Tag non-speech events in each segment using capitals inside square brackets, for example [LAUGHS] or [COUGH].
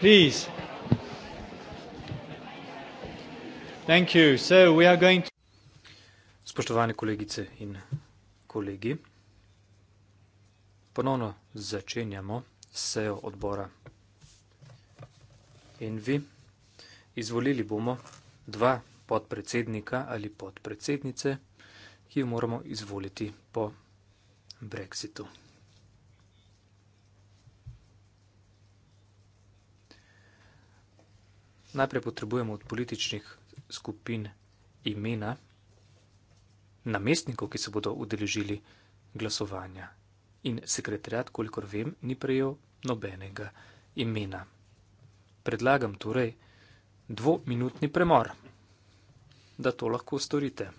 please. Thank you. So we are going to... Spoštovane kolegice in kolegi, ponovno začenjamo sejo odbora Envi. Izvolili bomo dva podpredsednika ali podpredsednice, ki jo moramo izvoliti po Brexitu. najprej potrebujemo od političnih skupin imena namestnikov, ki se bodo udeležili glasovanja. In sekretariat, kolikor vem, ni prejel nobenega imena. Predlagam torej dvominutni premor, da to lahko storite.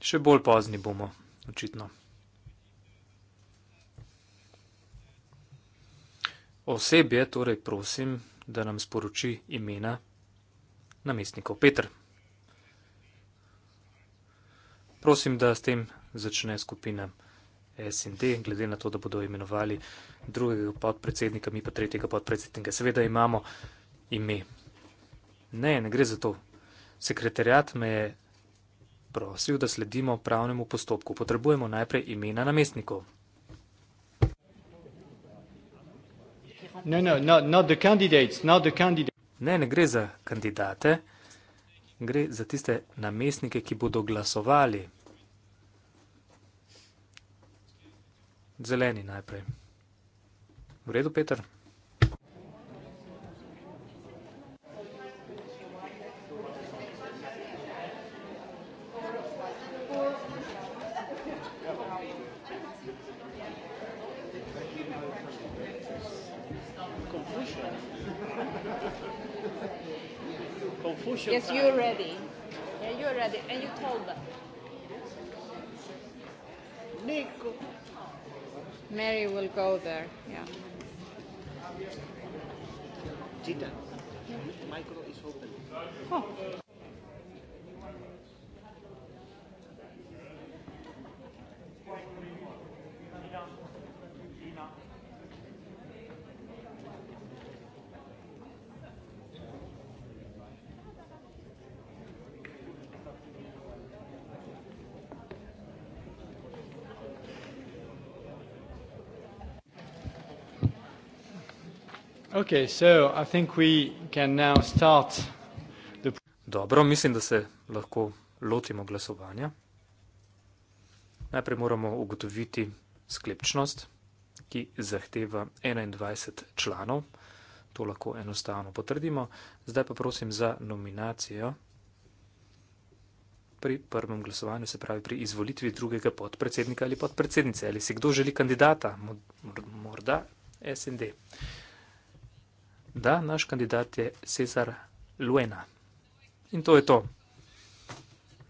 Še bolj pozni bomo, očitno. osebje, torej prosim, da nam sporoči imena namestnikov. Petr. Prosim, da s tem začne skupina SND, glede na to, da bodo imenovali drugega podpredsednika, mi pa tretjega podpredsednika. Seveda imamo ime. Ne, ne gre za to. Sekretariat me je prosil, da sledimo pravnemu postopku. Potrebujemo najprej imena namestnikov. Ne, no, ne, no, not the candidates, not the candidates. ne, ne gre za kandidate, gre za tiste namestnike, ki bodo glasovali. Zeleni najprej. V redu, Peter? should yes, you're ready. Yeah, you're ready. And you told them. Nico. Mary will go there. Yeah. Tita, mm -hmm. the micro is open. Oh. Okay, so I think we can now start the... Dobro, mislim, da se lahko lotimo glasovanja. Najprej moramo ugotoviti sklepčnost, ki zahteva 21 članov. To lahko enostavno potrdimo. Zdaj pa prosim za nominacijo pri prvem glasovanju, se pravi pri izvolitvi drugega podpredsednika ali podpredsednice. Ali si kdo želi kandidata? Morda SND. Morda SND da naš kandidat je Cesar Luena. In to je to.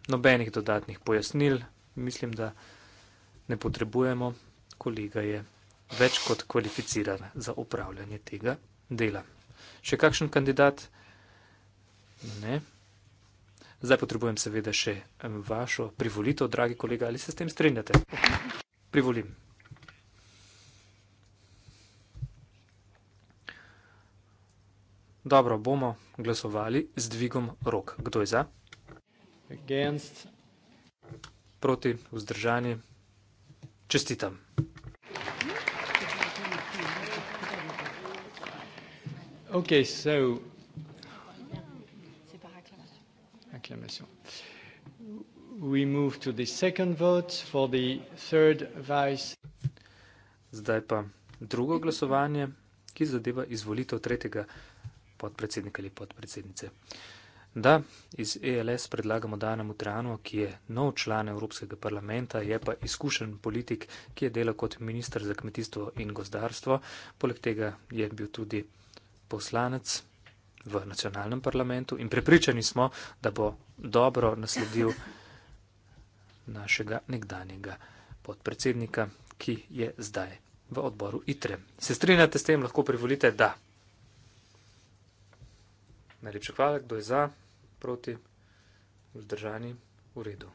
Nobenih dodatnih pojasnil, mislim, da ne potrebujemo, kolega je več kot kvalificiran za upravljanje tega dela. Še kakšen kandidat? Ne. Zdaj potrebujem seveda še vašo privolitev, dragi kolega, ali se s tem strinjate? Privolim. Dobro, bomo glasovali z dvigom rok. Kdo je za? Against. Proti, vzdržani. Čestitam. Ok, so. Acclamation. We move to the second vote for the third vice. Zdaj pa drugo glasovanje, ki zadeva izvolitev tretjega vice podpredsednika ali podpredsednice. Da, iz ELS predlagamo Dana Mutranu, ki je nov član Evropskega parlamenta, je pa izkušen politik, ki je delal kot ministr za kmetijstvo in gozdarstvo. Poleg tega je bil tudi poslanec v nacionalnem parlamentu in prepričani smo, da bo dobro nasledil [LAUGHS] našega nekdanjega podpredsednika, ki je zdaj v odboru ITRE. Se strinjate s tem, lahko privolite, da. Najlepša hvala, kdo je za, proti, vzdržani, v redu.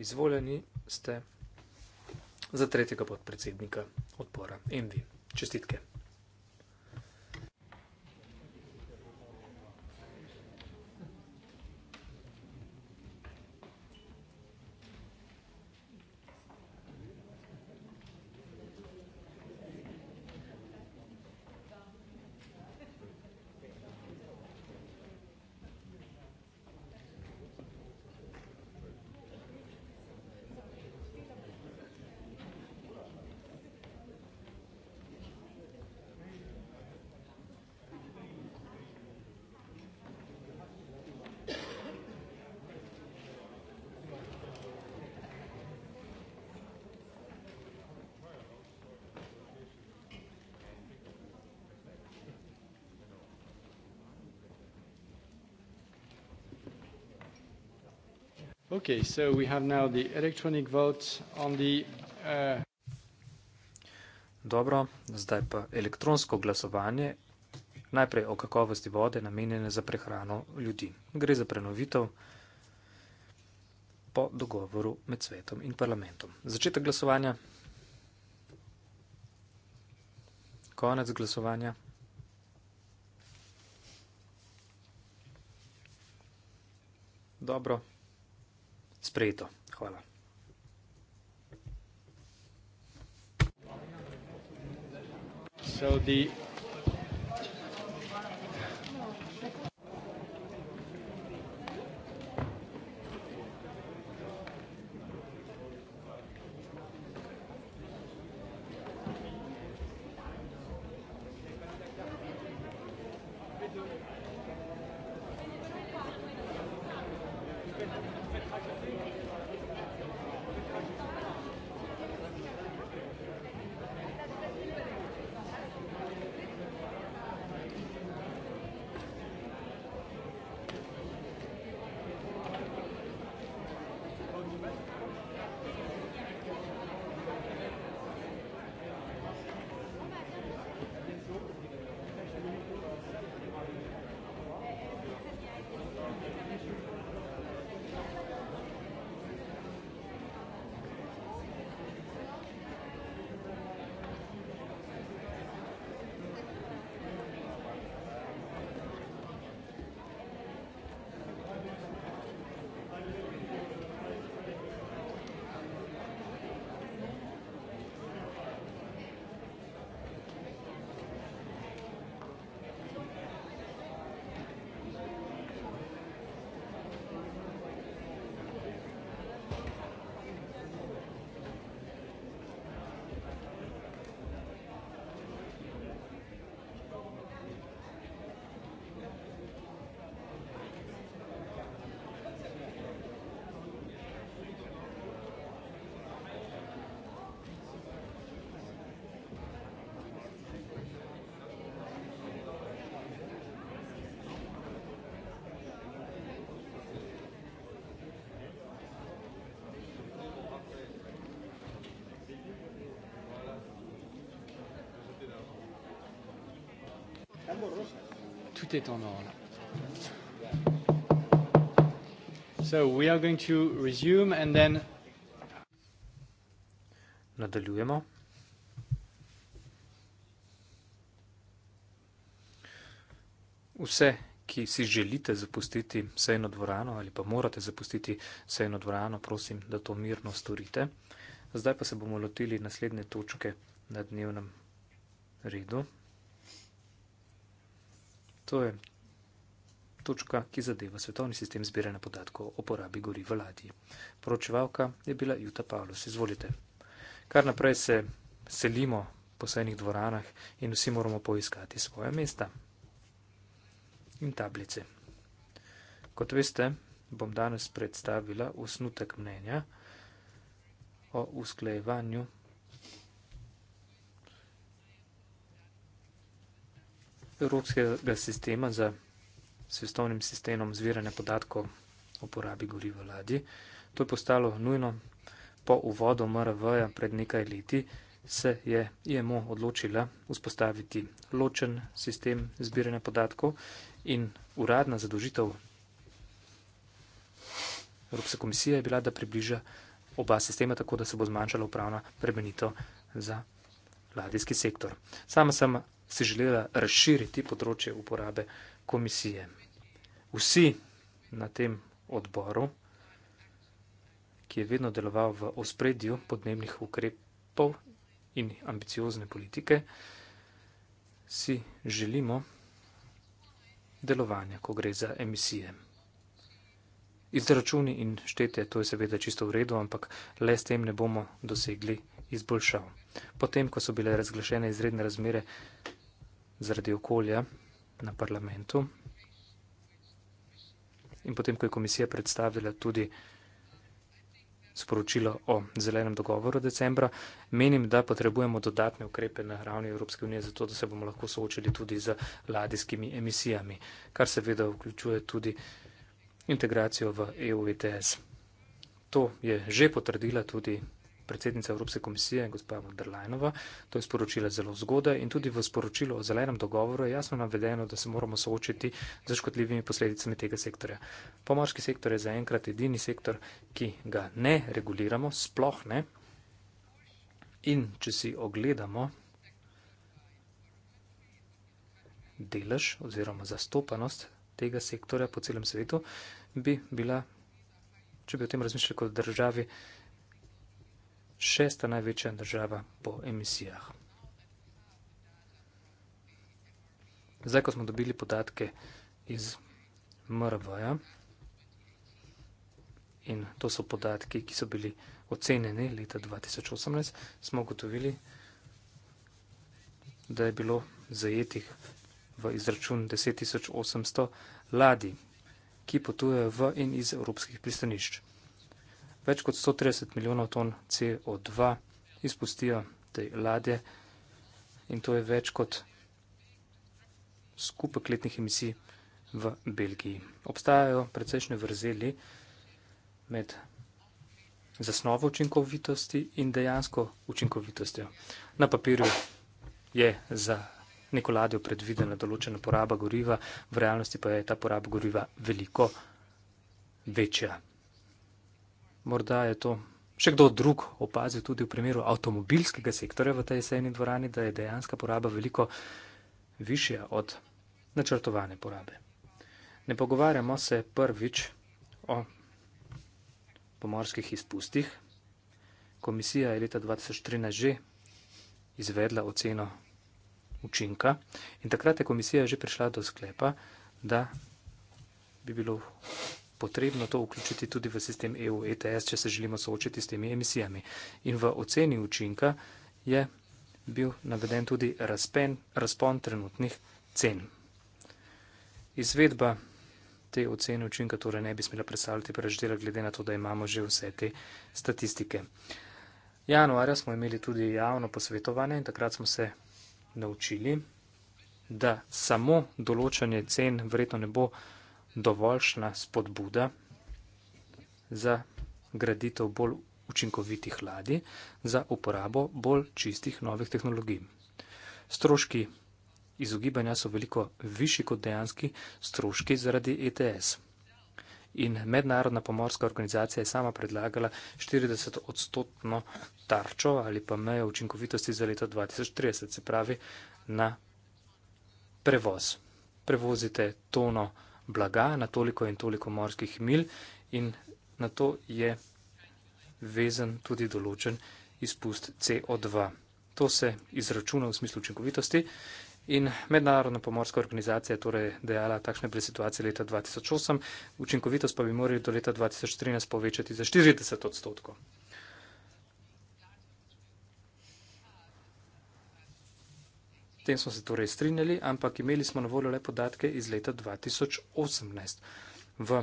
Izvoljeni ste za tretjega podpredsednika odpora MV. Čestitke. Okay, so we have now the electronic vote on the. Uh, Dobro, zdaj pa elektronsko glasovanje. Najprej o kakovosti vode namenjene za prehrano ljudi. Gre za prenovitev po dogovoru med svetom in parlamentom. Začetek glasovanja. Konec glasovanja. Dobro sprejeto. Hvala. So the Tout est en ordre. So we are going to resume and then Nadaljujemo. Vse, ki si želite zapustiti sejno dvorano ali pa morate zapustiti sejno dvorano, prosim, da to mirno storite. Zdaj pa se bomo lotili naslednje točke na dnevnem redu. To je točka, ki zadeva svetovni sistem zbiranja podatkov o porabi gori v ladji. Poročevalka je bila Juta Pavlos. Izvolite. Kar naprej se selimo po sejnih dvoranah in vsi moramo poiskati svoje mesta in tablice. Kot veste, bom danes predstavila osnutek mnenja o usklejevanju evropskega sistema za svetovnim sistemom zbiranja podatkov o porabi goriv v ladji. To je postalo nujno po uvodu MRV-ja pred nekaj leti. Se je IMO odločila vzpostaviti ločen sistem zbiranja podatkov in uradna zadožitev Evropske komisije je bila, da približa oba sistema tako, da se bo zmanjšala upravna premenitev za ladijski sektor. Sama sem si želela razširiti področje uporabe komisije. Vsi na tem odboru, ki je vedno deloval v ospredju podnebnih ukrepov in ambiciozne politike, si želimo delovanja, ko gre za emisije. Izračuni in štete, to je seveda čisto v redu, ampak le s tem ne bomo dosegli izboljšav. Potem, ko so bile razglašene izredne razmere, zaradi okolja na parlamentu. In potem, ko je komisija predstavila tudi sporočilo o zelenem dogovoru decembra, menim, da potrebujemo dodatne ukrepe na ravni Evropske unije, zato da se bomo lahko soočili tudi z ladijskimi emisijami, kar seveda vključuje tudi integracijo v EU ETS. To je že potrdila tudi predsednica Evropske komisije, gospa Vodrlajnova, to je sporočila zelo zgodaj in tudi v sporočilu o zelenem dogovoru je jasno navedeno, da se moramo soočiti z škodljivimi posledicami tega sektorja. Pomorski sektor je zaenkrat edini sektor, ki ga ne reguliramo, sploh ne. In če si ogledamo delež oziroma zastopanost tega sektorja po celem svetu, bi bila, če bi o tem razmišljali kot državi, šesta največja država po emisijah. Zdaj, ko smo dobili podatke iz MRV-ja, in to so podatki, ki so bili ocenjeni leta 2018, smo ugotovili, da je bilo zajetih v izračun 10.800 ladi, ki potujejo v in iz evropskih pristanišč več kot 130 milijonov ton CO2 izpustijo te ladje in to je več kot skupek letnih emisij v Belgiji. Obstajajo precejšnje vrzeli med zasnovo učinkovitosti in dejansko učinkovitostjo. Na papirju je za neko ladjo predvidena določena poraba goriva, v realnosti pa je ta poraba goriva veliko večja morda je to še kdo drug opazil tudi v primeru avtomobilskega sektorja v tej jeseni dvorani, da je dejanska poraba veliko višja od načrtovane porabe. Ne pogovarjamo se prvič o pomorskih izpustih. Komisija je leta 2013 že izvedla oceno učinka in takrat je komisija že prišla do sklepa, da bi bilo potrebno to vključiti tudi v sistem EU ETS, če se želimo soočiti s temi emisijami. In v oceni učinka je bil naveden tudi razpen, razpon trenutnih cen. Izvedba te ocene učinka torej ne bi smela predstavljati preveč dela, glede na to, da imamo že vse te statistike. Januarja smo imeli tudi javno posvetovanje in takrat smo se naučili, da samo določanje cen verjetno ne bo dovoljšna spodbuda za graditev bolj učinkovitih ladij za uporabo bolj čistih novih tehnologij. Stroški izogibanja so veliko višji kot dejanski stroški zaradi ETS. In mednarodna pomorska organizacija je sama predlagala 40 odstotno tarčo ali pa mejo učinkovitosti za leto 2030, se pravi na prevoz. Prevozite tono blaga na toliko in toliko morskih mil in na to je vezan tudi določen izpust CO2. To se izračuna v smislu učinkovitosti in Mednarodna pomorska organizacija je torej dejala takšne pre situacije leta 2008, učinkovitost pa bi morali do leta 2013 povečati za 40 odstotkov. tem smo se torej strinjali, ampak imeli smo na voljo le podatke iz leta 2018. V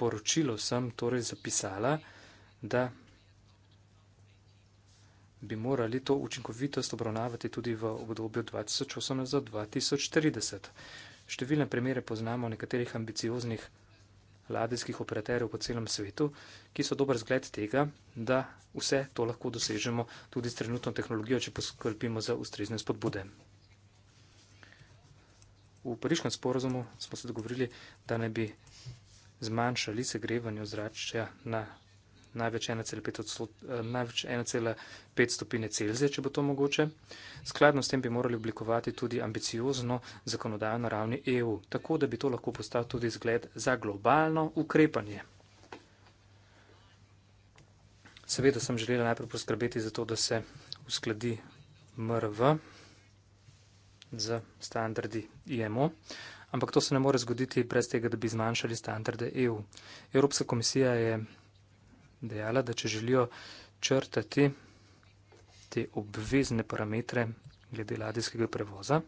poročilo sem torej zapisala, da bi morali to učinkovitost obravnavati tudi v obdobju 2018-2030. Številne primere poznamo nekaterih ambicioznih ladijskih operaterjev po celem svetu, ki so dober zgled tega, da vse to lahko dosežemo tudi s trenutno tehnologijo, če poskrbimo za ustrezne spodbude. V pariškem sporozumu smo se dogovorili, da ne bi zmanjšali segrevanje ozračja na največ 1,5 eh, stopine Celzija, če bo to mogoče. Skladno s tem bi morali oblikovati tudi ambiciozno zakonodajo na ravni EU, tako da bi to lahko postal tudi zgled za globalno ukrepanje. Seveda sem želela najprej poskrbeti za to, da se uskladi MRV z standardi IMO, ampak to se ne more zgoditi brez tega, da bi zmanjšali standarde EU. Evropska komisija je dejala, da če želijo črtati te obvezne parametre glede ladijskega prevoza.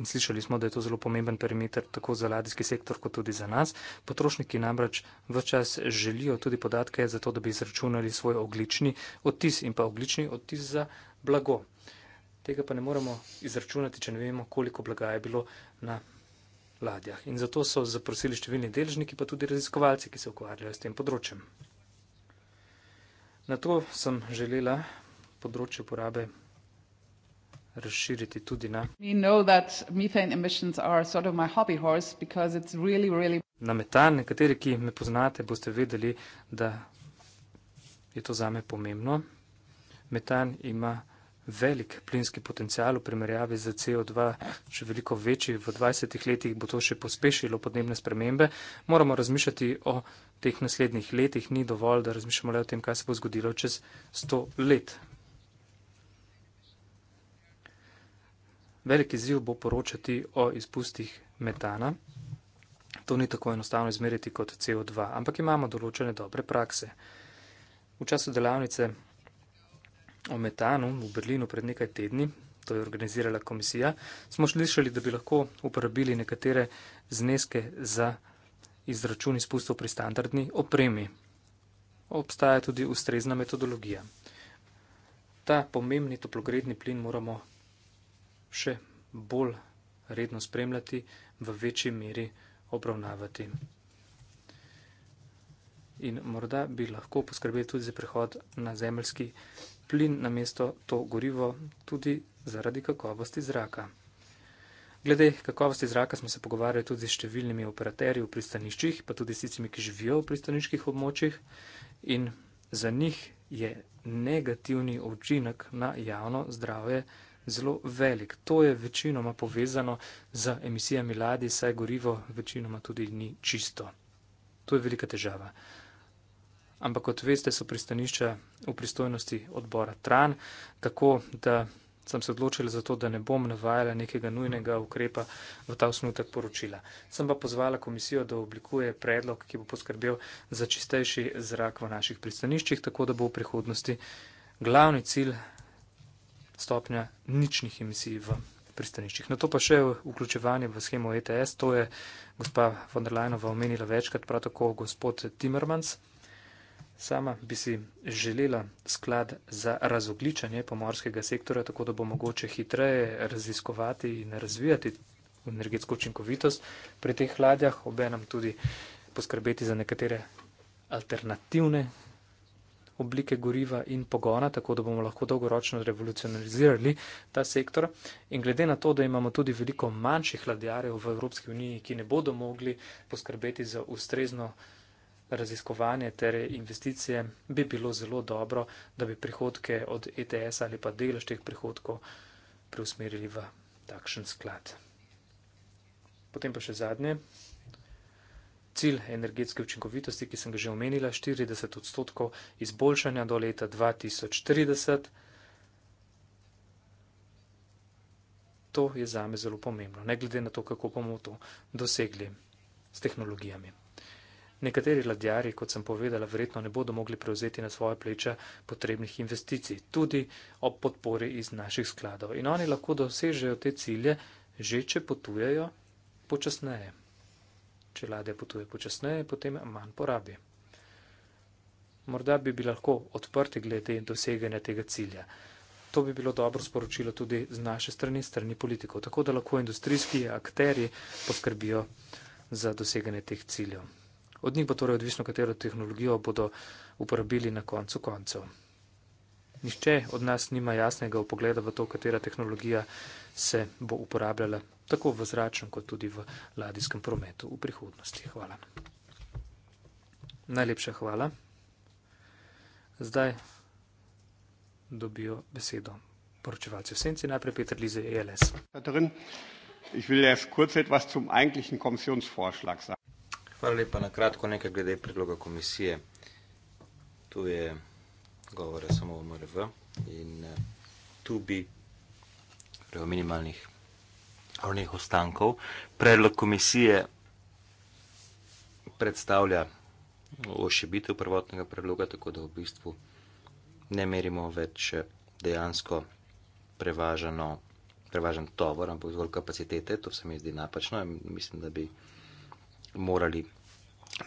In slišali smo, da je to zelo pomemben perimeter tako za ladijski sektor, kot tudi za nas. Potrošniki namreč včas želijo tudi podatke za to, da bi izračunali svoj oglični odtis in pa oglični odtis za blago. Tega pa ne moremo izračunati, če ne vemo, koliko blaga je bilo na ladjah. In zato so zaprosili številni deležniki, pa tudi raziskovalci, ki se ukvarjajo s tem področjem. Na to sem želela področje uporabe razširiti tudi na. Sort of really, really... Na metan, nekateri, ki me poznate, boste vedeli, da je to zame pomembno. Metan ima velik plinski potencial v primerjavi z CO2, še veliko večji, v 20 letih bo to še pospešilo podnebne spremembe, moramo razmišljati o teh naslednjih letih. Ni dovolj, da razmišljamo le o tem, kaj se bo zgodilo čez 100 let. Veliki ziv bo poročati o izpustih metana. To ni tako enostavno izmeriti kot CO2, ampak imamo določene dobre prakse. V času delavnice o metanu v Berlinu pred nekaj tedni, to je organizirala komisija, smo slišali, da bi lahko uporabili nekatere zneske za izračun izpustov pri standardni opremi. Obstaja tudi ustrezna metodologija. Ta pomembni toplogredni plin moramo še bolj redno spremljati, v večji meri obravnavati. In morda bi lahko poskrbeli tudi za prehod na zemljski plin namesto to gorivo tudi zaradi kakovosti zraka. Glede kakovosti zraka smo se pogovarjali tudi s številnimi operaterji v pristaniščih, pa tudi s tistimi, ki živijo v pristaniških območjih in za njih je negativni učinek na javno zdravje zelo velik. To je večinoma povezano z emisijami ladi, saj gorivo večinoma tudi ni čisto. To je velika težava ampak kot veste, so pristanišča v pristojnosti odbora Tran, tako da sem se odločila za to, da ne bom navajala nekega nujnega ukrepa v ta osnutek poročila. Sem pa pozvala komisijo, da oblikuje predlog, ki bo poskrbel za čistejši zrak v naših pristaniščih, tako da bo v prihodnosti glavni cilj stopnja ničnih emisij v pristaniščih. Na to pa še vključevanje v schemo ETS, to je gospa von der Leinova omenila večkrat, prav tako gospod Timmermans. Sama bi si želela sklad za razogličanje pomorskega sektora, tako da bo mogoče hitreje raziskovati in razvijati energetsko učinkovitost pri teh ladjah, obenem tudi poskrbeti za nekatere alternativne oblike goriva in pogona, tako da bomo lahko dolgoročno revolucionalizirali ta sektor. In glede na to, da imamo tudi veliko manjših ladjarjev v Evropski uniji, ki ne bodo mogli poskrbeti za ustrezno raziskovanje ter investicije, bi bilo zelo dobro, da bi prihodke od ETS ali pa delež teh prihodkov preusmerili v takšen sklad. Potem pa še zadnje. Cilj energetske učinkovitosti, ki sem ga že omenila, 40 odstotkov izboljšanja do leta 2030. To je zame zelo pomembno, ne glede na to, kako bomo to dosegli s tehnologijami. Nekateri ladjari, kot sem povedala, verjetno ne bodo mogli prevzeti na svoje pleče potrebnih investicij, tudi ob podpori iz naših skladov. In oni lahko dosežejo te cilje, že če potujejo počasneje. Če ladja potuje počasneje, potem manj porabi. Morda bi bili lahko odprti glede doseganja tega cilja. To bi bilo dobro sporočilo tudi z naše strani, strani politikov, tako da lahko industrijski akteri poskrbijo za doseganje teh ciljev. Od njih bo torej odvisno, katero tehnologijo bodo uporabili na koncu koncev. Nišče od nas nima jasnega upogleda v to, katera tehnologija se bo uporabljala tako v zračnem, kot tudi v ladijskem prometu v prihodnosti. Hvala. Najlepša hvala. Zdaj dobijo besedo poročevalci v senci, najprej Peter Lize, ELS. Katarin, ich will erst kurz etwas zum eigentlichen Kommissionsvorschlag sagen. Hvala lepa. Na kratko nekaj glede predloga komisije. Tu je govore samo o MRV in eh, tu bi o minimalnih ornih ostankov. Predlog komisije predstavlja ošibitev prvotnega predloga, tako da v bistvu ne merimo več eh, dejansko prevažano, prevažan tovor, ampak zgolj kapacitete. To se mi zdi napačno in mislim, da bi morali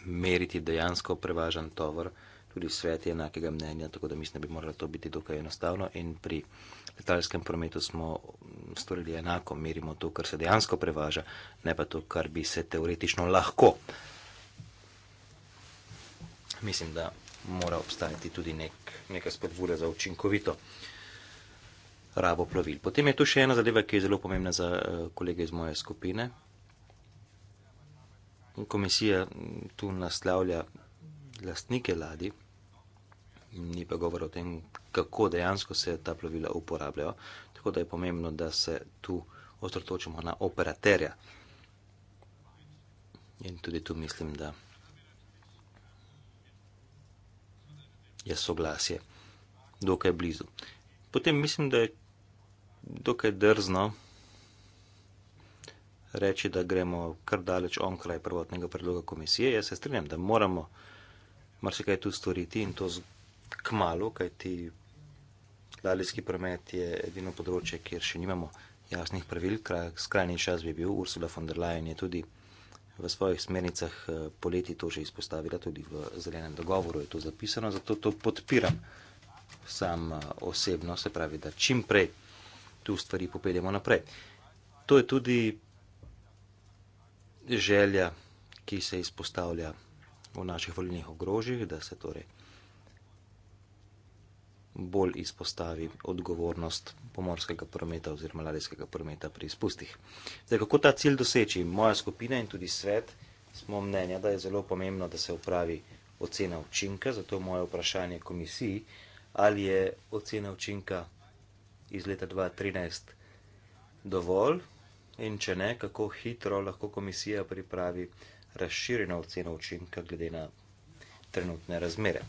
meriti dejansko prevažen tovor. Tudi svet je enakega mnenja, tako da mislim, da bi moralo to biti dokaj enostavno. In pri letalskem prometu smo storili enako, merimo to, kar se dejansko prevaža, ne pa to, kar bi se teoretično lahko. Mislim, da mora obstajati tudi nek, neka spodbuda za učinkovito rabo plovil. Potem je tu še ena zadeva, ki je zelo pomembna za eh, kolege iz moje skupine komisija tu naslavlja lastnike ladi, ni pa govor o tem, kako dejansko se ta plovila uporabljajo, tako da je pomembno, da se tu osredotočimo na operaterja. In tudi tu mislim, da je soglasje dokaj blizu. Potem mislim, da je dokaj drzno reči, da gremo kar daleč onkraj prvotnega predloga komisije. Jaz se strinjam, da moramo marsikaj tu storiti in to k malu, kajti ladijski promet je edino področje, kjer še nimamo jasnih pravil. Skrajni čas bi bil, Ursula von der Leyen je tudi v svojih smernicah eh, poleti to že izpostavila, tudi v zelenem dogovoru je to zapisano, zato to podpiram sam eh, osebno, se pravi, da čim prej tu stvari popeljemo naprej. To je tudi želja, ki se izpostavlja v naših volilnih ogrožjih, da se torej bolj izpostavi odgovornost pomorskega prometa oziroma ladijskega prometa pri izpustih. Zdaj, kako ta cilj doseči? Moja skupina in tudi svet smo mnenja, da je zelo pomembno, da se upravi ocena učinka, zato moje vprašanje komisiji, ali je ocena učinka iz leta 2013 dovolj, in če ne, kako hitro lahko komisija pripravi razširjeno oceno učinka glede na trenutne razmere.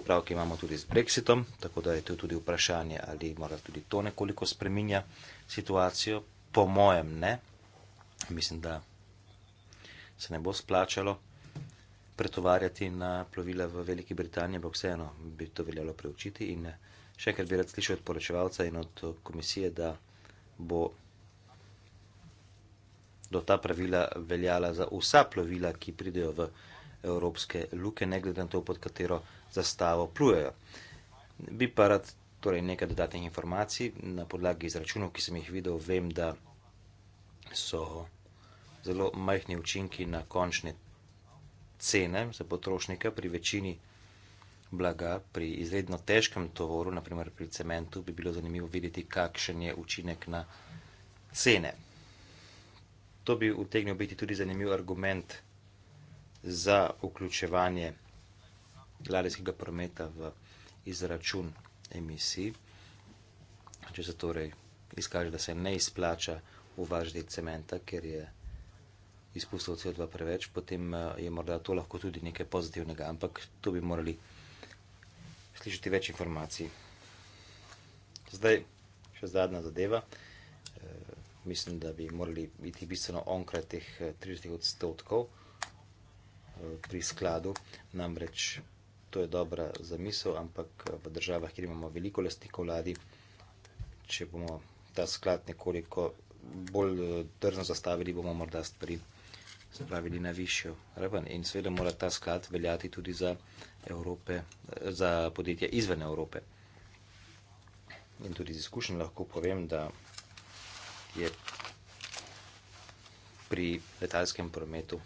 Opravki imamo tudi z brexitom, tako da je to tudi vprašanje, ali mora tudi to nekoliko spreminja situacijo. Po mojem ne, mislim, da se ne bo splačalo pretovarjati na plovila v Veliki Britaniji, ampak vseeno bi to veljalo preučiti in še enkrat bi rad slišal od poročevalca in od komisije, da bo do ta pravila veljala za vsa plovila, ki pridejo v evropske luke, ne glede na to, pod katero zastavo plujejo. Bi pa rad torej, nekaj dodatnih informacij na podlagi izračunov, ki sem jih videl, vem, da so zelo majhni učinki na končne cene za potrošnika pri večini blaga, pri izredno težkem tovoru, naprimer pri cementu, bi bilo zanimivo videti, kakšen je učinek na cene to bi utegnil biti tudi zanimiv argument za vključevanje ladijskega prometa v izračun emisij, če se torej izkaže, da se ne izplača uvažati cementa, ker je izpustov CO2 preveč, potem eh, je morda to lahko tudi nekaj pozitivnega, ampak to bi morali slišati več informacij. Zdaj, še zadnja zadeva mislim, da bi morali biti bistveno onkraj teh 30 eh, odstotkov eh, pri skladu, namreč to je dobra zamisel, ampak eh, v državah, kjer imamo veliko lastnikov vladi, če bomo ta sklad nekoliko bolj drzno zastavili, bomo morda stvari spravili na višjo raven. In seveda mora ta sklad veljati tudi za, Evrope, za podjetja izven Evrope. In tudi iz izkušenj lahko povem, da je pri letalskem prometu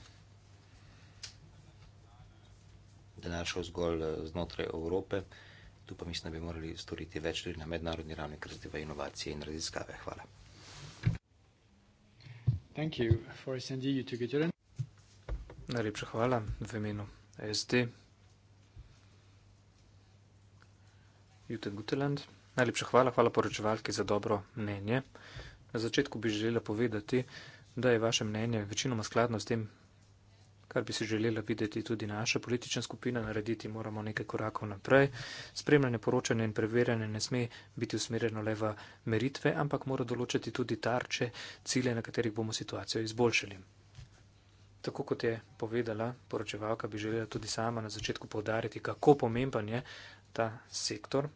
današel zgolj eh, znotraj Evrope. Tu pa mislim, da bi morali storiti več tudi na mednarodni ravni, kar zadeva inovacije in raziskave. Hvala. Thank you for SND, you took it Najlepša hvala v imenu SD. Jutta Guteland, najlepša hvala, hvala poročevalki za dobro mnenje. Na začetku bi želela povedati, da je vaše mnenje večinoma skladno s tem, kar bi si želela videti tudi naša politična skupina, narediti moramo nekaj korakov naprej. Spremljanje poročanja in preverjanje ne sme biti usmerjeno le v meritve, ampak mora določiti tudi tarče, cilje, na katerih bomo situacijo izboljšali. Tako kot je povedala poročevalka, bi želela tudi sama na začetku povdariti, kako pomemben je ta sektor,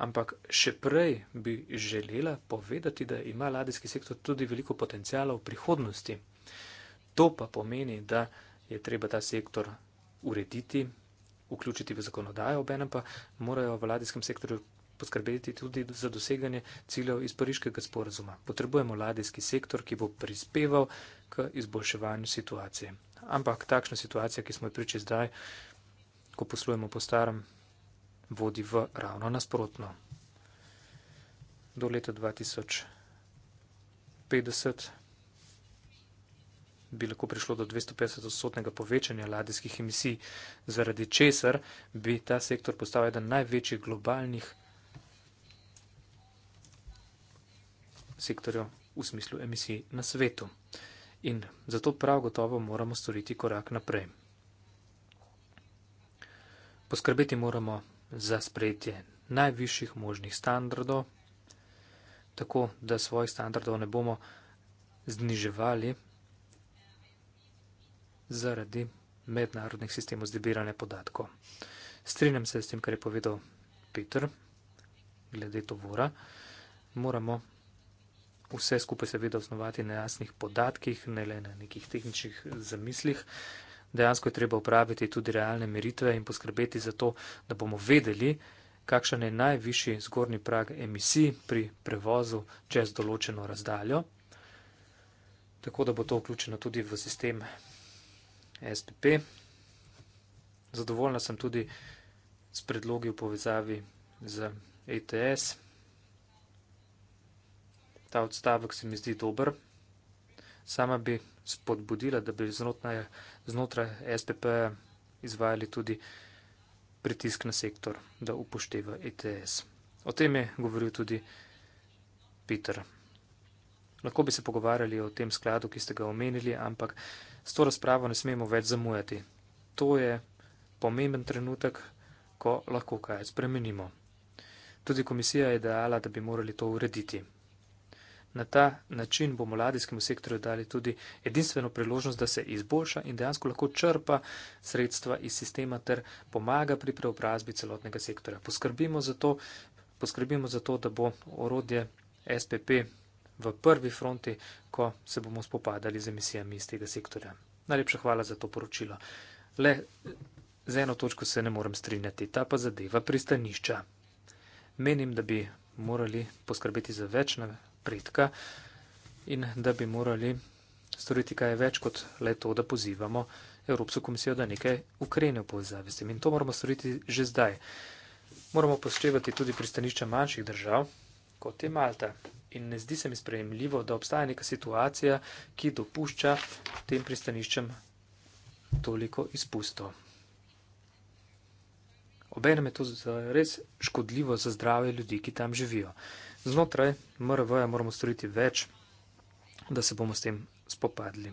ampak še prej bi želela povedati, da ima ladijski sektor tudi veliko potencijala v prihodnosti. To pa pomeni, da je treba ta sektor urediti, vključiti v zakonodajo, obenem pa morajo v ladijskem sektorju poskrbeti tudi za doseganje ciljev iz pariškega sporazuma. Potrebujemo ladijski sektor, ki bo prispeval k izboljševanju situacije. Ampak takšna situacija, ki smo jo priči zdaj, ko poslujemo po starem, vodi v ravno nasprotno. Do leta 2050 bi lahko prišlo do 250-odstotnega povečanja ladijskih emisij, zaradi česar bi ta sektor postal eden največjih globalnih sektorjev v smislu emisij na svetu. In zato prav gotovo moramo storiti korak naprej. Poskrbeti moramo za sprejetje najvišjih možnih standardov, tako da svojih standardov ne bomo zniževali zaradi mednarodnih sistemov zdebiranja podatkov. Strinjam se s tem, kar je povedal Peter, glede tovora. Moramo vse skupaj seveda osnovati na jasnih podatkih, ne le na nekih tehničnih zamislih. Dejansko je treba upraviti tudi realne meritve in poskrbeti za to, da bomo vedeli, kakšen je najvišji zgornji prag emisij pri prevozu čez določeno razdaljo, tako da bo to vključeno tudi v sistem SPP. Zadovoljna sem tudi s predlogi v povezavi z ETS. Ta odstavek se mi zdi dober. Sama bi spodbudila, da bi znotraj znotraj SPP izvajali tudi pritisk na sektor, da upošteva ETS. O tem je govoril tudi Peter. Lahko bi se pogovarjali o tem skladu, ki ste ga omenili, ampak s to razpravo ne smemo več zamujati. To je pomemben trenutek, ko lahko kaj spremenimo. Tudi komisija je dejala, da bi morali to urediti. Na ta način bomo ladijskemu sektorju dali tudi edinstveno priložnost, da se izboljša in dejansko lahko črpa sredstva iz sistema ter pomaga pri preobrazbi celotnega sektorja. Poskrbimo za to, poskrbimo za to da bo orodje SPP v prvi fronti, ko se bomo spopadali z emisijami iz tega sektorja. Najlepša hvala za to poročilo. Le z eno točko se ne morem strinjati, ta pa zadeva pristanišča. Menim, da bi morali poskrbeti za več navedb pritka in da bi morali storiti kaj več kot le to, da pozivamo Evropsko komisijo, da nekaj ukrene v povezavi s tem. In to moramo storiti že zdaj. Moramo poščevati tudi pristanišča manjših držav, kot je Malta. In ne zdi se mi sprejemljivo, da obstaja neka situacija, ki dopušča tem pristaniščem toliko izpustov. Obenem je to res škodljivo za zdrave ljudi, ki tam živijo znotraj MRV -ja moramo storiti več, da se bomo s tem spopadli.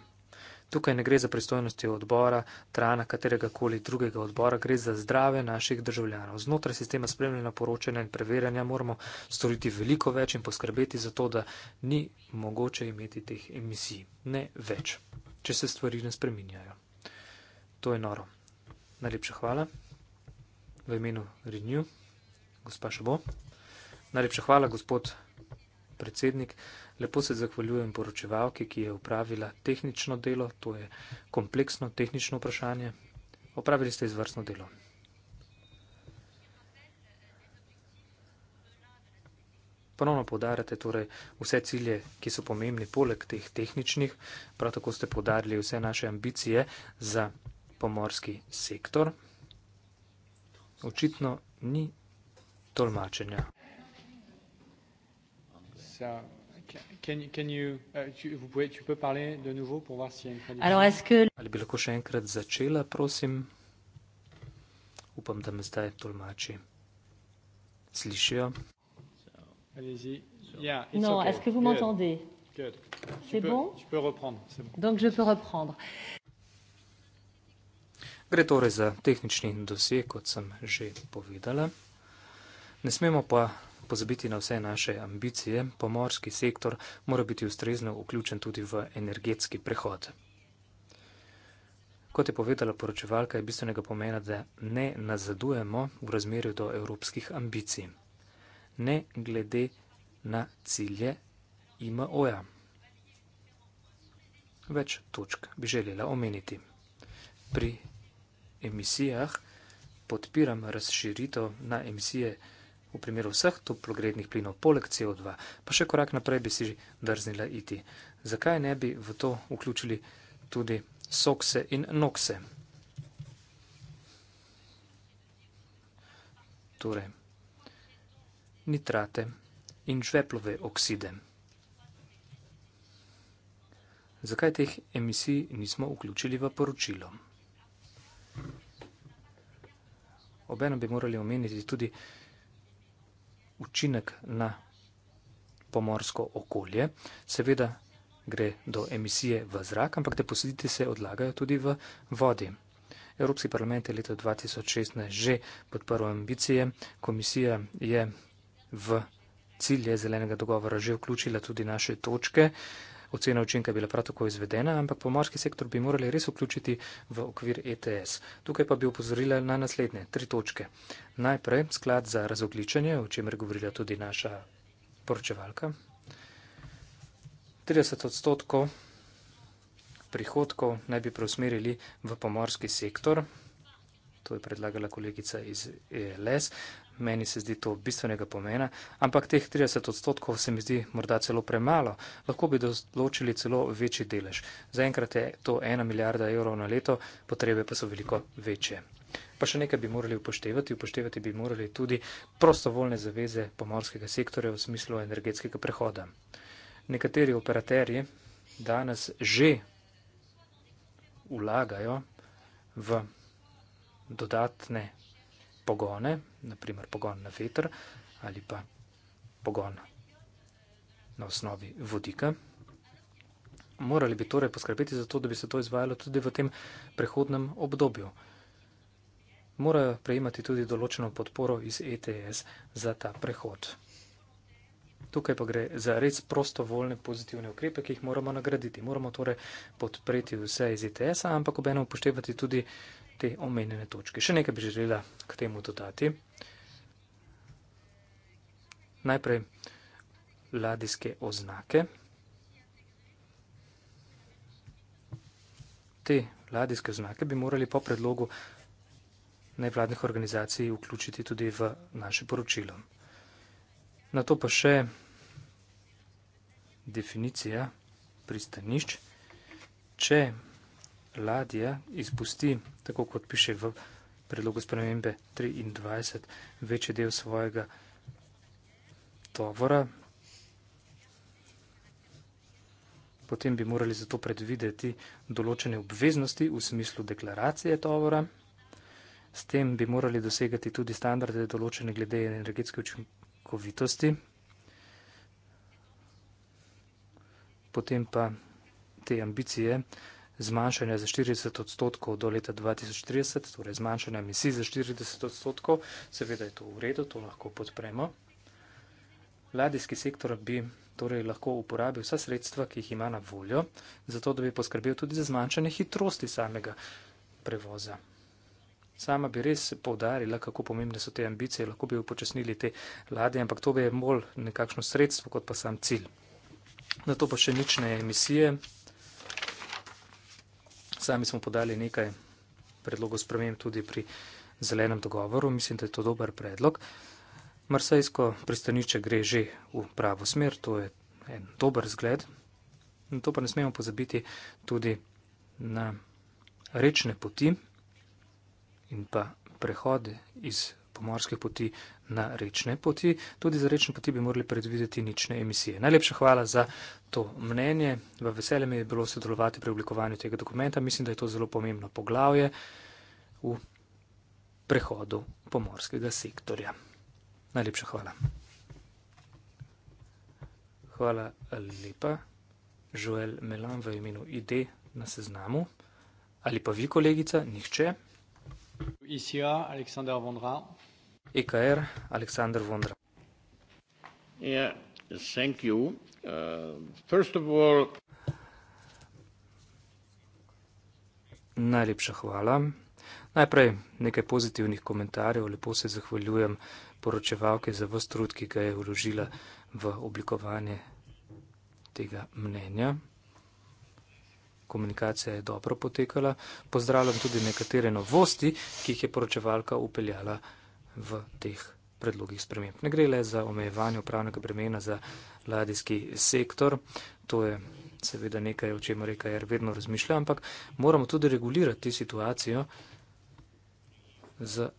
Tukaj ne gre za pristojnosti odbora, trana katerega koli drugega odbora, gre za zdrave naših državljanov. Znotraj sistema spremljanja, poročanja in preverjanja moramo storiti veliko več in poskrbeti za to, da ni mogoče imeti teh emisij. Ne več, če se stvari ne spreminjajo. To je noro. Najlepša hvala. V imenu Renew, gospa Šabo. Najlepša hvala, gospod predsednik. Lepo se zahvaljujem poročevalki, ki je upravila tehnično delo. To je kompleksno tehnično vprašanje. Opravili ste izvrstno delo. Ponovno podarjate torej vse cilje, ki so pomembni poleg teh tehničnih. Prav tako ste podarili vse naše ambicije za pomorski sektor. Očitno ni tolmačenja. Uh, Alors, est-ce que... Ali bi lahko še enkrat začela, prosim? Upam, da me zdaj tolmači slišijo. No, est-ce que vous m'entendez? C'est bon? Donc, je peux reprendre. Gre torej za tehnični dosje, kot sem že povedala. Ne smemo pa pozabiti na vse naše ambicije, pomorski sektor mora biti ustrezno vključen tudi v energetski prehod. Kot je povedala poročevalka, je bistvenega pomena, da ne nazadujemo v razmerju do evropskih ambicij, ne glede na cilje IMO-ja. Več točk bi želela omeniti. Pri emisijah podpiram razširitev na emisije, v primeru vseh toplogrednih plinov, poleg CO2, pa še korak naprej bi si drznila iti. Zakaj ne bi v to vključili tudi sokse in nokse? Torej, nitrate in žveplove okside. Zakaj teh emisij nismo vključili v poročilo? Obenem bi morali omeniti tudi učinek na pomorsko okolje. Seveda gre do emisije v zrak, ampak te posledice se odlagajo tudi v vodi. Evropski parlament je leta 2016 že podprl ambicije. Komisija je v cilje zelenega dogovora že vključila tudi naše točke. Uh, ocena učinka je bila prav tako izvedena, ampak pomorski sektor bi morali res vključiti v okvir ETS. Tukaj pa bi upozorila na naslednje tri točke. Najprej sklad za razogličenje, o čemer je govorila tudi naša poročevalka. 30 odstotkov prihodkov naj bi preusmerili v pomorski sektor. To je predlagala kolegica iz ELS meni se zdi to bistvenega pomena, ampak teh 30 odstotkov se mi zdi morda celo premalo, lahko bi določili celo večji delež. Zaenkrat je to ena milijarda evrov na leto, potrebe pa so veliko večje. Pa še nekaj bi morali upoštevati, upoštevati bi morali tudi prostovoljne zaveze pomorskega sektorja v smislu energetskega prehoda. Nekateri operaterji danes že vlagajo v dodatne pogone, naprimer pogon na veter ali pa pogon na osnovi vodika. Morali bi torej poskrbeti za to, da bi se to izvajalo tudi v tem prehodnem obdobju. Morajo prejemati tudi določeno podporo iz ETS za ta prehod. Tukaj pa gre za res prostovoljne pozitivne ukrepe, ki jih moramo nagraditi. Moramo torej podpreti vse iz ETS, ampak obenem upoštevati tudi te omenjene točke. Še nekaj bi želela k temu dodati. Najprej ladijske oznake. Te ladijske oznake bi morali po predlogu nevladnih organizacij vključiti tudi v naše poročilo. Na to pa še definicija pristanišč. Če ladja izpusti, tako kot piše v predlogu spremembe 23, večji del svojega tovora, potem bi morali zato predvideti določene obveznosti v smislu deklaracije tovora. S tem bi morali dosegati tudi standarde določene glede energetske učinkovitosti. Potem pa te ambicije zmanjšanja za 40 odstotkov do leta 2030, torej zmanjšanja emisij za 40 odstotkov, seveda je to v redu, to lahko podpremo. Ladijski sektor bi torej lahko uporabil vsa sredstva, ki jih ima na voljo, zato da bi poskrbel tudi za zmanjšanje hitrosti samega prevoza. Sama bi res povdarila, kako pomembne so te ambicije, lahko bi upočasnili te ladje, ampak to bi je bolj nekakšno sredstvo kot pa sam cilj. Na to pa še nične emisije. Sami smo podali nekaj predlogov sprememb tudi pri zelenem dogovoru. Mislim, da je to dober predlog. Marsajsko pristanišče gre že v pravo smer, to je en dober zgled. In to pa ne smemo pozabiti tudi na rečne poti in pa prehode iz pomorske poti na rečne poti. Tudi za rečne poti bi morali predvideti nične emisije. Najlepša hvala za to mnenje. V veselje mi je bilo sodelovati pri oblikovanju tega dokumenta. Mislim, da je to zelo pomembno poglavje v prehodu pomorskega sektorja. Najlepša hvala. Hvala lepa, Joel Melan v imenu ID na seznamu. Ali pa vi, kolegica, nihče. ICA, Aleksandar Vondra. EKR, Aleksandar Vondra. Yeah, thank you. Uh, first of all... Najlepša hvala. Najprej nekaj pozitivnih komentarjev. Lepo se zahvaljujem poročevalke za vse trud, ki ga je vložila v oblikovanje tega mnenja komunikacija je dobro potekala. Pozdravljam tudi nekatere novosti, ki jih je poročevalka upeljala v teh predlogih sprememb. Ne gre le za omejevanje upravnega bremena za ladijski sektor, to je seveda nekaj, o čemer reka jer vedno razmišlja, ampak moramo tudi regulirati situacijo z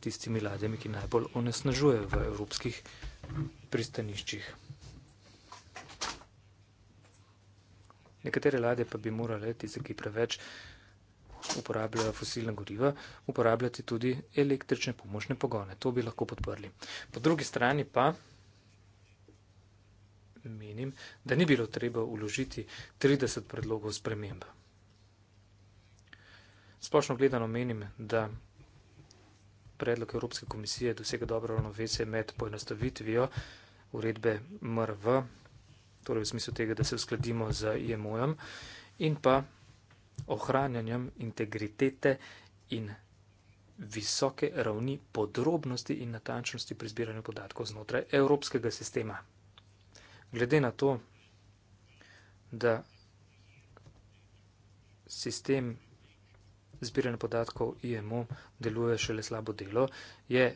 tistimi ladjami, ki najbolj onesnažujejo v evropskih pristaniščih. Nekatere ladje pa bi morale, tiste, ki preveč uporabljajo fosilna goriva, uporabljati tudi električne pomožne pogone. To bi lahko podprli. Po drugi strani pa menim, da ni bilo treba uložiti 30 predlogov sprememb. Splošno gledano menim, da predlog Evropske komisije dosega dobro ravnovesje med poenostavitvijo uredbe MRV torej v smislu tega, da se uskladimo z IMO-jem in pa ohranjanjem integritete in visoke ravni podrobnosti in natančnosti pri zbiranju podatkov znotraj evropskega sistema. Glede na to, da sistem zbiranja podatkov IMO deluje šele slabo delo, je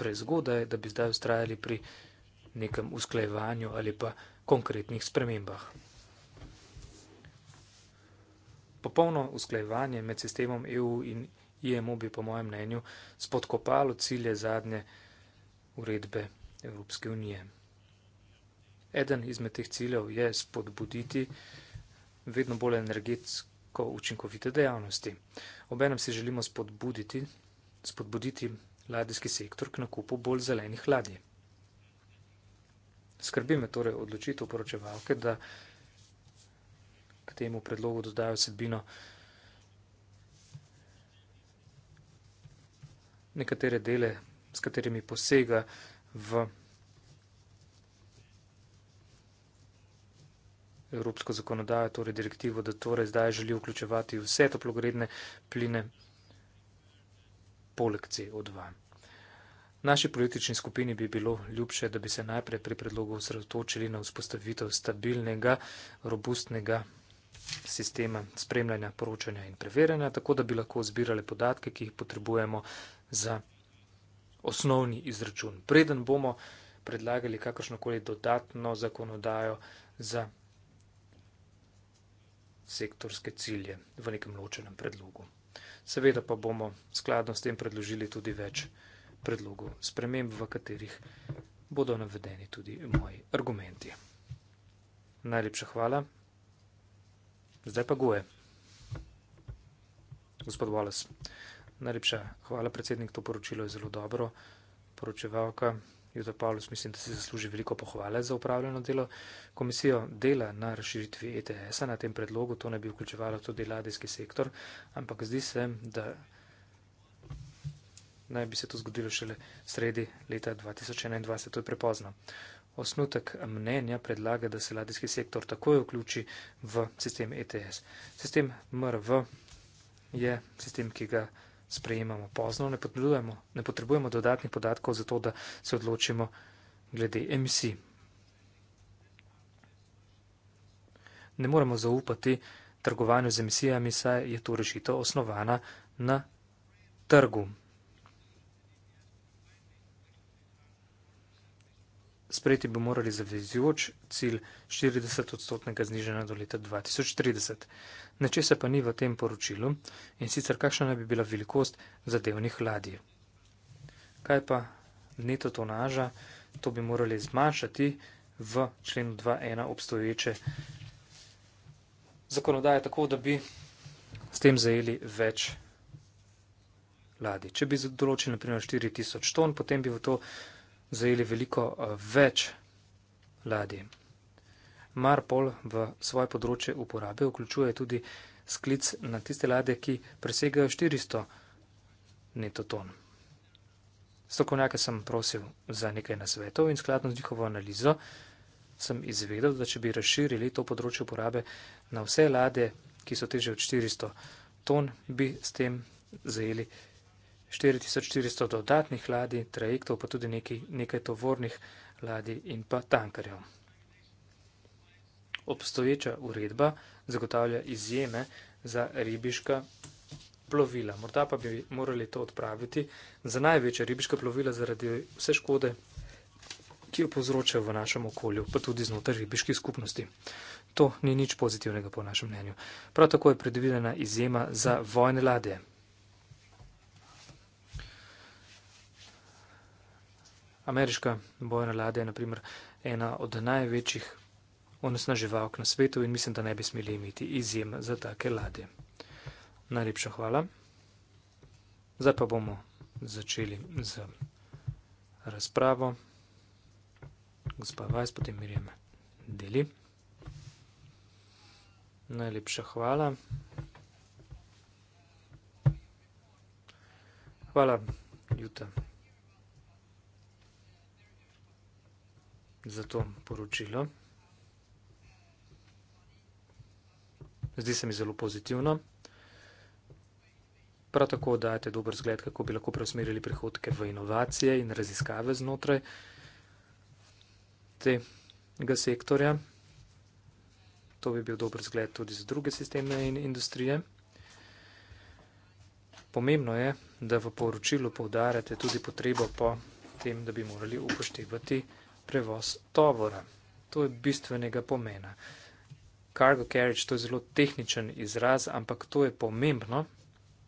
prezgodaj, da bi zdaj ustrajali pri nekem usklajevanju ali pa konkretnih spremembah. Popolno usklajevanje med sistemom EU in IMO bi, po mojem mnenju, spodkopalo cilje zadnje uredbe Evropske unije. Eden izmed teh ciljev je spodbuditi vedno bolj energetsko učinkovite dejavnosti. Obenem si želimo spodbuditi, spodbuditi ladijski sektor k nakupu bolj zelenih ladij. Skrbi me torej odločitev poročevalke, da k temu predlogu dodajo sedbino nekatere dele, s katerimi posega v evropsko zakonodajo, torej direktivo, da torej zdaj želi vključevati vse toplogredne pline poleg C od vam. Naši politični skupini bi bilo ljubše, da bi se najprej pri predlogu osredotočili na vzpostavitev stabilnega, robustnega sistema spremljanja, poročanja in preverjanja, tako da bi lahko zbirali podatke, ki jih potrebujemo za osnovni izračun. Preden bomo predlagali kakršnokoli dodatno zakonodajo za sektorske cilje v nekem ločenem predlogu. Seveda pa bomo skladno s tem predložili tudi več predlogu sprememb, v katerih bodo navedeni tudi moji argumenti. Najlepša hvala. Zdaj pa goje. Gospod Wallace, najlepša hvala, predsednik, to poročilo je zelo dobro. Poročevalka Jutta Pavlos, mislim, da si zasluži veliko pohvale za upravljeno delo. Komisijo dela na razširitvi ETS-a na tem predlogu, to ne bi vključevalo tudi ladijski sektor, ampak zdi se, da naj bi se to zgodilo šele sredi leta 2021, to je prepozno. Osnutek mnenja predlaga, da se ladijski sektor takoj vključi v sistem ETS. Sistem MRV je sistem, ki ga sprejemamo pozno, ne potrebujemo, ne potrebujemo dodatnih podatkov za to, da se odločimo glede emisij. Ne moremo zaupati trgovanju z emisijami, saj je to rešitev osnovana na trgu. sprejeti bi morali zavezujoč cilj 40-odstotnega znižanja do leta 2030. Nečesa pa ni v tem poročilu in sicer kakšna naj bi bila velikost zadevnih ladij. Kaj pa neto tonaža, to bi morali zmanjšati v členu 2.1 obstoječe zakonodaje, tako da bi s tem zajeli več. Ladi. Če bi določili naprimer 4000 ton, potem bi v to zajeli veliko eh, več ladij. Marpol v svoje področje uporabe vključuje tudi sklic na tiste lade, ki presegajo 400 neto ton. Stokovnjake sem prosil za nekaj nasvetov in skladno z njihovo analizo sem izvedel, da če bi razširili to področje uporabe na vse lade, ki so teže od 400 ton, bi s tem zajeli 4400 dodatnih ladij, trajektov, pa tudi nekaj, nekaj tovornih ladij in pa tankarjev. Obstoječa uredba zagotavlja izjeme za ribiška plovila. Morda pa bi morali to odpraviti za največja ribiška plovila zaradi vse škode, ki jo povzročajo v našem okolju, pa tudi znotraj ribiških skupnosti. To ni nič pozitivnega po našem mnenju. Prav tako je predvidena izjema za vojne ladje, Ameriška bojna ladja je naprimer ena od največjih onesnaževalk na svetu in mislim, da ne bi smeli imeti izjem za take ladje. Najlepša hvala. Zdaj pa bomo začeli z razpravo. Gospa Vajs, potem Mirjam deli. Najlepša hvala. Hvala, Juta. za to poročilo. Zdi se mi zelo pozitivno. Prav tako dajete dober zgled, kako bi lahko preusmerili prihodke v inovacije in raziskave znotraj tega sektorja. To bi bil dober zgled tudi za druge sistemne in industrije. Pomembno je, da v poročilu povdarjate tudi potrebo po tem, da bi morali upoštevati prevoz tovora. To je bistvenega pomena. Cargo carriage to je zelo tehničen izraz, ampak to je pomembno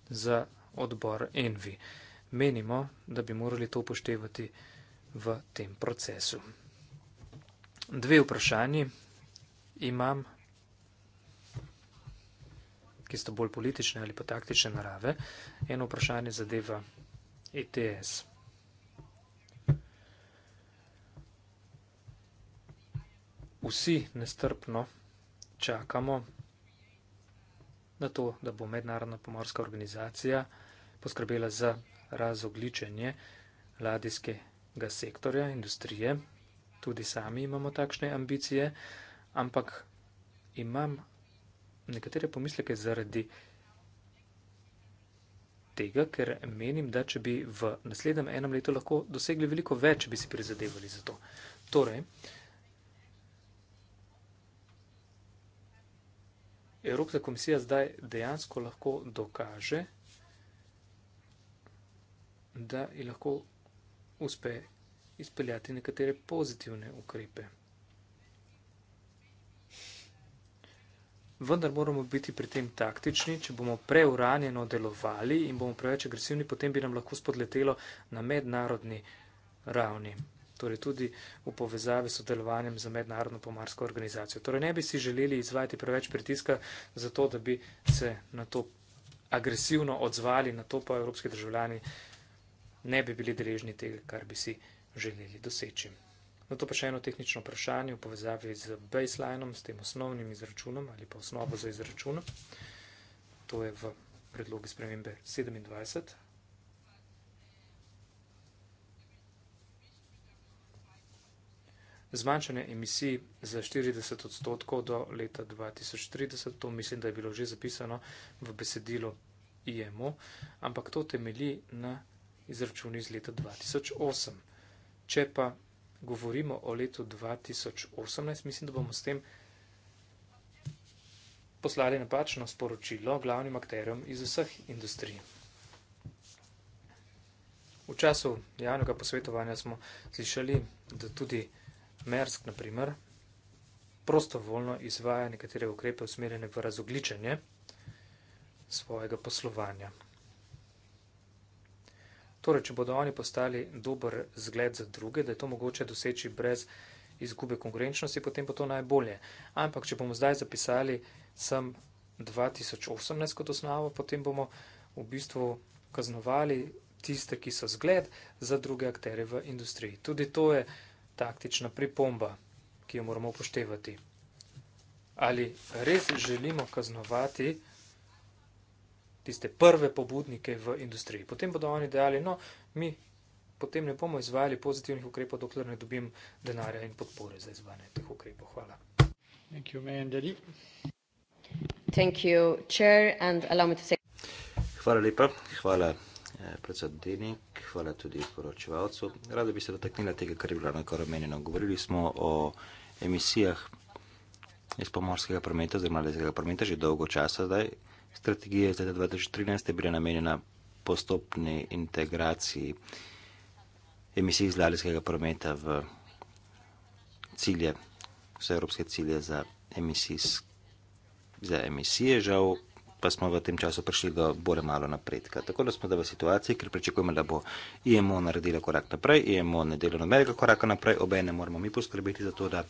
za odbor Envi. Menimo, da bi morali to upoštevati v tem procesu. Dve vprašanji imam, ki so bolj politične ali pa taktične narave. Eno vprašanje zadeva ETS. vsi nestrpno čakamo na to, da bo mednarodna pomorska organizacija poskrbela za razogličenje ladijskega sektorja, industrije. Tudi sami imamo takšne ambicije, ampak imam nekatere pomisleke zaradi tega, ker menim, da če bi v naslednjem enem letu lahko dosegli veliko več, bi si prizadevali za to. Torej, Evropska komisija zdaj dejansko lahko dokaže, da ji lahko uspe izpeljati nekatere pozitivne ukrepe. Vendar moramo biti pri tem taktični, če bomo preuranjeno delovali in bomo preveč agresivni, potem bi nam lahko spodletelo na mednarodni ravni torej tudi v povezavi s sodelovanjem za mednarodno pomarsko organizacijo. Torej ne bi si želeli izvajati preveč pritiska za to, da bi se na to agresivno odzvali, na to pa evropski državljani ne bi bili deležni tega, kar bi si želeli doseči. Na to pa še eno tehnično vprašanje v povezavi z baselinom, s tem osnovnim izračunom ali pa osnovo za izračun. To je v predlogu spremembe 27. zmanjšanje emisij za 40 odstotkov do leta 2030, to mislim, da je bilo že zapisano v besedilo IMO, ampak to temelji na izračuni iz leta 2008. Če pa govorimo o letu 2018, mislim, da bomo s tem poslali napačno sporočilo glavnim akterjem iz vseh industrij. V času javnega posvetovanja smo slišali, da tudi Mersk, naprimer, prostovoljno izvaja nekatere ukrepe usmerjene v razogličenje svojega poslovanja. Torej, če bodo oni postali dober zgled za druge, da je to mogoče doseči brez izgube konkurenčnosti, potem pa to najbolje. Ampak, če bomo zdaj zapisali sem 2018 kot osnovo, potem bomo v bistvu kaznovali tiste, ki so zgled za druge akterje v industriji. Tudi to je taktična pripomba, ki jo moramo upoštevati. Ali res želimo kaznovati tiste prve pobudnike v industriji? Potem bodo oni dejali, no, mi potem ne bomo izvajali pozitivnih ukrepov, dokler ne dobim denarja in podpore za izvajanje teh ukrepov. Hvala. Thank you, Thank you, Chair, and allow me to say... Hvala lepa. Hvala predvsem Denik, hvala tudi poročevalcu. Rada bi se dotaknila tega, kar je bilo nekaj omenjeno. Govorili smo o emisijah iz pomorskega prometa, zelo malezijskega prometa, že dolgo časa zdaj. Strategija iz leta 2013 je bila namenjena postopni integraciji emisij iz ladijskega prometa v cilje, vse evropske cilje za emisije. Žal pa smo v tem času prišli do bore malo napredka. Tako da smo da v situaciji, ker pričakujemo, da bo IMO naredila korak naprej, IMO ne delo nobenega koraka naprej, obe ne moramo mi poskrbeti za to, da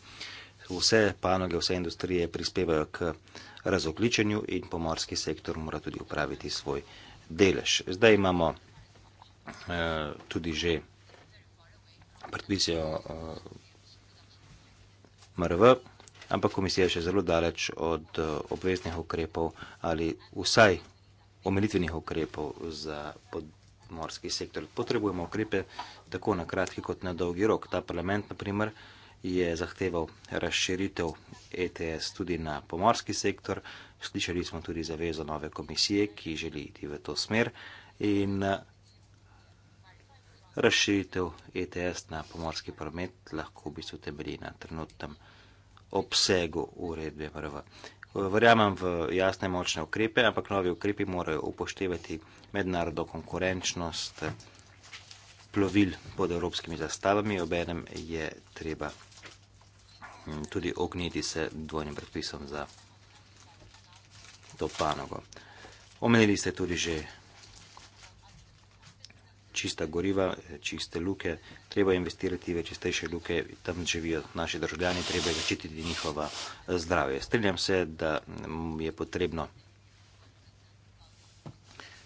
vse panoge, vse industrije prispevajo k razokličenju in pomorski sektor mora tudi upraviti svoj delež. Zdaj imamo eh, tudi že predpisijo eh, MRV ampak komisija je še zelo daleč od eh, obveznih ukrepov ali vsaj omilitvenih ukrepov za podmorski sektor. Potrebujemo ukrepe tako na kratki kot na dolgi rok. Ta parlament, naprimer, je zahteval razširitev ETS tudi na pomorski sektor. Slišali smo tudi zavezo nove komisije, ki želi iti v to smer in eh, razširitev ETS na pomorski promet lahko v bistvu temelji na trenutnem obsegu uredbe MRV. Verjamem v jasne močne ukrepe, ampak novi ukrepi morajo upoštevati mednarodno konkurenčnost plovil pod evropskimi zastavami, obenem je treba hm, tudi ogniti se dvojnim predpisom za to panogo. Omenili ste tudi že čista goriva, čiste luke, treba investirati v čistejše luke, tam živijo naši državljani, treba je začititi njihova eh, zdravje. Strenjam se, da mm, je potrebno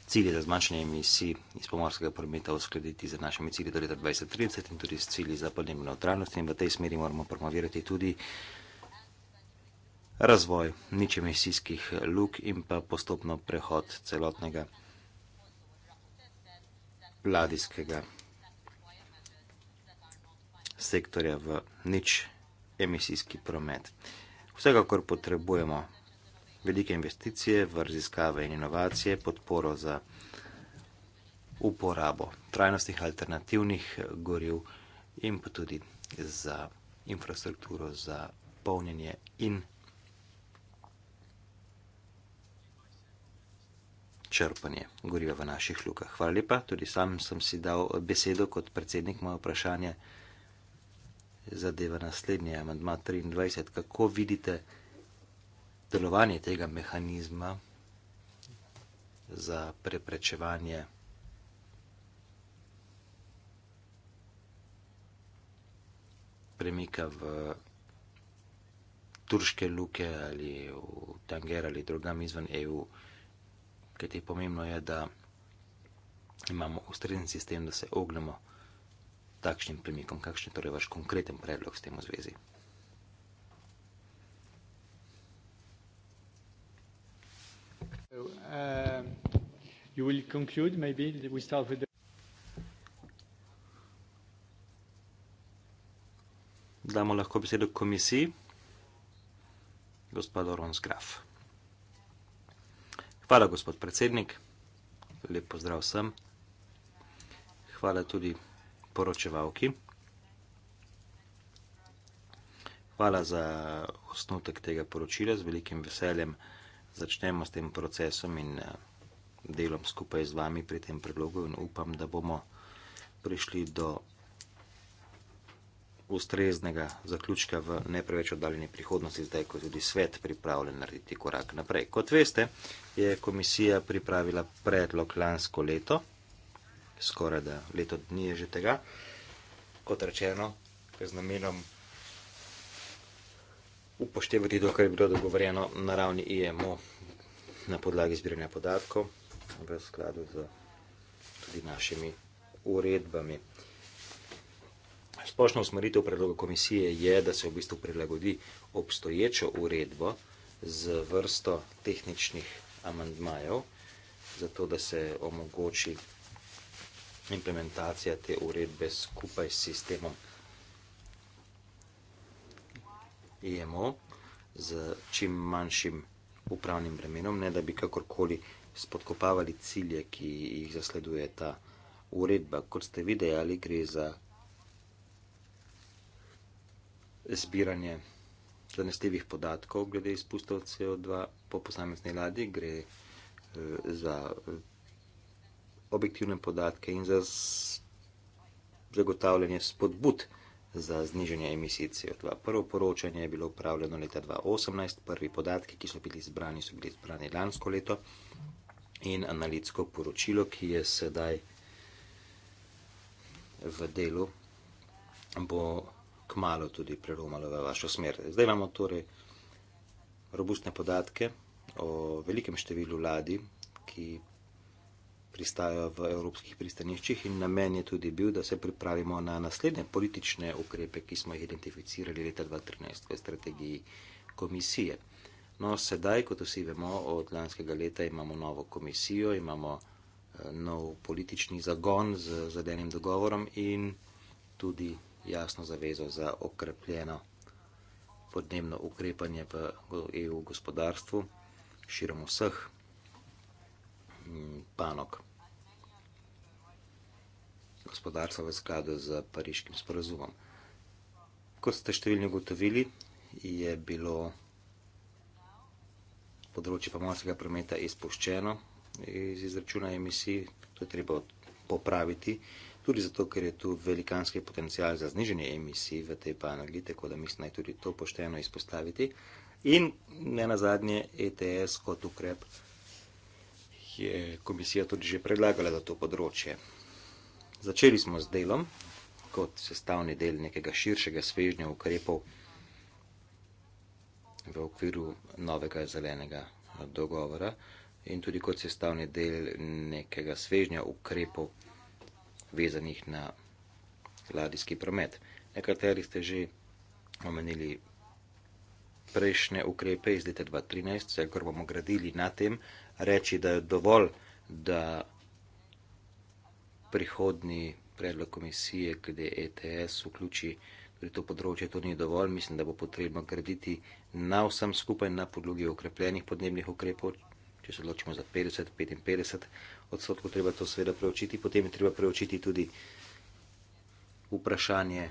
cilje za zmanjšanje emisij iz pomorskega prometa uskladiti za našimi cilji do leta 2030 in tudi s cilji za podnebno neutralnost in v tej smeri moramo promovirati tudi razvoj nič emisijskih luk in pa postopno prehod celotnega ladijskega sektorja v nič emisijski promet. Vsekakor potrebujemo velike investicije v raziskave in inovacije, podporo za uporabo trajnostnih alternativnih goriv in pa tudi za infrastrukturo za polnjenje in črpanje goriva v naših lukah. Hvala lepa, tudi sam sem si dal besedo kot predsednik. Moje vprašanje zadeva naslednje, amantma 23. Kako vidite delovanje tega mehanizma za preprečevanje premika v turške luke ali v Tanger ali drugam izven EU? Ker ti je pomembno, da imamo ustrezen sistem, da se ognemo takšnim premikom. Kakšen je torej vaš konkreten predlog s tem v zvezi? Uh, conclude, the... Damo lahko besedo komisiji, gospod Ronsgraf. Hvala, gospod predsednik. Lep pozdrav vsem. Hvala tudi poročevalki. Hvala za osnutek tega poročila. Z velikim veseljem začnemo s tem procesom in eh, delom skupaj z vami pri tem predlogu in upam, da bomo prišli do ustreznega zaključka v ne preveč oddaljeni prihodnosti, zdaj ko je tudi svet pripravljen narediti korak naprej. Kot veste, je komisija pripravila predlog lansko leto, skoraj da leto dni je že tega, kot rečeno, z namenom upoštevati to, kar je bilo dogovorjeno na ravni IMO na podlagi zbiranja podatkov v skladu z tudi našimi uredbami. Uh, Splošna usmeritev predloga komisije je, da se v bistvu prilagodi obstoječo uredbo z vrsto tehničnih amandmajev, zato da se omogoči implementacija te uredbe skupaj s sistemom IMO z čim manjšim upravnim bremenom, ne da bi kakorkoli spodkopavali cilje, ki jih zasleduje ta uredba. Kot ste videli, gre za zbiranje zanesljivih podatkov glede izpustov CO2 po posamezni ladji, gre eh, za eh, objektivne podatke in za zagotavljanje spodbud za zniženje emisij CO2. Prvo poročanje je bilo upravljeno leta 2018, prvi podatki, ki so bili zbrani, so bili zbrani lansko leto in analitsko poročilo, ki je sedaj v delu, bo vsega kmalo tudi preromalo v vašo smer. Zdaj imamo torej robustne podatke o velikem številu ladi, ki pristajajo v evropskih pristaniščih in namen je tudi bil, da se pripravimo na naslednje politične ukrepe, ki smo jih identificirali leta 2013 v strategiji komisije. No, sedaj, kot vsi vemo, od lanskega leta imamo novo komisijo, imamo eh, nov politični zagon z zadenim dogovorom in tudi jasno zavezo za okrepljeno podnebno ukrepanje v EU gospodarstvu širom vseh mm, panok gospodarstva v skladu z pariškim sporozumom. Kot ste številni ugotovili, je bilo področje pomorskega prometa izpuščeno iz izračuna emisij, to je treba popraviti tudi zato, ker je tu velikanski potencial za znižanje emisij v tej panogi, tako da mislim, da je tudi to pošteno izpostaviti. In ne na zadnje, ETS kot ukrep je komisija tudi že predlagala za to področje. Začeli smo z delom kot sestavni del nekega širšega svežnja ukrepov v okviru novega zelenega dogovora in tudi kot sestavni del nekega svežnja ukrepov vezanih na ladijski promet. Nekateri ste že omenili prejšnje ukrepe iz leta 2013, vse kar bomo gradili na tem, reči, da je dovolj, da prihodni predlog komisije glede ETS vključi tudi to področje, to ni dovolj. Mislim, da bo potrebno graditi na vsem skupaj na podlogi okrepljenih podnebnih ukrepov, če se odločimo za 50, 55 odstotkov, treba to seveda preučiti. Potem je treba preučiti tudi vprašanje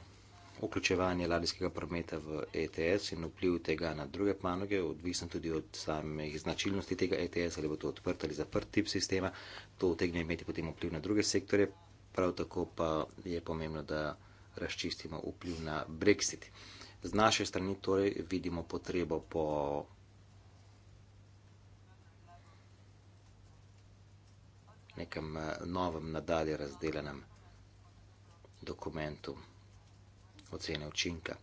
vključevanja ladijskega prometa v ETS in vpliv tega na druge panoge, odvisno tudi od samih značilnosti tega ETS, ali bo to odprt ali zaprt tip sistema, to utegne imeti potem vpliv na druge sektore, prav tako pa je pomembno, da razčistimo vpliv na Brexit. Z naše strani torej vidimo potrebo po nekem eh, novem, nadalje razdeljenem dokumentu ocene učinka.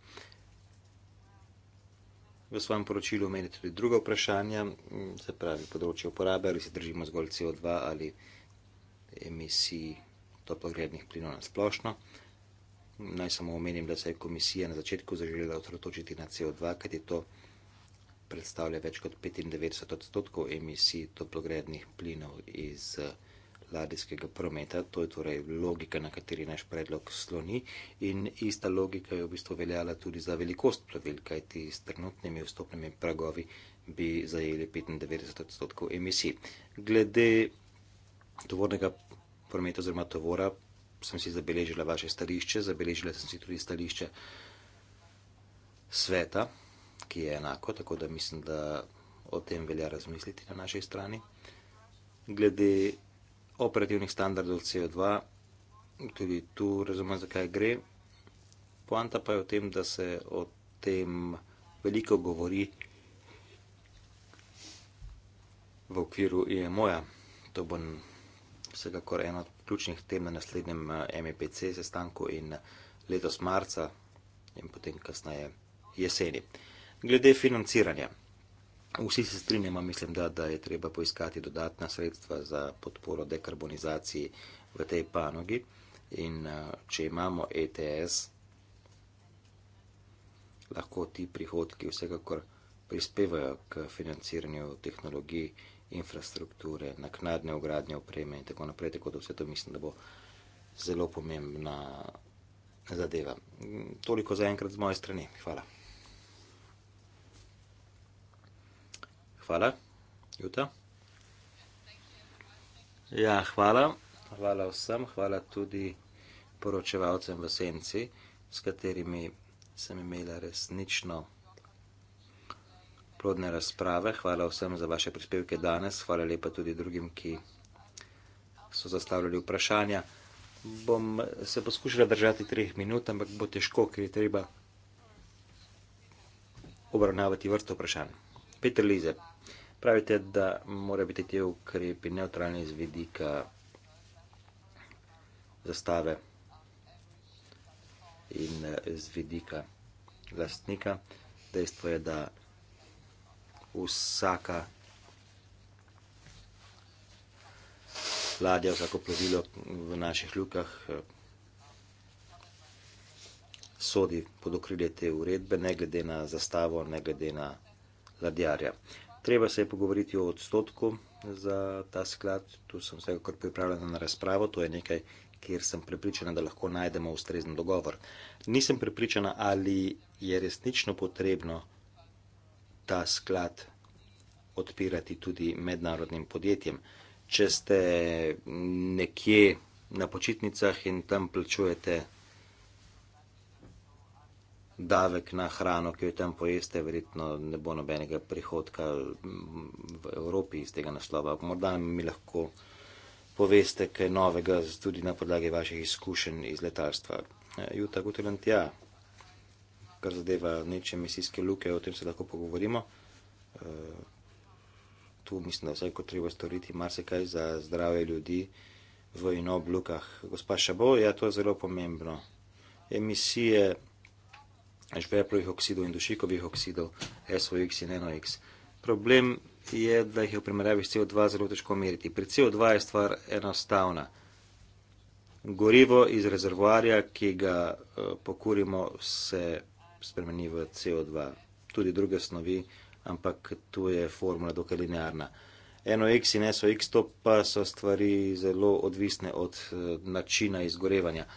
V svojem poročilu omenite tudi druga vprašanja, mm, se pravi področje uporabe, ali se držimo zgolj CO2 ali emisij toplogrednih plinov na splošno. Naj samo omenim, da se je komisija na začetku zaželjela otrotočiti na CO2, kaj je to predstavlja več kot 95 odstotkov emisij toplogrednih plinov iz plinov ladijskega prometa, to je torej logika, na kateri naš predlog sloni in ista logika je v bistvu veljala tudi za velikost plovil, kajti s trenutnimi vstopnimi pragovi bi zajeli 95 odstotkov emisij. Glede tovornega prometa oziroma tovora sem si zabeležila vaše stališče, zabeležila sem si tudi stališče sveta, ki je enako, tako da mislim, da o tem velja razmisliti na naši strani. Glede operativnih standardov CO2, tudi tu razumem, zakaj gre. Poanta pa je v tem, da se o tem veliko govori v okviru IMO-ja. E to bo vsekakor ena od ključnih tem na naslednjem eh, MEPC sestanku in eh, letos marca in potem kasneje jeseni. Glede financiranja. Vsi se strinjamo, mislim, da, da je treba poiskati dodatna sredstva za podporo dekarbonizaciji v tej panogi. In eh, če imamo ETS, lahko ti prihodki vsekakor prispevajo k financiranju tehnologij, infrastrukture, naknadne ugradnje opreme in tako naprej. Tako da vse to mislim, da bo zelo pomembna zadeva. Toliko za enkrat z moje strani. Hvala. Hvala. Juta. Ja, hvala. Hvala vsem, hvala tudi poročevalcem v senci, s katerimi sem imela resnično plodne razprave. Hvala vsem za vaše prispevke danes, hvala lepa tudi drugim, ki so zastavljali vprašanja. Bom se poskušala držati treh minut, ampak bo težko, ker je treba obravnavati vrsto vprašanj. Peter Lize, pravite, da mora biti te ukrepi neutralni z vidika zastave in eh, z vidika lastnika. Dejstvo je, da vsaka ladja, vsako plovilo v naših lukah eh, sodi pod okrilje te uredbe, ne glede na zastavo, ne glede na ladjarja. Treba se je pogovoriti o odstotku za ta sklad, tu sem vsekakor pripravljena na razpravo, to je nekaj, kjer sem pripričana, da lahko najdemo ustrezen dogovor. Nisem pripričana, ali je resnično potrebno ta sklad odpirati tudi mednarodnim podjetjem. Če ste nekje na počitnicah in tam plačujete davek na hrano, ki jo tam pojeste, verjetno ne bo nobenega prihodka v Evropi iz tega naslova. Morda mi lahko poveste kaj novega, tudi na podlagi vaših izkušenj iz letalstva. Juta, kot je tja, kar zadeva neče misijske luke, o tem se lahko pogovorimo. Tu mislim, da vsaj kot treba storiti marsikaj za zdrave ljudi v in ob lukah. Gospa Šabo, ja, to je zelo pomembno. Emisije žveplovih oksidov in dušikovih oksidov, SOX in NOX. Problem je, da jih je v primerjavi s CO2 zelo težko meriti. Pri CO2 je stvar enostavna. Gorivo iz rezervoarja, ki ga eh, pokurimo, se spremeni v CO2. Tudi druge snovi, ampak tu je formula dokaj linearna. NOX in SOX to pa so stvari zelo odvisne od eh, načina izgorevanja.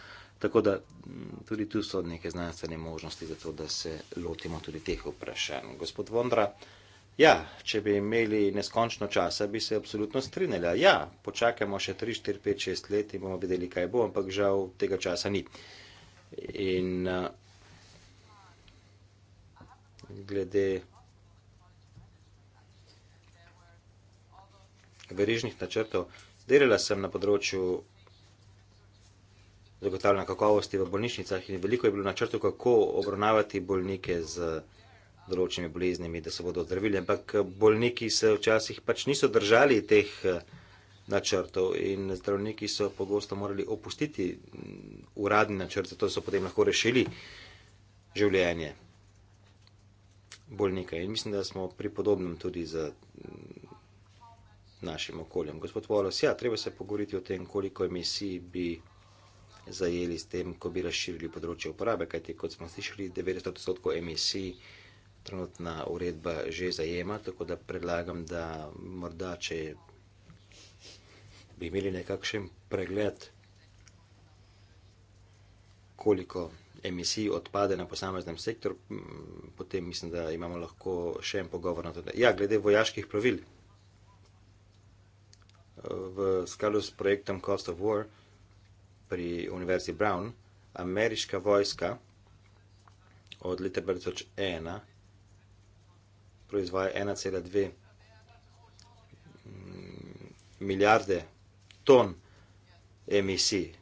Tako da mm, tudi tu so neke znanstvene možnosti za to, da se lotimo tudi teh vprašanj. Gospod Vondra, ja, če bi imeli neskončno časa, bi se absolutno strinjali. Ja, počakajmo še 3, 4, 5, 6 let in bomo videli, kaj bo, ampak žal tega časa ni. In eh, glede verižnih načrtov, delala sem na področju zagotavljanja kakovosti v bolnišnicah in veliko je bilo na črtu, kako obravnavati bolnike z določenimi boleznimi, da se bodo zdravili. Ampak bolniki se včasih pač niso držali teh eh, načrtov in zdravniki so pogosto morali opustiti mm, uradni načrt, zato so potem lahko rešili življenje bolnika. In mislim, da smo pri podobnem tudi z mm, našim okoljem. Gospod Volos, ja, treba se pogovoriti o tem, koliko emisij bi zajeli s tem, ko bi razširili področje uporabe, kajti kot smo slišali, 90% emisij trenutna uredba že zajema, tako da predlagam, da morda, če bi imeli nekakšen pregled, koliko emisij odpade na posameznem sektorju, potem mislim, da imamo lahko še en pogovor na to. Ja, glede vojaških pravil. V skladu s projektom Cost of War, pri Univerzi Brown, ameriška vojska od leta 2001 proizvaja 1,2 mm, milijarde ton emisij.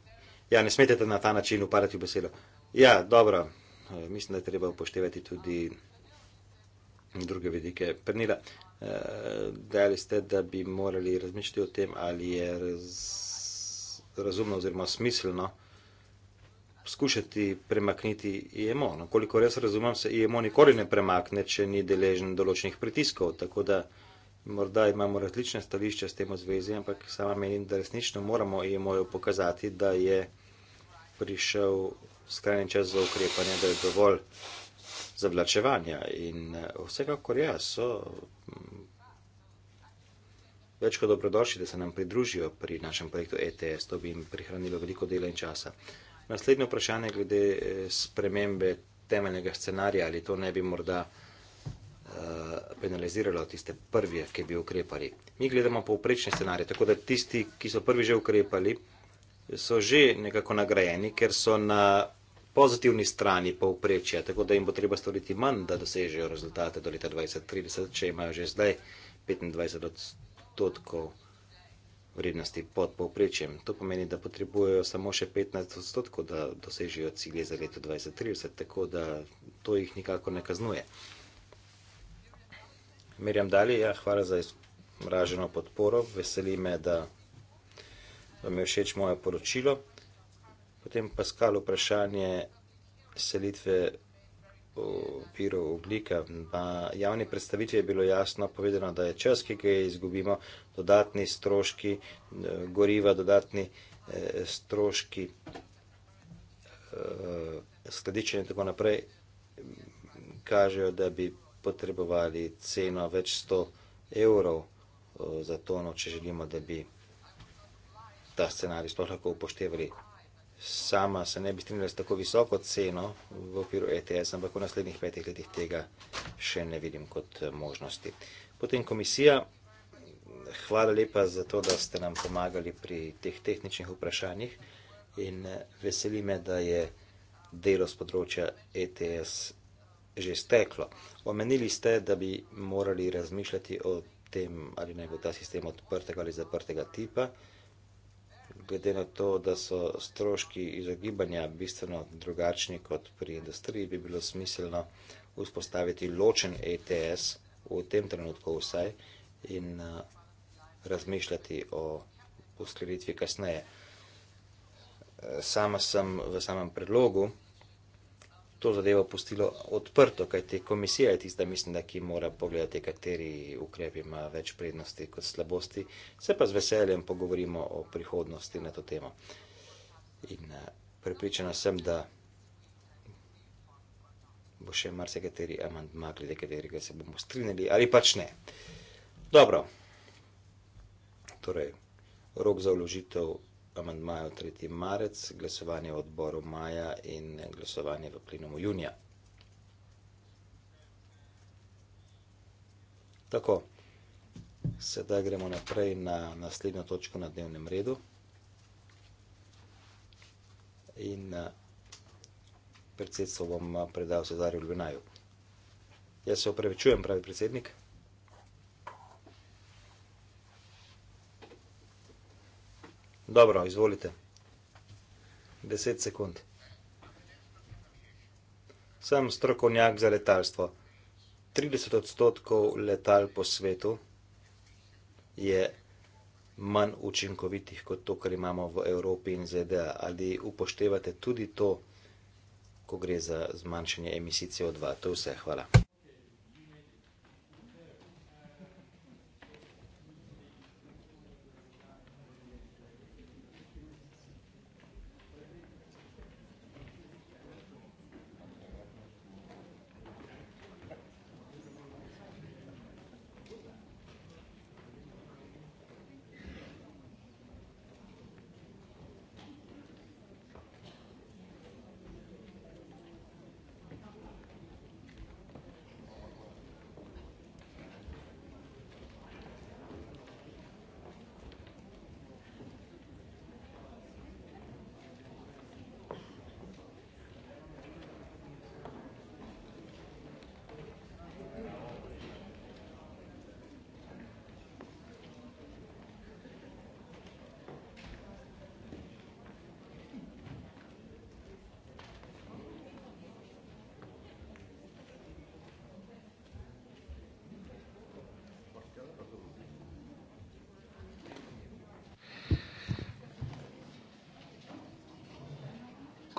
Ja, ne smete na ta način upadati v besedo. Ja, dobro, eh, mislim, da je treba upoštevati tudi druge vedike. Pernila, eh, dejali ste, da bi morali razmišljati o tem, ali je raz razumno oziroma smiselno skušati premakniti IMO. No, kolikor jaz razumem, se IMO nikoli ne premakne, če ni deležen določenih pritiskov. Tako da morda imamo različne stališče s tem v zvezi, ampak sama menim, da resnično moramo IMO-ju pokazati, da je prišel skrajni čas za ukrepanje, da je dovolj zavlačevanja. In eh, vsekakor ja, so več kot dobrodošli, da se nam pridružijo pri našem projektu ETS. To bi jim prihranilo veliko dela in časa. Naslednje vprašanje je glede eh, spremembe temeljnega scenarija, ali to ne bi morda eh, penaliziralo tiste prve, ki bi ukrepali. Mi gledamo povprečne scenarije, tako da tisti, ki so prvi že ukrepali, so že nekako nagrajeni, ker so na pozitivni strani povprečja, tako da jim bo treba storiti manj, da dosežejo rezultate do leta 2030, če imajo že zdaj 25 odstotkov odstotkov vrednosti pod povprečjem. To pomeni, da potrebujejo samo še 15 odstotkov, da dosežejo cilje za leto 2030, tako da to jih nikako ne kaznuje. Merjam dalje, ja, hvala za izraženo podporo, veseli me, da vam je všeč moje poročilo. Potem Paskal vprašanje selitve opiru oglika. Na javni predstavitvi je bilo jasno povedano, da je čas, ki ga izgubimo, dodatni stroški eh, goriva, dodatni eh, stroški eh, skladiščenja in tako naprej, kažejo, da bi potrebovali ceno več 100 evrov za tono, če želimo, da bi ta scenarij sploh lahko upoštevali sama se ne bi strinjala s tako visoko ceno v okviru ETS, ampak v naslednjih petih letih tega še ne vidim kot eh, možnosti. Potem komisija, hvala lepa za to, da ste nam pomagali pri teh tehničnih vprašanjih in eh, veseli me, da je delo z področja ETS že steklo. Omenili ste, da bi morali razmišljati o tem, ali naj bo ta sistem odprtega ali zaprtega tipa glede na to, da so stroški izogibanja bistveno drugačni kot pri industriji, bi bilo smiselno vzpostaviti ločen ETS v tem trenutku vsaj in eh, razmišljati o uskladitvi kasneje. Eh, sama sem v samem predlogu to zadevo pustilo odprto, kajti komisija je tista, mislim, da ki mora pogledati, kateri ukrep ima več prednosti kot slabosti. Se pa z veseljem pogovorimo o prihodnosti na to temo. In eh, pripričana sem, da bo še marsikateri amantma, glede katerega se bomo strinjali ali pač ne. Dobro, torej rok za vložitev amandmaju 3. marec, glasovanje v odboru maja in glasovanje v plenumu junija. Tako, sedaj gremo naprej na naslednjo točko na dnevnem redu. In eh, predsedstvo bom eh, predal Cezarju Ljubinaju. Jaz se opravičujem, pravi predsednik. Dobro, izvolite. 10 sekund. Sem strokovnjak za letalstvo. 30 odstotkov letal po svetu je manj učinkovitih kot to, kar imamo v Evropi in ZDA. Ali upoštevate tudi to, ko gre za zmanjšanje emisij CO2? To je vse. Hvala.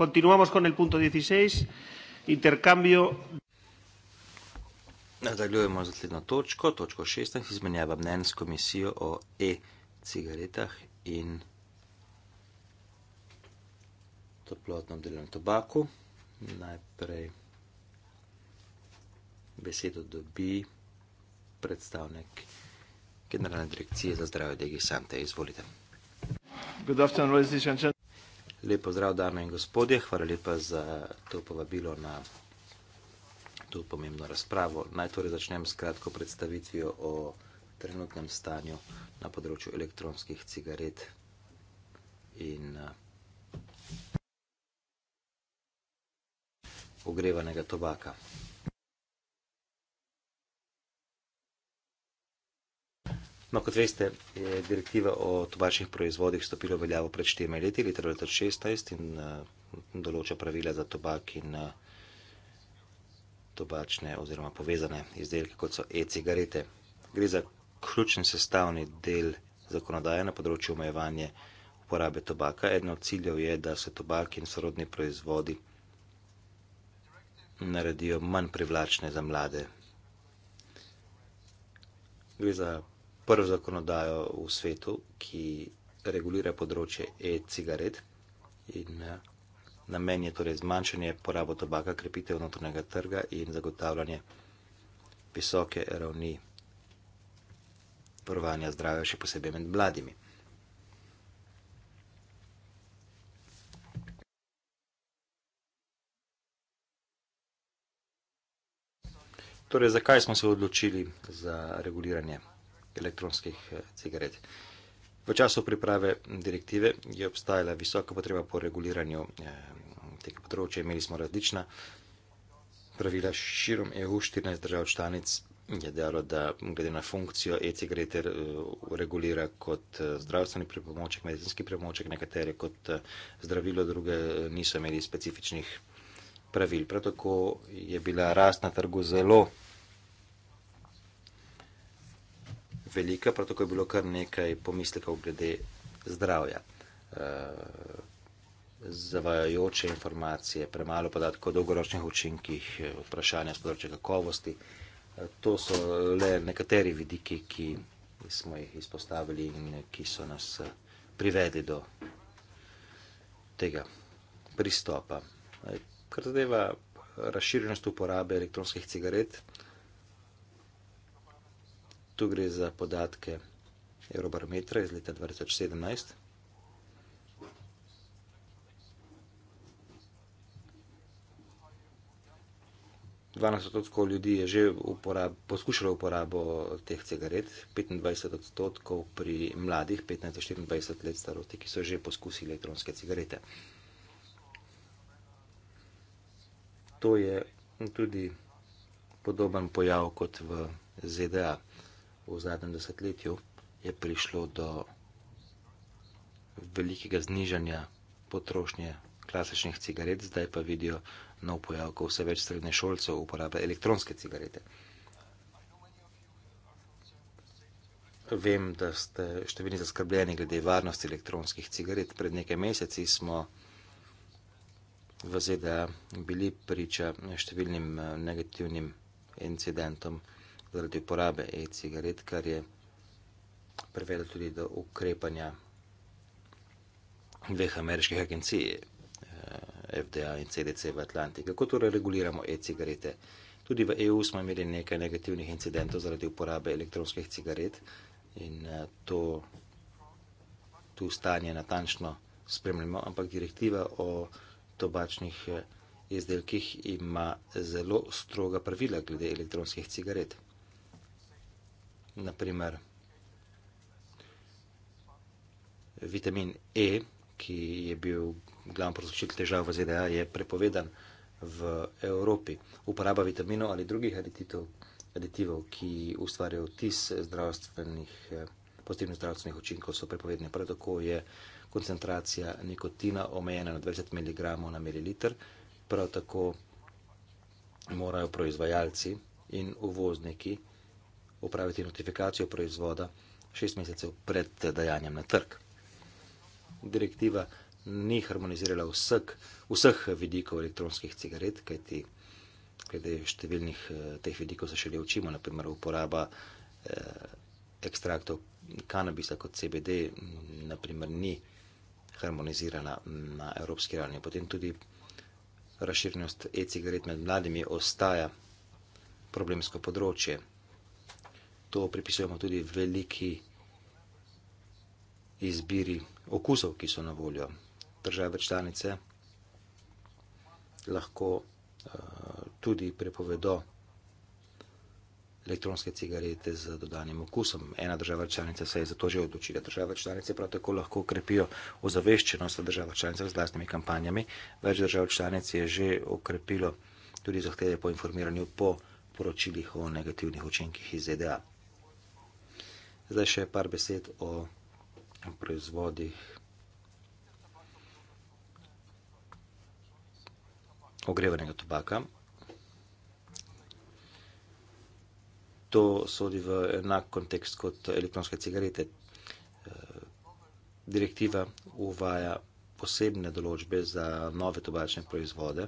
Continuamos con el punto 16, intercambio. Nadaljujemo z naslednjo točko, točko 16, izmenjava mnen s komisijo o e-cigaretah in toplotnem delovnem tobaku. Najprej besedo dobi predstavnik Generalne direkcije za zdravje Degi Sante. Izvolite. Lepo zdrav, dame in gospodje, hvala lepa za to povabilo na to pomembno razpravo. Naj torej začnem s kratko predstavitvijo o trenutnem stanju na področju elektronskih cigaret in eh, ogrevanega tobaka. No, kot veste, je direktiva o tobačnih proizvodih stopila v veljavo pred 4 leti, leta 2016 in uh, določa pravila za tobak in uh, tobačne oziroma povezane izdelke, kot so e-cigarete. Gre za ključen sestavni del zakonodaje na področju omejevanja uporabe tobaka. Eden od ciljev je, da se tobak in sorodni proizvodi naredijo manj privlačne za mlade. Gre za prvo zakonodajo v svetu, ki regulira področje e-cigaret. Eh, namen je torej zmanjšanje porabo tobaka, krepitev notranjega trga in zagotavljanje visoke ravni varovanja zdravja, še posebej med mladimi. Torej, zakaj smo se odločili za reguliranje elektronskih eh, cigaret. V času priprave direktive je obstajala visoka potreba po reguliranju eh, tega področja. Imeli smo različna pravila širom EU, 14 držav članic je dejalo, da glede na funkcijo e-cigarete eh, regulira kot zdravstveni pripomoček, medicinski pripomoček, nekatere kot zdravilo, druge niso imeli specifičnih pravil. Prav tako je bila rast na trgu zelo velika, prav tako je bilo kar nekaj pomislekov glede zdravja. Eh, zavajajoče informacije, premalo podatkov o dolgoročnih učinkih, eh, vprašanja z področja kakovosti. Eh, to so le nekateri vidiki, ki smo jih izpostavili in ki so nas privedli do tega pristopa. Kar zadeva razširjenost uporabe elektronskih cigaret, Tu gre za podatke Eurobarometra iz leta 2017. Dvanajst odstotkov ljudi je že uporab, poskušalo uporabo teh cigaret, 25 odstotkov pri mladih, 15-24 let starosti, ki so že poskusili elektronske cigarete. To je tudi podoben pojav kot v ZDA v zadnjem desetletju je prišlo do velikega znižanja potrošnje klasičnih cigaret, zdaj pa vidijo nov pojav, ko vse več srednje šolcev uporablja elektronske cigarete. Vem, da ste številni zaskrbljeni glede varnosti elektronskih cigaret. Pred nekaj meseci smo v ZDA bili priča številnim negativnim incidentom zaradi uporabe e-cigaret, kar je privedlo tudi do ukrepanja dveh ameriških agencij, eh, FDA in CDC v Atlantiku. Kako torej reguliramo e-cigarete? Tudi v EU smo imeli nekaj negativnih incidentov zaradi uporabe elektronskih cigaret in eh, to tu stanje natančno spremljamo, ampak direktiva o tobačnih eh, izdelkih ima zelo stroga pravila glede elektronskih cigaret naprimer vitamin E, ki je bil glavni povzročitelj težav v ZDA, je prepovedan v Evropi. Uporaba vitaminov ali drugih aditivov, aditivov ki ustvarjajo tis zdravstvenih, eh, pozitivnih zdravstvenih učinkov, so prepovedne. Prav tako je koncentracija nikotina omejena na 20 mg na mililiter, prav tako morajo proizvajalci in uvozniki upraviti notifikacijo proizvoda šest mesecev pred dajanjem na trg. Direktiva ni harmonizirala vseh, vseh vidikov elektronskih cigaret, kajti glede številnih eh, teh vidikov se šele učimo, naprimer uporaba eh, ekstraktov kanabisa kot CBD, mm, naprimer ni harmonizirana na evropski ravni. Potem tudi razširjenost e-cigaret med mladimi ostaja problemsko področje to pripisujemo tudi veliki izbiri okusov, ki so na voljo. Države članice lahko uh, tudi prepovedo elektronske cigarete z dodanim okusom. Ena država članica se je za to že odločila. Države članice prav tako lahko okrepijo ozaveščenost države članice z lastnimi kampanjami. Več držav članic je že okrepilo tudi zahteve po informiranju po poročilih o negativnih učinkih iz ZDA. E Zdaj še par besed o proizvodih. Ogrevanega tobaka. To sodi v enak kontekst kot elektronske cigarete. Eh, direktiva uvaja posebne določbe za nove tobačne proizvode,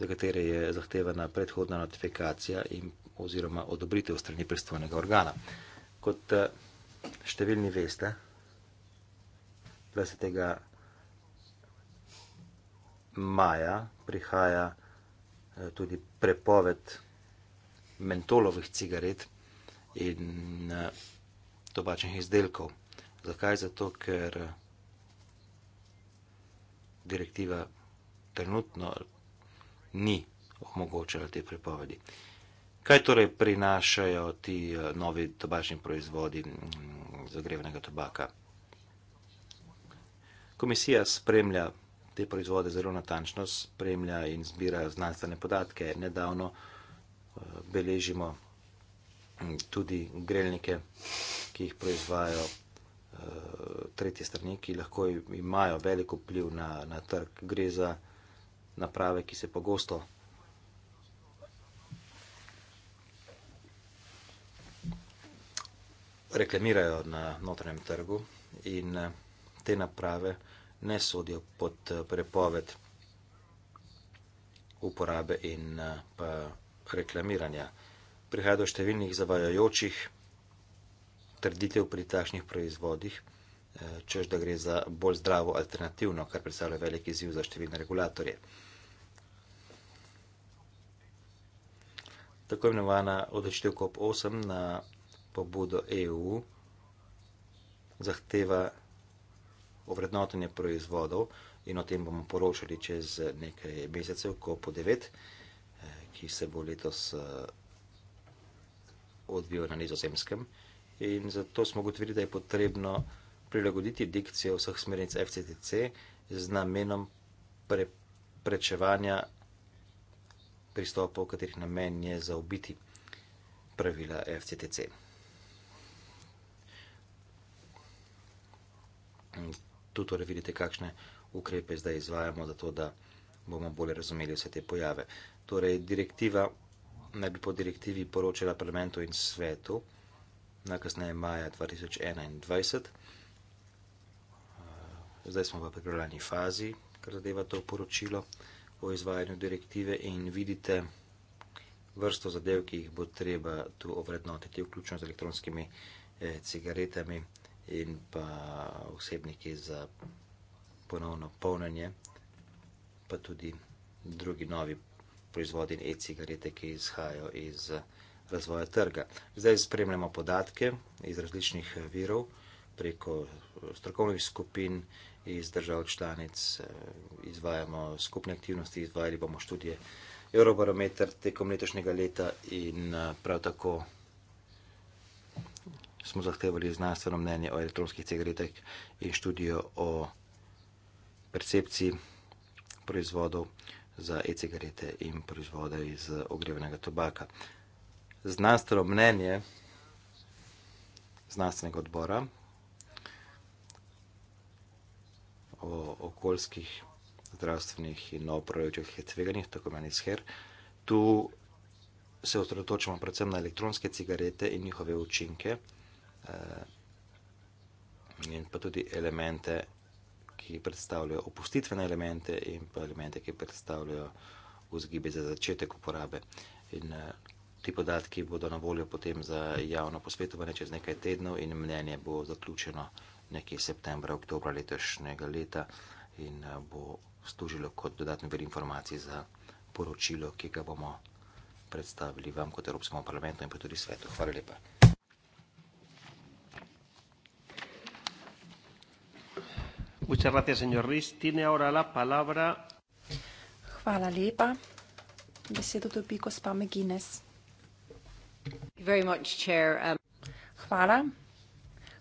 za katere je zahtevana predhodna notifikacija in oziroma odobritev strani pristojnega organa kot eh, številni veste, 20. maja prihaja eh, tudi prepoved mentolovih cigaret in eh, tobačnih izdelkov. Zakaj? Zato, ker direktiva trenutno ni omogočala te prepovedi. Kaj torej prinašajo ti eh, novi tobačni proizvodi mm, zagrevnega tobaka? Komisija spremlja te proizvode zelo natančno, spremlja in zbira znanstvene podatke. Nedavno eh, beležimo mm, tudi grelnike, ki jih proizvajajo eh, tretje strani, ki lahko imajo veliko pliv na, na trg. Gre za naprave, ki se pogosto reklamirajo na notranjem trgu in eh, te naprave ne sodijo pod eh, prepoved uporabe in eh, pa reklamiranja. Prihaja do številnih zavajajočih trditev pri takšnih proizvodih, čež da gre za bolj zdravo alternativno, kar predstavlja velik izziv za številne regulatorje. Tako imenovana odločitev COP8 na pobudo EU zahteva ovrednotenje proizvodov in o tem bomo poročali čez nekaj mesecev, ko po 9, eh, ki se bo letos eh, odvijal na nizozemskem. In zato smo ugotovili, da je potrebno prilagoditi dikcijo vseh smernic FCTC z namenom pre, prečevanja pristopov, katerih namen je zaobiti pravila FCTC. Tu torej vidite, kakšne ukrepe zdaj izvajamo, zato da bomo bolje razumeli vse te pojave. Torej, direktiva naj bi po direktivi poročala parlamentu in svetu, najkasneje maja 2021. Eh, zdaj smo v pripravljalni fazi, kar zadeva to poročilo o izvajanju direktive in vidite vrsto zadev, ki jih bo treba tu ovrednotiti, vključno z elektronskimi eh, cigaretami in pa vsebniki za ponovno polnjenje, pa tudi drugi novi proizvodi in e-cigarete, ki izhajajo iz razvoja trga. Zdaj spremljamo podatke iz različnih virov preko strokovnih skupin iz držav članic, eh, izvajamo skupne aktivnosti, izvajali bomo študije Eurobarometer tekom letošnjega leta in eh, prav tako smo zahtevali znanstveno mnenje o elektronskih cigaretah in študijo o percepciji proizvodov za e-cigarete in proizvode iz ogrevanega tobaka. Znanstveno mnenje znanstvenega odbora o okoljskih, zdravstvenih in novoprojočih tveganjih, tako meni sher, tu se osredotočamo predvsem na elektronske cigarete in njihove učinke eh, in pa tudi elemente, ki predstavljajo opustitvene elemente, in pa elemente, ki predstavljajo vzgibe za začetek uporabe. In, eh, ti podatki bodo na voljo potem za javno posvetovanje čez nekaj tednov, in mnenje bo zaključeno nekje septembra, oktobra letošnjega leta in eh, bo služilo kot dodatni vir informacij za poročilo, ki ga bomo predstavili vam kot Evropskemu parlamentu in pa tudi svetu. Hvala lepa. Muchas gracias, señor Riz. Tiene ahora la palabra. Hvala lepa. Besedo dobi gospa McGuinness. Very much, Chair. Um... Hvala.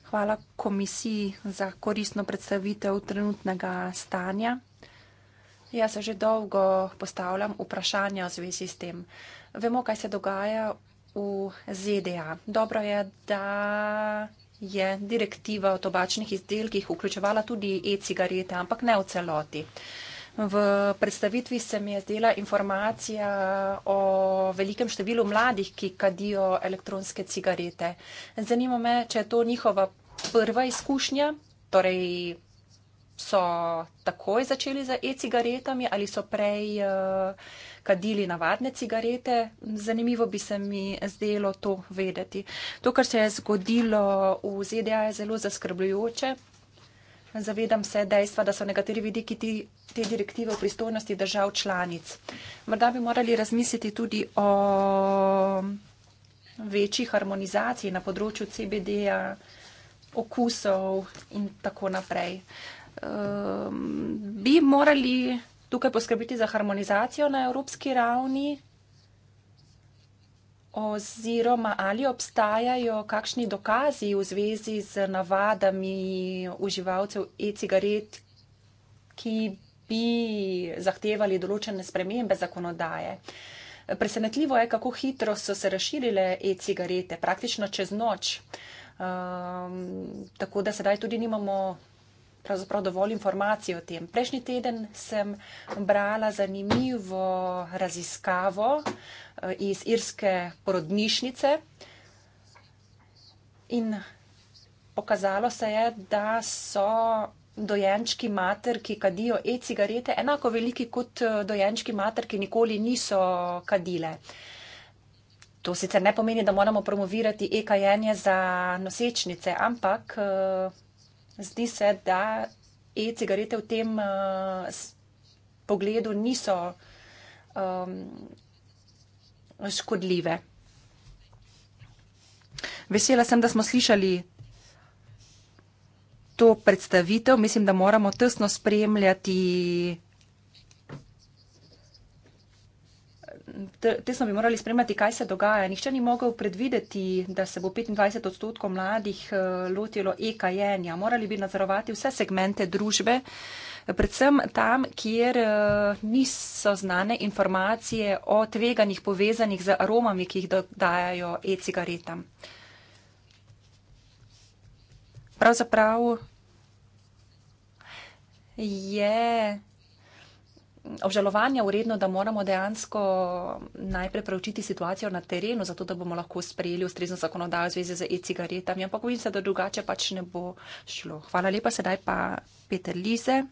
Hvala komisiji za koristno predstavitev trenutnega stanja. Jaz se že dolgo postavljam vprašanja v zvezi s tem. Vemo, kaj se dogaja v ZDA. Dobro je, da je direktiva o tobačnih izdelkih vključevala tudi e-cigarete, ampak ne v celoti. V predstavitvi se mi je zdela informacija o velikem številu mladih, ki kadijo elektronske cigarete. Zanima me, če je to njihova prva izkušnja, torej so takoj začeli za e-cigaretami ali so prej. Uh, kadili navadne cigarete. Zanimivo bi se mi zdelo to vedeti. To, kar se je zgodilo v ZDA, je zelo zaskrbljujoče. Zavedam se dejstva, da so nekateri vidiki ti, te direktive v pristojnosti držav članic. Morda bi morali razmisliti tudi o večji harmonizaciji na področju CBD-ja, okusov in tako naprej. Um, bi morali tukaj poskrbiti za harmonizacijo na evropski ravni? Oziroma, ali obstajajo kakšni dokazi v zvezi z navadami uživalcev e-cigaret, ki bi zahtevali določene spremembe zakonodaje? Presenetljivo je, kako hitro so se razširile e-cigarete, praktično čez noč. Um, tako da sedaj tudi nimamo pravzaprav dovolj informacij o tem. Prejšnji teden sem brala zanimivo raziskavo eh, iz irske porodnišnice in pokazalo se je, da so dojenčki mater, ki kadijo e-cigarete, enako veliki kot eh, dojenčki mater, ki nikoli niso kadile. To sicer ne pomeni, da moramo promovirati e-kajenje za nosečnice, ampak eh, Zdi se, da e-cigarete v tem uh, pogledu niso um, škodljive. Vesela sem, da smo slišali to predstavitev. Mislim, da moramo tesno spremljati te, te smo bi morali spremljati, kaj se dogaja. Nihče ni mogel predvideti, da se bo 25 odstotkov mladih eh, lotilo e-kajenja. Morali bi nadzorovati vse segmente družbe, predvsem tam, kjer eh, niso znane informacije o tveganjih povezanih z aromami, ki jih dodajajo e-cigaretam. Pravzaprav je. Yeah obžalovanja uredno, da moramo dejansko najprej preučiti situacijo na terenu, zato da bomo lahko sprejeli ustrezno zakonodajo v zvezi z e-cigaretami, ampak bojim se, da drugače pač ne bo šlo. Hvala lepa, sedaj pa Peter Lize.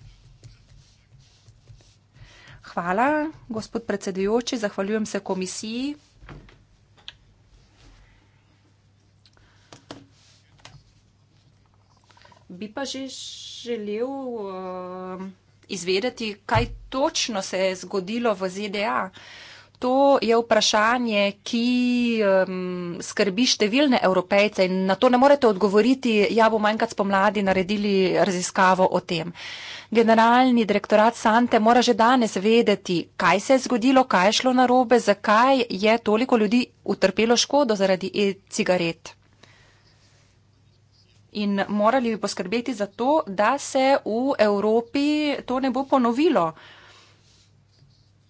Hvala, gospod predsedujoči, zahvaljujem se komisiji. Bi pa že želel. Uh, izvedeti, kaj točno se je zgodilo v ZDA. To je vprašanje, ki um, skrbi številne evropejce in na to ne morete odgovoriti, ja bomo enkrat spomladi naredili raziskavo o tem. Generalni direktorat Sante mora že danes vedeti, kaj se je zgodilo, kaj je šlo narobe, zakaj je toliko ljudi utrpelo škodo zaradi e-cigaret in morali bi poskrbeti za to, da se v Evropi to ne bo ponovilo.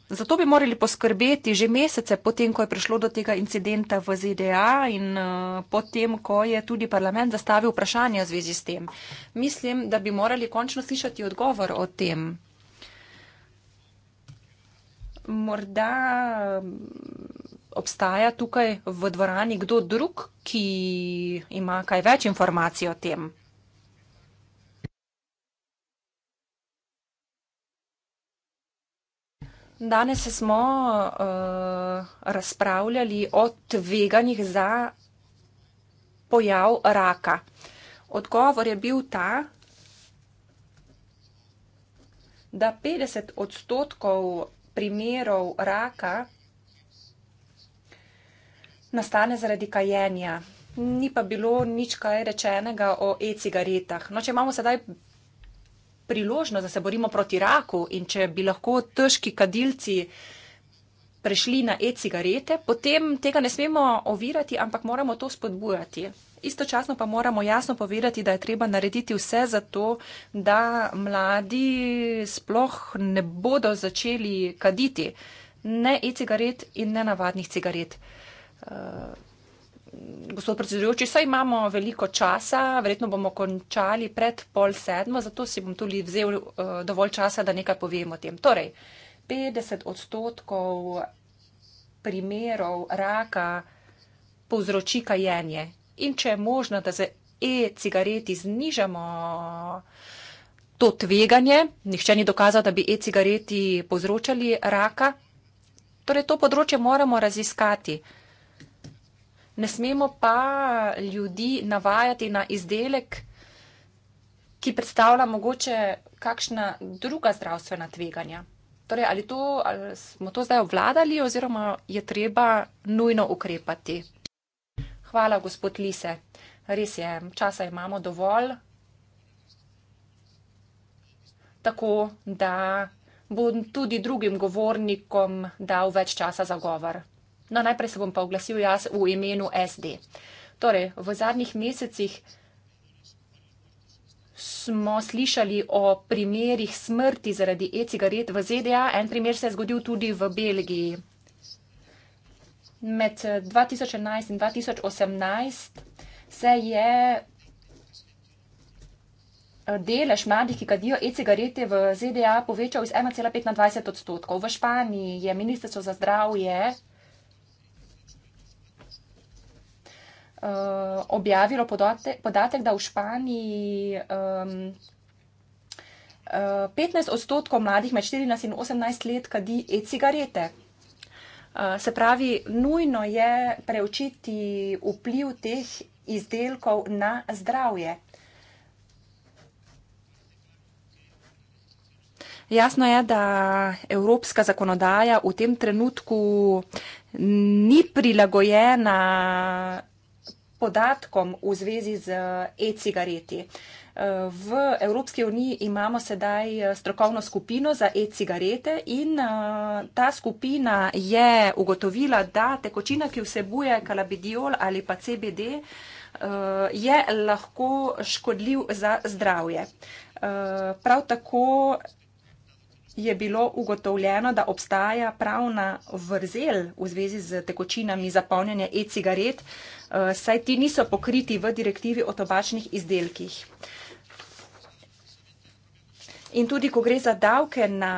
Zato bi morali poskrbeti že mesece potem, ko je prišlo do tega incidenta v ZDA in eh, potem, ko je tudi parlament zastavil vprašanje v zvezi s tem. Mislim, da bi morali končno slišati odgovor o tem. Morda obstaja tukaj v dvorani kdo drug, ki ima kaj več informacij o tem? Danes smo uh, razpravljali o tveganjih za pojav raka. Odgovor je bil ta, da 50 odstotkov primerov raka nastane zaradi kajenja. Ni pa bilo nič kaj rečenega o e-cigaretah. No, če imamo sedaj priložnost, da se borimo proti raku in če bi lahko težki kadilci prešli na e-cigarete, potem tega ne smemo ovirati, ampak moramo to spodbujati. Istočasno pa moramo jasno povedati, da je treba narediti vse za to, da mladi sploh ne bodo začeli kaditi ne e-cigaret in ne navadnih cigaret. Uh, Eh, gospod predsedujoči, saj imamo veliko časa, verjetno bomo končali pred pol sedmo, zato si bom tudi vzel uh, dovolj časa, da nekaj povem o tem. Torej, 50 odstotkov primerov raka povzroči kajenje in če je možno, da z e-cigareti znižamo to tveganje, nihče ni dokazal, da bi e-cigareti povzročali raka, torej to področje moramo raziskati. Uh, ne smemo pa ljudi navajati na izdelek, ki predstavlja mogoče kakšna druga zdravstvena tveganja. Torej, ali, to, ali smo to zdaj obvladali oziroma je treba nujno ukrepati? Hvala, gospod Lise. Res je, časa imamo dovolj, tako da bom tudi drugim govornikom dal več časa za govor. No, najprej se bom pa oglasil jaz v imenu SD. Torej, v zadnjih mesecih smo slišali o primerih smrti zaradi e-cigaret v ZDA. En primer se je zgodil tudi v Belgiji. Med 2011 in 2018 se je delež mladih, ki kadijo e-cigarete v ZDA, povečal iz 1,25 odstotkov. V Španiji je Ministrstvo za zdravje Eh, objavilo podate, podatek, da v Španiji um, 15 eh, odstotkov mladih med 14 in 18 let kadi e-cigarete. Eh, se pravi, nujno je preučiti vpliv teh izdelkov na zdravje. Jasno je, da evropska zakonodaja v tem trenutku ni prilagojena podatkom v zvezi z e-cigareti. V Evropski uniji imamo sedaj eh, strokovno skupino za e-cigarete in eh, ta skupina je ugotovila, da tekočina, ki vsebuje kalabidiol ali pa CBD, eh, je lahko škodljiv za zdravje. Prav tako je bilo ugotovljeno, da obstaja pravna vrzel v zvezi z tekočinami za polnjenje e-cigaret, eh, saj ti niso pokriti v direktivi o tobačnih izdelkih. In tudi, ko gre za davke na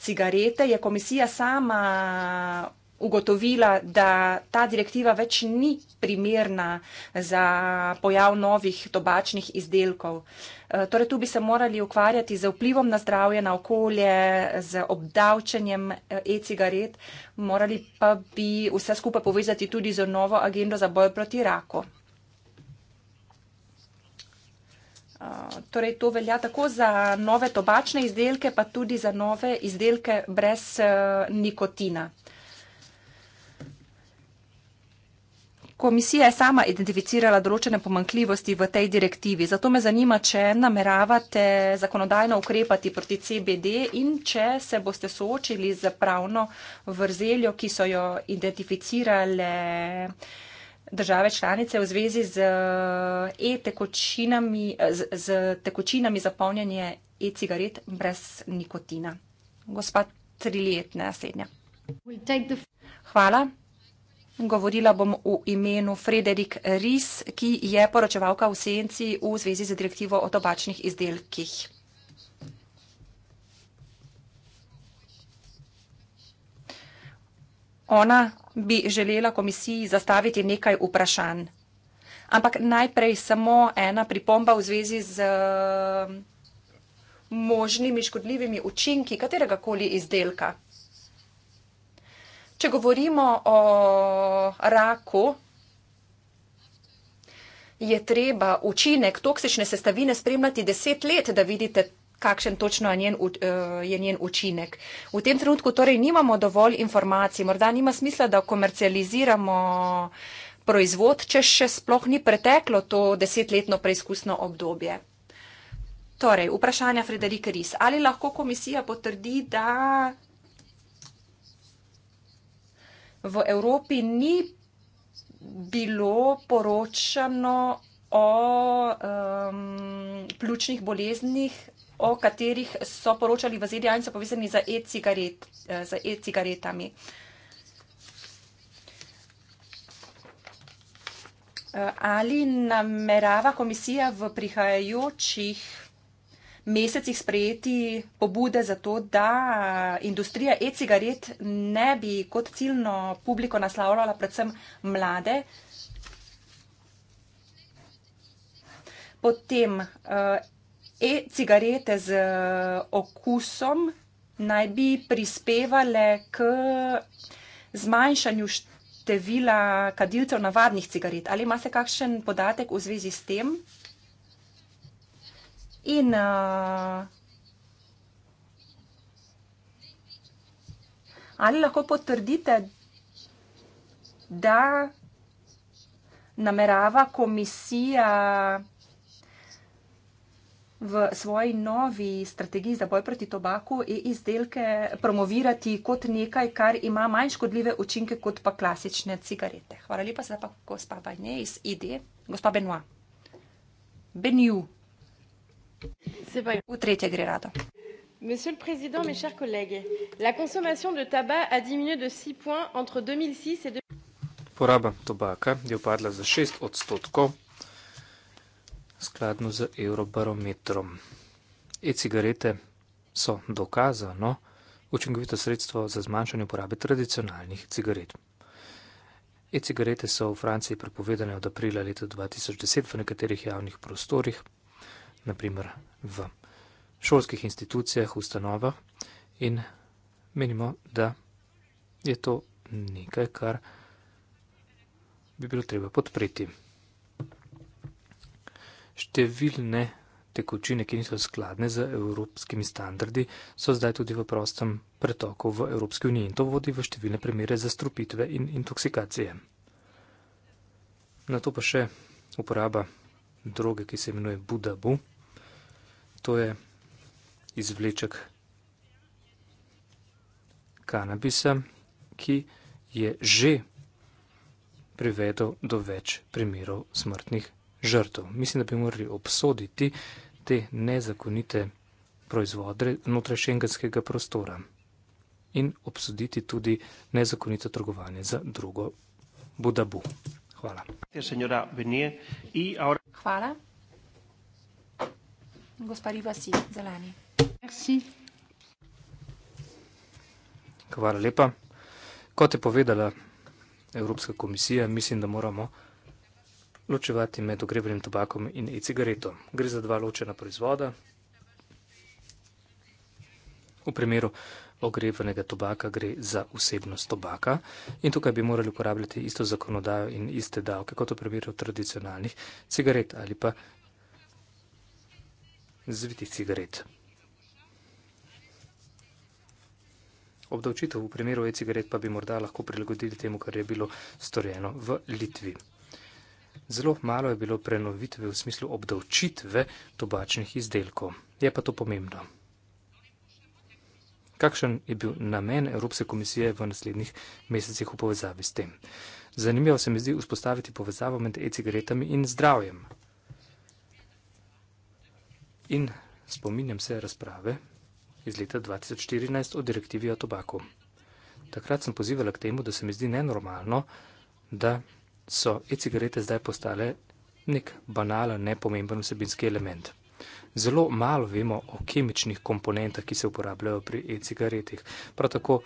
cigarete, je komisija sama ugotovila, da ta direktiva več ni primerna za pojav novih tobačnih izdelkov. E, torej, tu bi se morali ukvarjati z vplivom na zdravje, na okolje, z obdavčenjem e, e-cigaret, morali pa bi vse skupaj povezati tudi z novo agendo za boj proti raku. E, torej, to velja tako za nove tobačne izdelke, pa tudi za nove izdelke brez nikotina. Komisija je sama identificirala določene pomankljivosti v tej direktivi, zato me zanima, če nameravate zakonodajno ukrepati proti CBD in če se boste soočili z pravno vrzeljo, ki so jo identificirale države članice v zvezi z, e -tekočinami, z, z tekočinami za polnjenje e-cigaret brez nikotina. Gospa Triljetna, naslednja. We'll Hvala. Govorila bom v imenu Frederik Ries, ki je poročevalka v senci v zvezi z direktivo o tobačnih izdelkih. Ona bi želela komisiji zastaviti nekaj vprašanj. Ampak najprej samo ena pripomba v zvezi z eh, možnimi škodljivimi učinki kateregakoli izdelka. Če govorimo o raku, je treba učinek toksične sestavine spremljati deset let, da vidite, kakšen točno njen, eh, je njen učinek. V tem trenutku torej nimamo dovolj informacij, morda nima smisla, da komercializiramo proizvod, če še sploh ni preteklo to desetletno preizkusno obdobje. Torej, vprašanja Frederike Ris. Ali lahko komisija potrdi, da v Evropi ni bilo poročano o um, pljučnih boleznih, o katerih so poročali v ZDA in so povezani z eh, e-cigaretami. Eh, ali namerava komisija v prihajajočih mesecih sprejeti pobude za to, da industrija e-cigaret ne bi kot ciljno publiko naslavljala predvsem mlade. Potem eh, e-cigarete z eh, okusom naj bi prispevale k zmanjšanju števila kadilcev navadnih cigaret. Ali ima se kakšen podatek v zvezi s tem? in uh, ali lahko potrdite, da namerava komisija v svoji novi strategiji za boj proti tobaku in e izdelke promovirati kot nekaj, kar ima manj škodljive učinke kot pa klasične cigarete. Hvala lepa, zdaj pa gospa Bajne iz ID, gospa Benoit. Benoit. U tretje gre rado. Monsieur le Président, mes chers collègues, la consommation de tabac a diminué de 6 points entre 2006 et 2000. Poraba tobaka je upadla za 6 odstotkov skladno z eurobarometrom. E-cigarete so dokazano učinkovito sredstvo za zmanjšanje uporabe tradicionalnih cigaret. E-cigarete so v Franciji prepovedane od aprila leta 2010 v nekaterih javnih prostorih, naprimer v šolskih institucijah, ustanovah in menimo, da je to nekaj, kar bi bilo treba podpreti. Številne tekočine, ki niso skladne z evropskimi standardi, so zdaj tudi v prostem pretoku v Evropski uniji in to vodi v številne primere zastrupitve in intoksikacije. Na to pa še uporaba droge, ki se imenuje Budabu to je izvleček kanabisa, ki je že privedel do več primerov smrtnih žrtev. Mislim, da bi morali obsoditi te nezakonite proizvode znotraj šengenskega prostora in obsoditi tudi nezakonito trgovanje za drugo Budabu. Hvala. Hvala. Gospa Riva si zeleni. Merci. Hvala lepa. Kot je povedala Evropska komisija, mislim, da moramo ločevati med ogrevanjem tobakom in e-cigareto. Gre za dva ločena proizvoda. V primeru ogrevanega tobaka gre za vsebnost tobaka in tukaj bi morali uporabljati isto zakonodajo in iste davke kot v primeru tradicionalnih cigaret ali pa zvitih cigaret. Obdavčitev v primeru e-cigaret pa bi morda lahko prilagodili temu, kar je bilo storjeno v Litvi. Zelo malo je bilo prenovitve v smislu obdavčitve tobačnih izdelkov. Je pa to pomembno. Kakšen je bil namen Evropske komisije v naslednjih mesecih v povezavi s tem? Zanimivo se mi zdi vzpostaviti povezavo med e-cigaretami in zdravjem in spominjam se razprave iz leta 2014 o direktivi o tobaku. Takrat sem pozivala k temu, da se mi zdi nenormalno, da so e-cigarete zdaj postale nek banalen, nepomemben vsebinski element. Zelo malo vemo o kemičnih komponentah, ki se uporabljajo pri e-cigaretih. Prav tako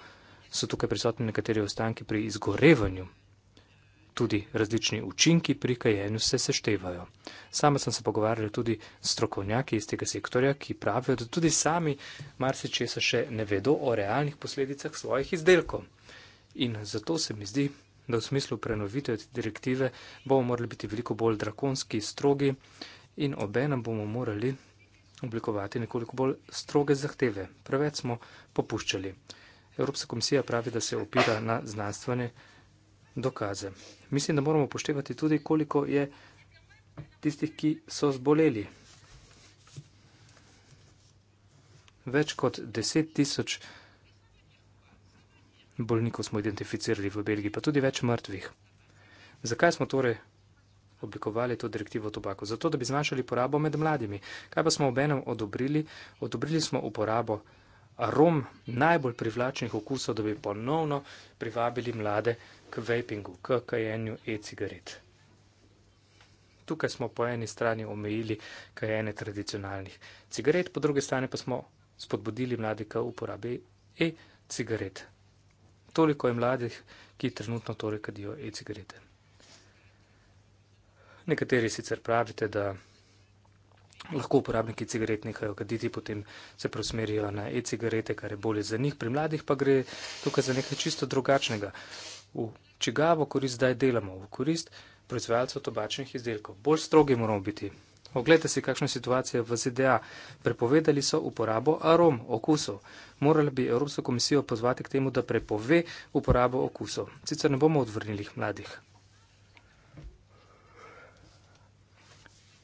so tukaj prisotni nekateri ostanki pri izgorevanju tudi različni učinki pri kajenju se seštevajo. Sama sem se pogovarjala tudi s strokovnjaki iz tega sektorja, ki pravijo, da tudi sami marsičesa še ne vedo o realnih posledicah svojih izdelkov. In zato se mi zdi, da v smislu prenovitve te direktive bomo morali biti veliko bolj drakonski, strogi in obenem bomo morali oblikovati nekoliko bolj stroge zahteve. Preveč smo popuščali. Evropska komisija pravi, da se opira na znanstvene dokaze. Mislim, da moramo poštevati tudi, koliko je tistih, ki so zboleli. Več kot deset tisoč bolnikov smo identificirali v Belgiji, pa tudi več mrtvih. Zakaj smo torej oblikovali to direktivo o tobaku? Zato, da bi zmanjšali porabo med mladimi. Kaj pa smo ob enem odobrili? Odobrili smo uporabo arom najbolj privlačnih okusov, da bi ponovno privabili mlade k vapingu, k kajenju e-cigaret. Tukaj smo po eni strani omejili kajenje tradicionalnih cigaret, po drugi strani pa smo spodbudili mlade k uporabi e-cigaret. Toliko je mladih, ki trenutno torej kadijo e-cigarete. Nekateri sicer pravite, da lahko uporabniki cigaret nehajo kaditi, potem se preusmerijo na e-cigarete, kar je bolje za njih. Pri mladih pa gre tukaj za nekaj čisto drugačnega. V čigavo korist zdaj delamo, v korist proizvajalcev tobačnih izdelkov. Bolj strogi moramo biti. Oglejte si, kakšna situacija je v ZDA. Prepovedali so uporabo arom, okusov. Morali bi Evropsko komisijo pozvati k temu, da prepove uporabo okusov. Sicer ne bomo odvrnili mladih.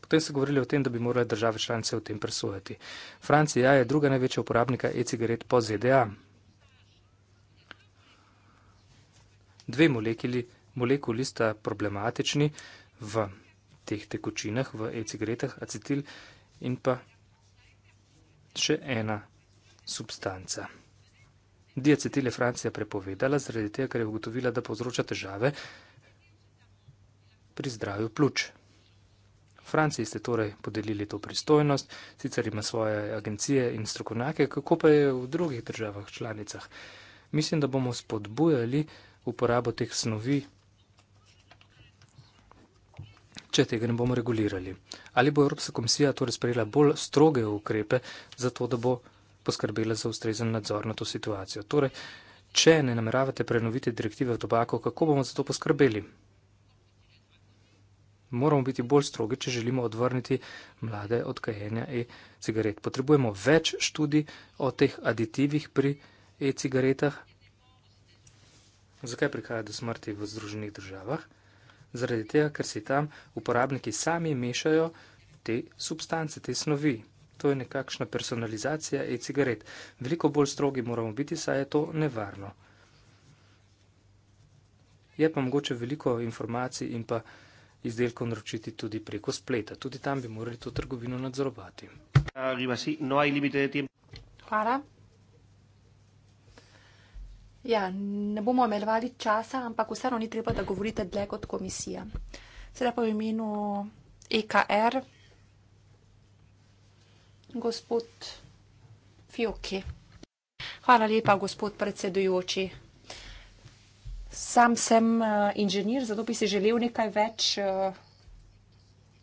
Potem so govorili o tem, da bi morale države članice o tem presojati. Francija je druga največja uporabnika e-cigaret po ZDA. Dve molekuli, molekuli sta problematični v teh tekočinah, v e-cigaretah, acetil in pa še ena substanca. Diacetil je Francija prepovedala zaradi tega, ker je ugotovila, da povzroča težave pri zdravju pljuč. Franciji ste torej podelili to pristojnost, sicer ima svoje agencije in strokovnjake, kako pa je v drugih državah članicah. Mislim, da bomo spodbujali uporabo teh snovi, če tega ne bomo regulirali. Ali bo Evropska komisija torej sprejela bolj stroge ukrepe za to, da bo poskrbela za ustrezen nadzor na to situacijo. Torej, če ne nameravate prenoviti direktive o tobako, kako bomo za to poskrbeli? moramo biti bolj strogi, če želimo odvrniti mlade od kajenja e-cigaret. Potrebujemo več študij o teh aditivih pri e-cigaretah. Zakaj prihaja do smrti v Združenih državah? Zaradi tega, ker si tam uporabniki sami mešajo te substance, te snovi. To je nekakšna personalizacija e-cigaret. Veliko bolj strogi moramo biti, saj je to nevarno. Je pa mogoče veliko informacij in pa informacij, izdelko naročiti tudi preko spleta. Tudi tam bi morali to trgovino nadzorovati. Hvala. Ja, ne bomo omeljevali časa, ampak vseeno ni treba, da govorite dlje kot komisija. Sedaj pa v imenu EKR, gospod Fioki. Hvala lepa, gospod predsedujoči. Sam sem eh, inženir, zato bi si želel nekaj več eh,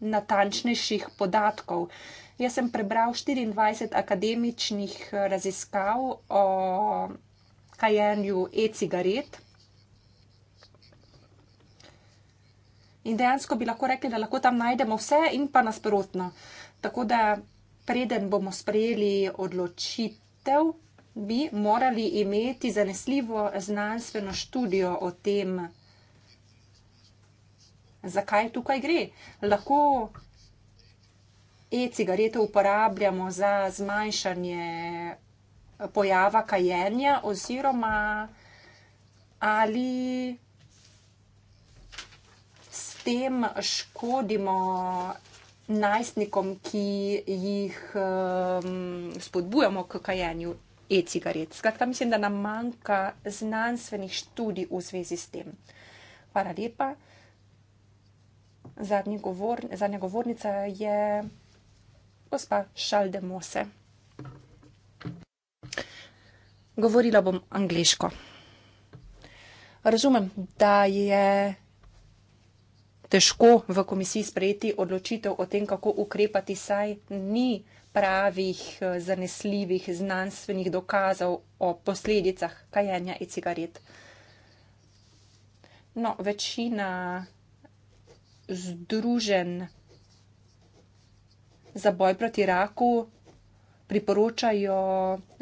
natančnejših podatkov. Jaz sem prebral 24 akademičnih eh, raziskav o kajenju e-cigaret. In dejansko bi lahko rekli, da lahko tam najdemo vse in pa nasprotno. Tako da preden bomo sprejeli odločitev, bi morali imeti zanesljivo znanstveno študijo o tem, zakaj tukaj gre. Lahko e-cigarete uporabljamo za zmanjšanje pojava kajenja oziroma ali s tem škodimo najstnikom, ki jih um, spodbujamo k kajenju e-cigaret. Skratka, mislim, da nam manjka znanstvenih študij v zvezi s tem. Hvala lepa. Zadnji govor, zadnja govornica je gospa Šaldemose. Govorila bom angliško. Razumem, da je težko v komisiji sprejeti odločitev o tem, kako ukrepati, saj ni pravih, eh, zanesljivih, znanstvenih dokazov o posledicah kajenja e-cigaret. No, večina združenj za boj proti raku priporočajo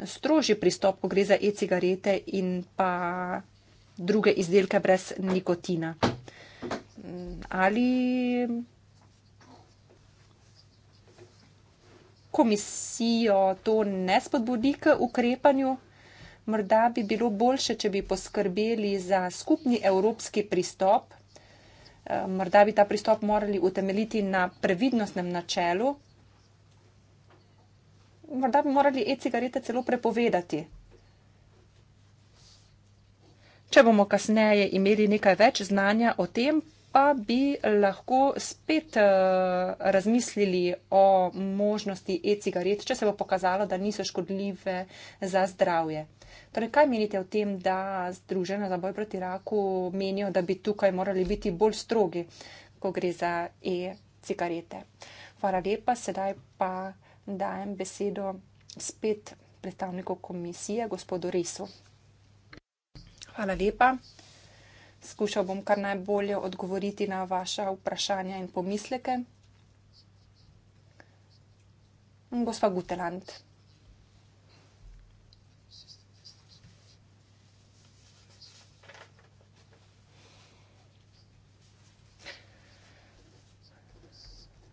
strožji pristop, ko gre za e-cigarete in pa druge izdelke brez nikotina. Mm, ali komisijo to ne spodbudi k ukrepanju. Morda bi bilo boljše, če bi poskrbeli za skupni evropski pristop. Eh, morda bi ta pristop morali utemeliti na previdnostnem načelu. Morda bi morali e-cigarete celo prepovedati. Če bomo kasneje imeli nekaj več znanja o tem, pa bi lahko spet uh, razmislili o možnosti e-cigaret, če se bo pokazalo, da niso škodljive za zdravje. Torej, kaj menite o tem, da Združena za boj proti raku menijo, da bi tukaj morali biti bolj strogi, ko gre za e-cigarete? Hvala lepa, sedaj pa dajem besedo spet predstavniku komisije, gospodu Risu. Hvala lepa skušal bom kar najbolje odgovoriti na vaše vprašanja in pomisleke. Gospa Guteland.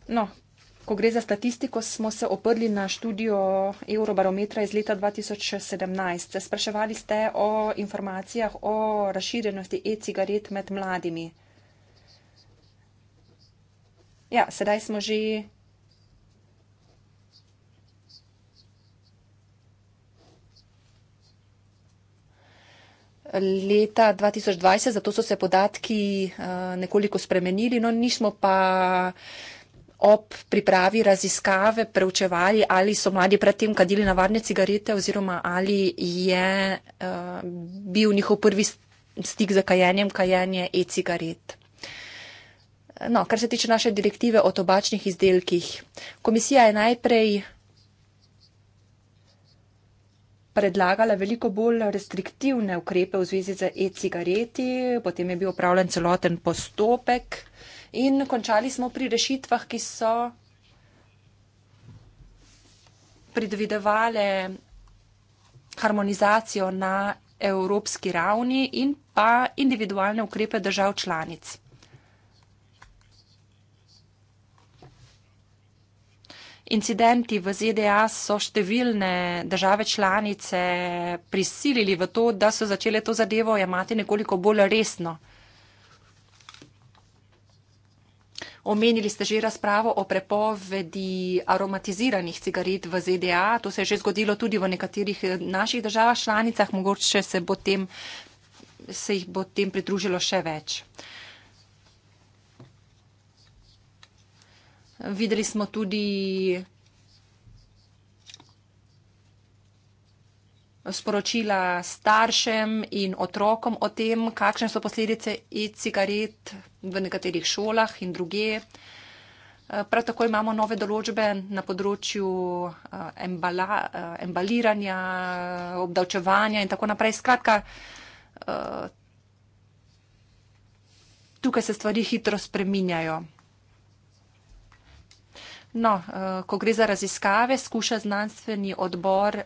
No, ko gre za statistiko, smo se oprli na študijo Eurobarometra iz leta 2017. Spraševali ste o informacijah o razširjenosti e-cigaret med mladimi. Ja, sedaj smo že. Leta 2020, zato so se podatki uh, nekoliko spremenili, no nismo pa uh, ob pripravi raziskave preučevali, ali so mladi predtem kadili navadne cigarete oziroma ali je uh, bil njihov prvi stik za kajenjem kajenje e-cigaret. No, kar se tiče naše direktive o tobačnih izdelkih, komisija je najprej predlagala veliko bolj restriktivne ukrepe v zvezi z e-cigareti, potem je bil upravljen celoten postopek. Uh, In končali smo pri rešitvah, ki so predvidevale harmonizacijo na evropski ravni in pa individualne ukrepe držav članic. Incidenti v ZDA so številne države članice prisilili v to, da so začele to zadevo jemati nekoliko bolj resno. Omenili ste že razpravo o prepovedi aromatiziranih cigaret v ZDA. To se je že zgodilo tudi v nekaterih eh, naših državah članicah. Mogoče se, bo tem, se jih bo tem pridružilo še več. Videli smo tudi sporočila staršem in otrokom o tem, kakšne so posledice e-cigaret v nekaterih šolah in druge. Eh, prav tako imamo nove določbe na področju eh, embala, eh, embaliranja, obdavčevanja in tako naprej. Skratka, tukaj se stvari hitro spreminjajo. No, ko gre za raziskave, skuša znanstveni odbor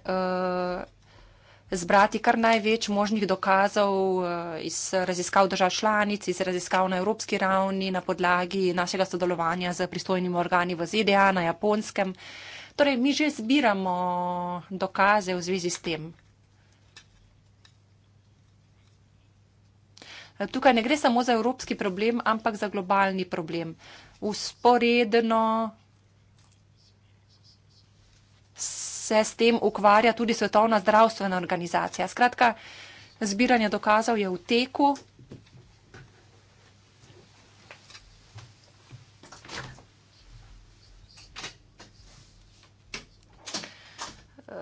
zbrati kar največ možnih dokazov eh, iz raziskav držav članic, iz raziskav na evropski ravni, na podlagi našega sodelovanja z pristojnimi organi v ZDA, na japonskem. Torej, mi že zbiramo dokaze v zvezi s tem. Eh, tukaj ne gre samo za evropski problem, ampak za globalni problem. Usporedno se s tem ukvarja tudi Svetovna zdravstvena organizacija. Skratka, zbiranje dokazov je v teku,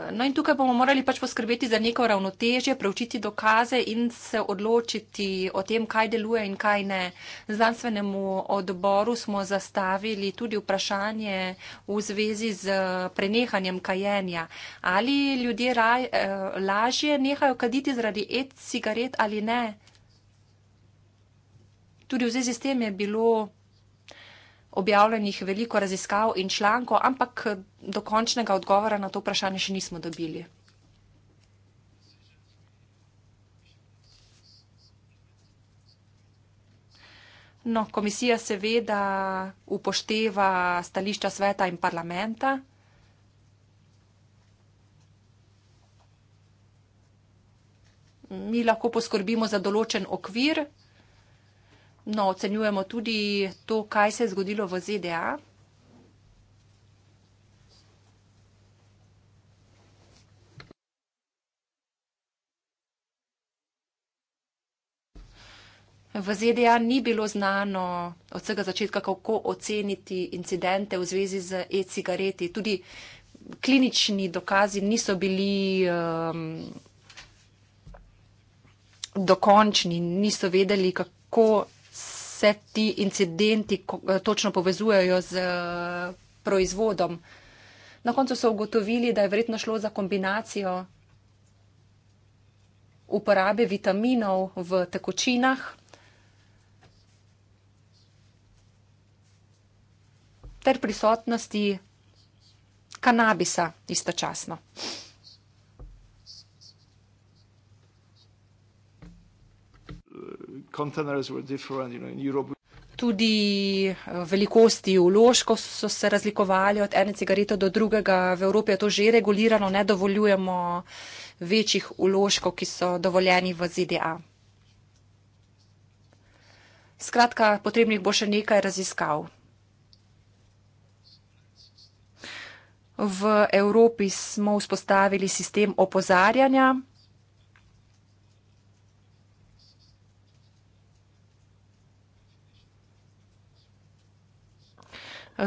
No in tukaj bomo morali pač poskrbeti za neko ravnotežje, preučiti dokaze in se odločiti o tem, kaj deluje in kaj ne. Znanstvenemu odboru smo zastavili tudi vprašanje v zvezi z prenehanjem kajenja. Ali ljudje raj, eh, lažje nehajo kaditi zaradi et cigaret ali ne? Tudi v zvezi s tem je bilo objavljenih veliko raziskav in člankov, ampak dokončnega odgovora na to vprašanje še nismo dobili. No, komisija seveda upošteva stališča sveta in parlamenta. Mi lahko poskrbimo za določen okvir, No, ocenjujemo tudi to, kaj se je zgodilo v ZDA. V ZDA ni bilo znano od vsega začetka, kako oceniti incidente v zvezi z e-cigareti. Tudi klinični dokazi niso bili um, dokončni, niso vedeli, kako se ti incidenti eh, točno povezujejo z eh, proizvodom. Na koncu so ugotovili, da je verjetno šlo za kombinacijo uporabe vitaminov v tekočinah ter prisotnosti kanabisa istočasno. containers were different, you know, in Europe. Tudi eh, velikosti vložkov so se razlikovali od ene cigareta do drugega. V Evropi je to že regulirano, ne dovoljujemo večjih vložkov, ki so dovoljeni v ZDA. Skratka, potrebnih bo še nekaj raziskav. V Evropi smo vzpostavili sistem opozarjanja.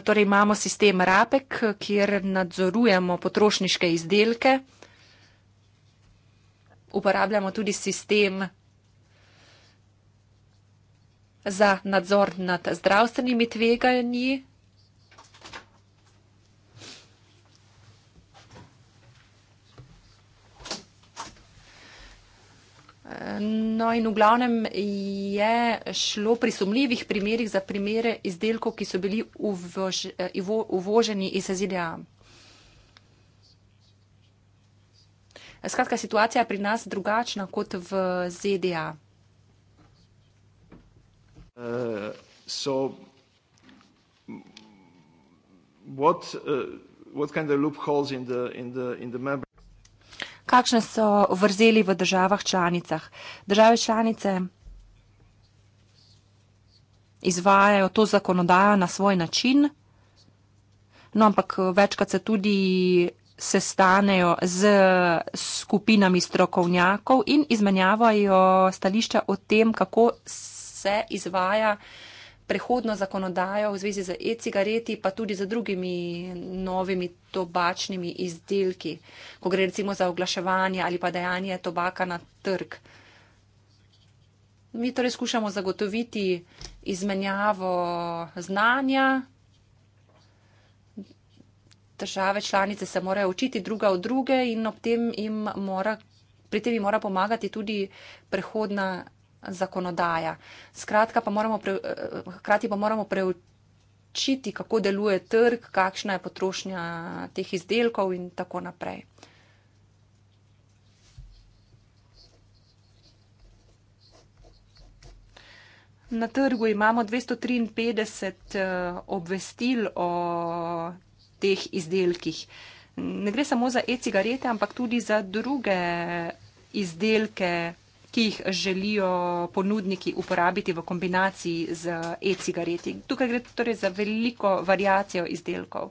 Torej imamo sistem RAPEK, kjer nadzorujemo potrošniške izdelke. Uporabljamo tudi sistem za nadzor nad zdravstvenimi tveganji, No in v glavnem je šlo pri sumljivih primerjih za primere izdelkov, ki so bili uvož, uvo, eh, uvoženi iz ZDA. Skratka, situacija je pri nas drugačna kot v ZDA. Uh, so, what, uh, what kind of kakšne so vrzeli v državah članicah. Države članice izvajajo to zakonodajo na svoj način, no ampak večkrat se tudi sestanejo z skupinami strokovnjakov in izmenjavajo stališča o tem, kako se izvaja uh, prehodno zakonodajo v zvezi z e-cigareti, pa tudi z drugimi novimi tobačnimi izdelki, ko gre recimo za oglaševanje ali pa dejanje tobaka na trg. Mi torej skušamo zagotoviti izmenjavo znanja. Države članice se morajo učiti druga od druge in ob tem jim mora, pri tem jim mora pomagati tudi prehodna zakonodaja. Skratka, pa moramo, pre, eh, hkrati pa moramo preučiti, kako deluje trg, kakšna je potrošnja teh izdelkov in tako naprej. Na trgu imamo 253 eh, obvestil o teh izdelkih. Ne gre samo za e-cigarete, ampak tudi za druge izdelke ki jih želijo ponudniki uporabiti v kombinaciji z e-cigareti. Tukaj gre torej za veliko variacijo izdelkov.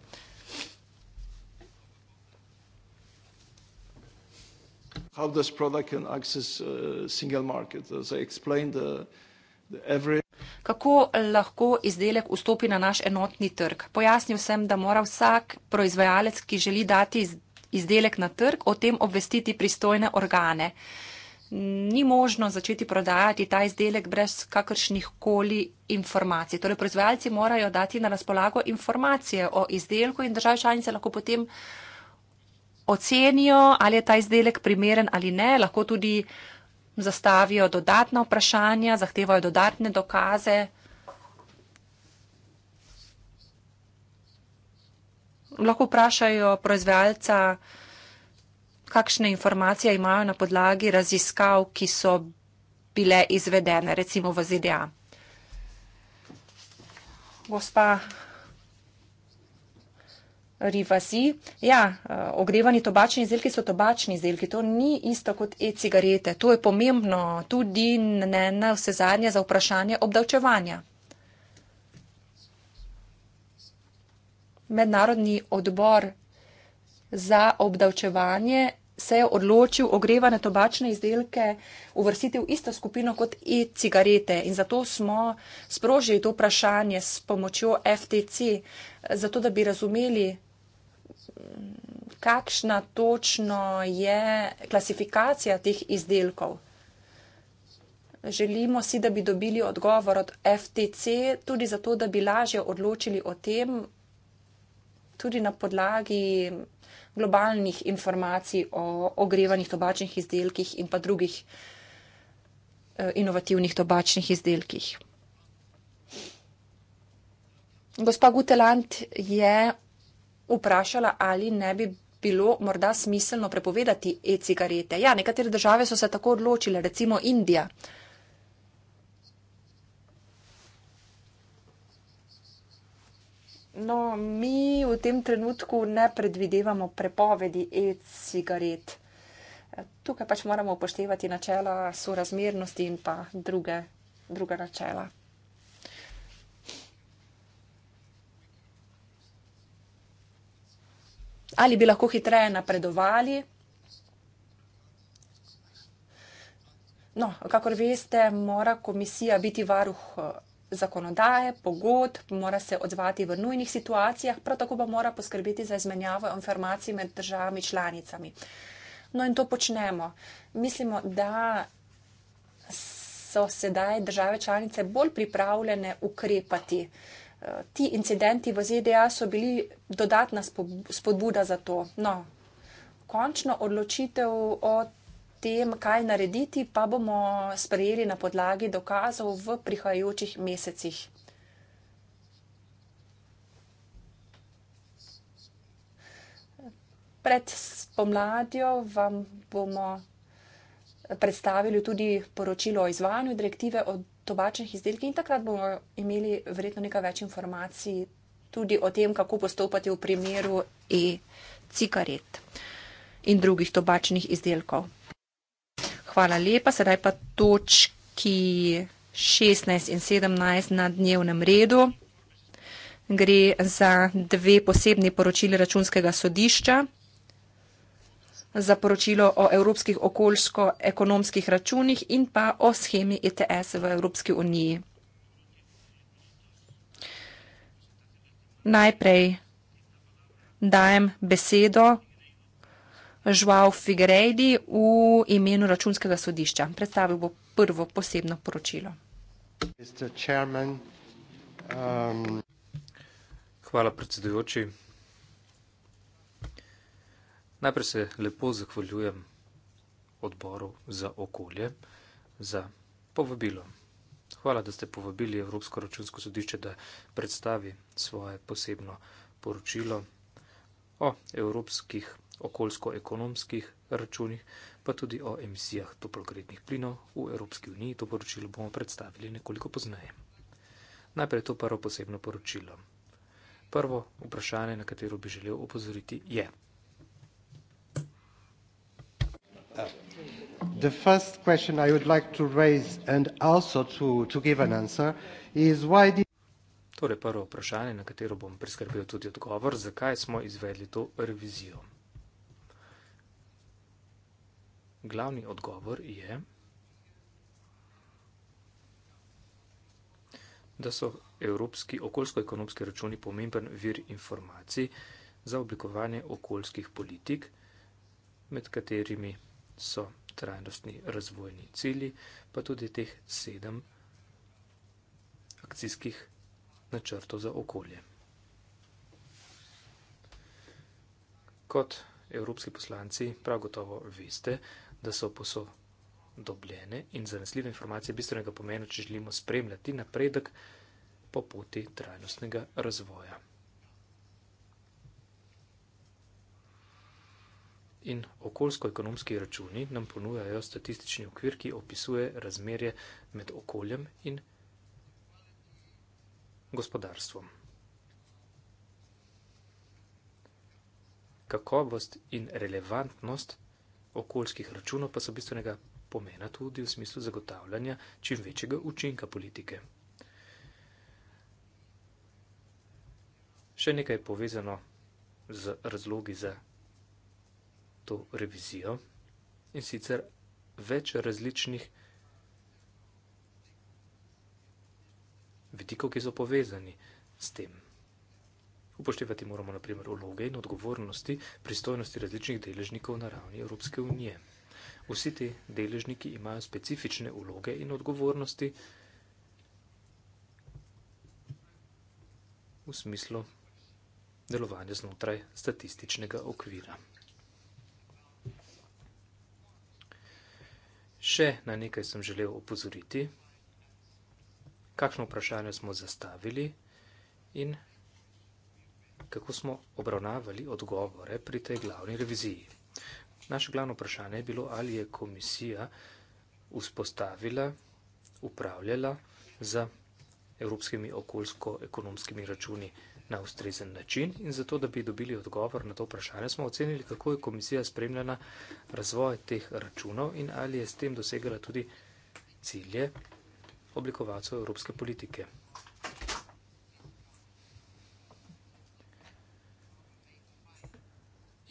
How this product can access uh, single market? As I explained, uh, the every. Kako lahko izdelek vstopi na naš enotni trg? Pojasnil sem, da mora vsak proizvajalec, ki želi dati izdelek na trg, o tem obvestiti pristojne organe. Uh, ni možno začeti prodajati ta izdelek brez kakršnih koli informacij. Torej, proizvajalci morajo dati na razpolago informacije o izdelku in države članice lahko potem ocenijo, ali je ta izdelek primeren ali ne, lahko tudi zastavijo dodatna vprašanja, zahtevajo dodatne dokaze. Lahko vprašajo proizvajalca, kakšne informacije imajo na podlagi raziskav, ki so bile izvedene, recimo v ZDA. Gospa Rivasi, ja, eh, ogrevani tobačni izdelki so tobačni izdelki, to ni isto kot e-cigarete. To je pomembno tudi ne na vse zadnje za vprašanje obdavčevanja. Mednarodni odbor za obdavčevanje se je odločil ogrevane tobačne izdelke uvrstiti v isto skupino kot e-cigarete. In zato smo sprožili to vprašanje s pomočjo FTC, zato da bi razumeli, kakšna točno je klasifikacija teh izdelkov. Želimo si, da bi dobili odgovor od FTC, tudi zato, da bi lažje odločili o tem, tudi na podlagi globalnih informacij o ogrevanih tobačnih izdelkih in pa drugih eh, inovativnih tobačnih izdelkih. Gospa Guteland je vprašala, ali ne bi bilo morda smiselno prepovedati e-cigarete. Ja, nekatere države so se tako odločile, recimo Indija. No, mi v tem trenutku ne predvidevamo prepovedi e-cigaret. Tukaj pač moramo upoštevati načela sorazmernosti in pa druge, druga načela. Ali bi lahko hitreje napredovali? No, kakor veste, mora komisija biti varuh zakonodaje, pogod, mora se odzvati v nujnih situacijah, prav tako pa mora poskrbeti za izmenjavo informacij med državami članicami. No in to počnemo. Mislimo, da so sedaj države članice bolj pripravljene ukrepati. Ti incidenti v ZDA so bili dodatna spodbuda za to. No, končno odločitev od tem, kaj narediti, pa bomo sprejeli na podlagi dokazov v prihajajočih mesecih. Pred pomladjo vam bomo predstavili tudi poročilo o izvajanju direktive o tobačnih izdelkih in takrat bomo imeli verjetno nekaj več informacij tudi o tem, kako postopati v primeru e-cigaret in drugih tobačnih izdelkov. Hvala lepa. Sedaj pa točki 16 in 17 na dnevnem redu. Gre za dve posebni poročili računskega sodišča. Za poročilo o evropskih okoljsko-ekonomskih računih in pa o schemi ETS v Evropski uniji. Najprej dajem besedo Žual Figredi v imenu računskega sodišča. Predstavil bo prvo posebno poročilo. Chairman, um... Hvala, predsedujoči. Najprej se lepo zahvaljujem odboru za okolje za povabilo. Hvala, da ste povabili Evropsko računsko sodišče, da predstavi svoje posebno poročilo o evropskih okoljsko-ekonomskih računih, pa tudi o emisijah toplogrednih plinov v Evropski uniji. To poročilo bomo predstavili nekoliko pozneje. Najprej to prvo posebno poročilo. Prvo vprašanje, na katero bi želel opozoriti, je. The first question I would like to raise and also to, to give an answer is why did... Torej prvo vprašanje, na katero bom priskrbel tudi odgovor, zakaj smo izvedli to revizijo. glavni odgovor je, da so evropski okoljsko-ekonomski računi pomemben vir informacij za oblikovanje okoljskih politik, med katerimi so trajnostni razvojni cilji, pa tudi teh sedem akcijskih načrtov za okolje. Kot evropski poslanci prav gotovo veste, da so posodobljene in zanesljive informacije bistvenega pomena, če želimo spremljati napredek po poti trajnostnega razvoja. In okoljsko-ekonomski računi nam ponujajo statistični okvir, ki opisuje razmerje med okoljem in gospodarstvom. Kakovost in relevantnost okoljskih računov pa so bistvenega pomena tudi v smislu zagotavljanja čim večjega učinka politike. Še nekaj je povezano z razlogi za to revizijo in sicer več različnih vidikov, ki so povezani s tem. Upoštevati moramo naprimer vloge in odgovornosti pristojnosti različnih deležnikov na ravni Evropske unije. Vsi ti deležniki imajo specifične vloge in odgovornosti v smislu delovanja znotraj statističnega okvira. Še na nekaj sem želel opozoriti, kakšno vprašanje smo zastavili in kako smo obravnavali odgovore pri tej glavni reviziji. Naše glavno vprašanje je bilo, ali je komisija vzpostavila, upravljala za evropskimi okoljsko-ekonomskimi računi na ustrezen način in zato, da bi dobili odgovor na to vprašanje, smo ocenili, kako je komisija spremljena razvoj teh računov in ali je s tem dosegala tudi cilje oblikovalcev evropske politike.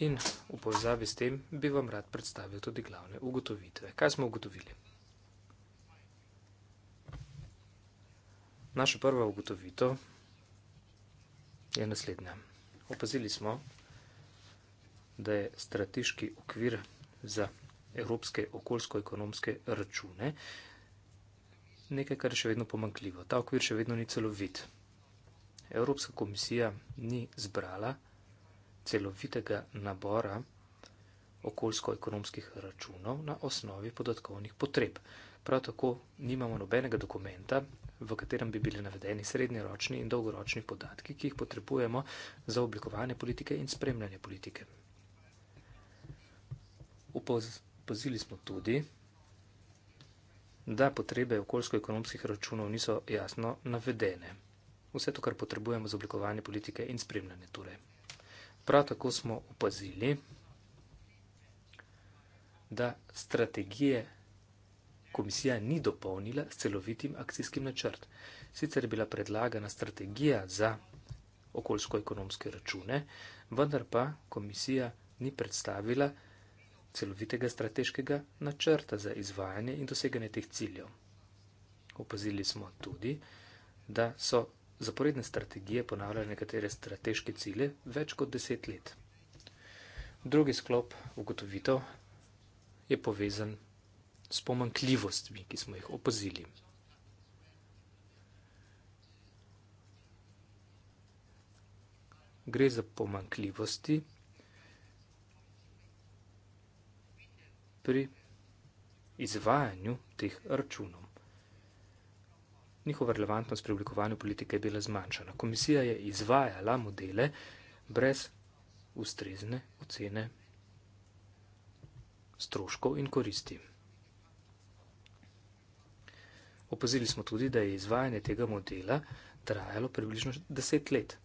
In v povezavi s tem bi vam rad predstavil tudi glavne ugotovitve. Kaj smo ugotovili? Naša prva ugotovitev je naslednja. Opazili smo, da je strateški okvir za evropske okoljsko-ekonomske račune nekaj, kar je še vedno pomankljivo. Ta okvir še vedno ni celovit. Evropska komisija ni zbrala, celovitega nabora okoljsko-ekonomskih računov na osnovi podatkovnih potreb. Prav tako nimamo nobenega dokumenta, v katerem bi bili navedeni srednjeročni in dolgoročni podatki, ki jih potrebujemo za oblikovanje politike in spremljanje politike. Upozorili smo tudi, da potrebe okoljsko-ekonomskih računov niso jasno navedene. Vse to, kar potrebujemo za oblikovanje politike in spremljanje torej. Prav tako smo opazili, da strategije komisija ni dopolnila s celovitim akcijskim načrt. Sicer je bila predlagana strategija za okoljsko-ekonomske račune, vendar pa komisija ni predstavila celovitega strateškega načrta za izvajanje in doseganje teh ciljev. Opazili smo tudi, da so zaporedne strategije ponavljajo nekatere strateške cilje več kot deset let. Drugi sklop ugotovitev je povezan s pomankljivostmi, ki smo jih opazili. Gre za pomankljivosti pri izvajanju teh računov njihova relevantnost pri oblikovanju politike je bila zmanjšana. Komisija je izvajala modele brez ustrezne ocene stroškov in koristi. Opazili smo tudi, da je izvajanje tega modela trajalo približno 10 let.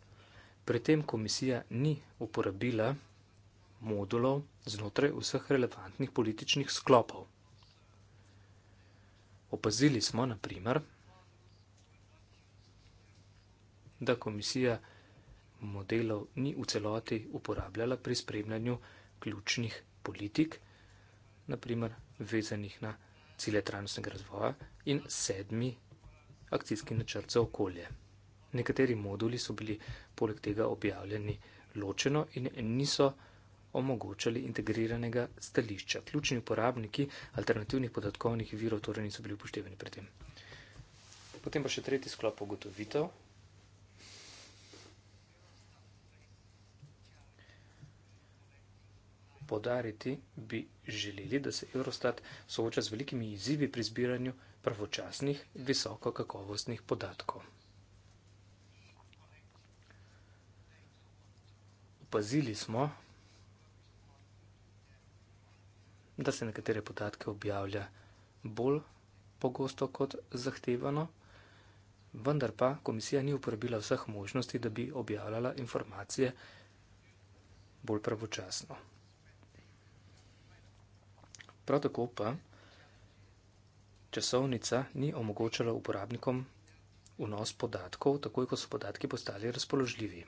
Pri tem komisija ni uporabila modulov znotraj vseh relevantnih političnih sklopov. Opazili smo, naprimer, da komisija modelov ni v celoti uporabljala pri spremljanju ključnih politik, naprimer vezanih na cilje trajnostnega razvoja in sedmi akcijski načrt za okolje. Nekateri moduli so bili poleg tega objavljeni ločeno in niso omogočali integriranega stališča. Ključni uporabniki alternativnih podatkovnih virov torej niso bili upoštevani pri tem. Potem pa še tretji sklop ugotovitev, podariti, bi želeli, da se Eurostat sooča z velikimi izzivi pri zbiranju pravočasnih, visokokakovostnih podatkov. Opazili smo, da se nekatere podatke objavlja bolj pogosto kot zahtevano, vendar pa komisija ni uporabila vseh možnosti, da bi objavljala informacije bolj pravočasno. Prav tako pa časovnica ni omogočala uporabnikom vnos podatkov, takoj ko so podatki postali razpoložljivi.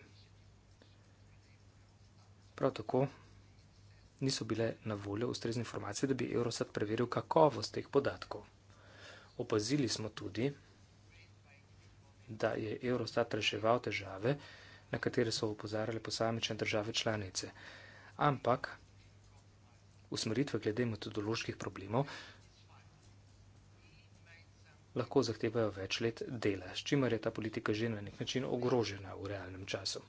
Prav tako niso bile na voljo ustrezne informacije, da bi Eurosat preveril kakovost teh podatkov. Opazili smo tudi, da je Eurostat reševal težave, na katere so opozarjale posamične države članice. Ampak usmeritve glede metodoloških problemov lahko zahtevajo več let dela, s čimer je ta politika že na nek način ogrožena v realnem času.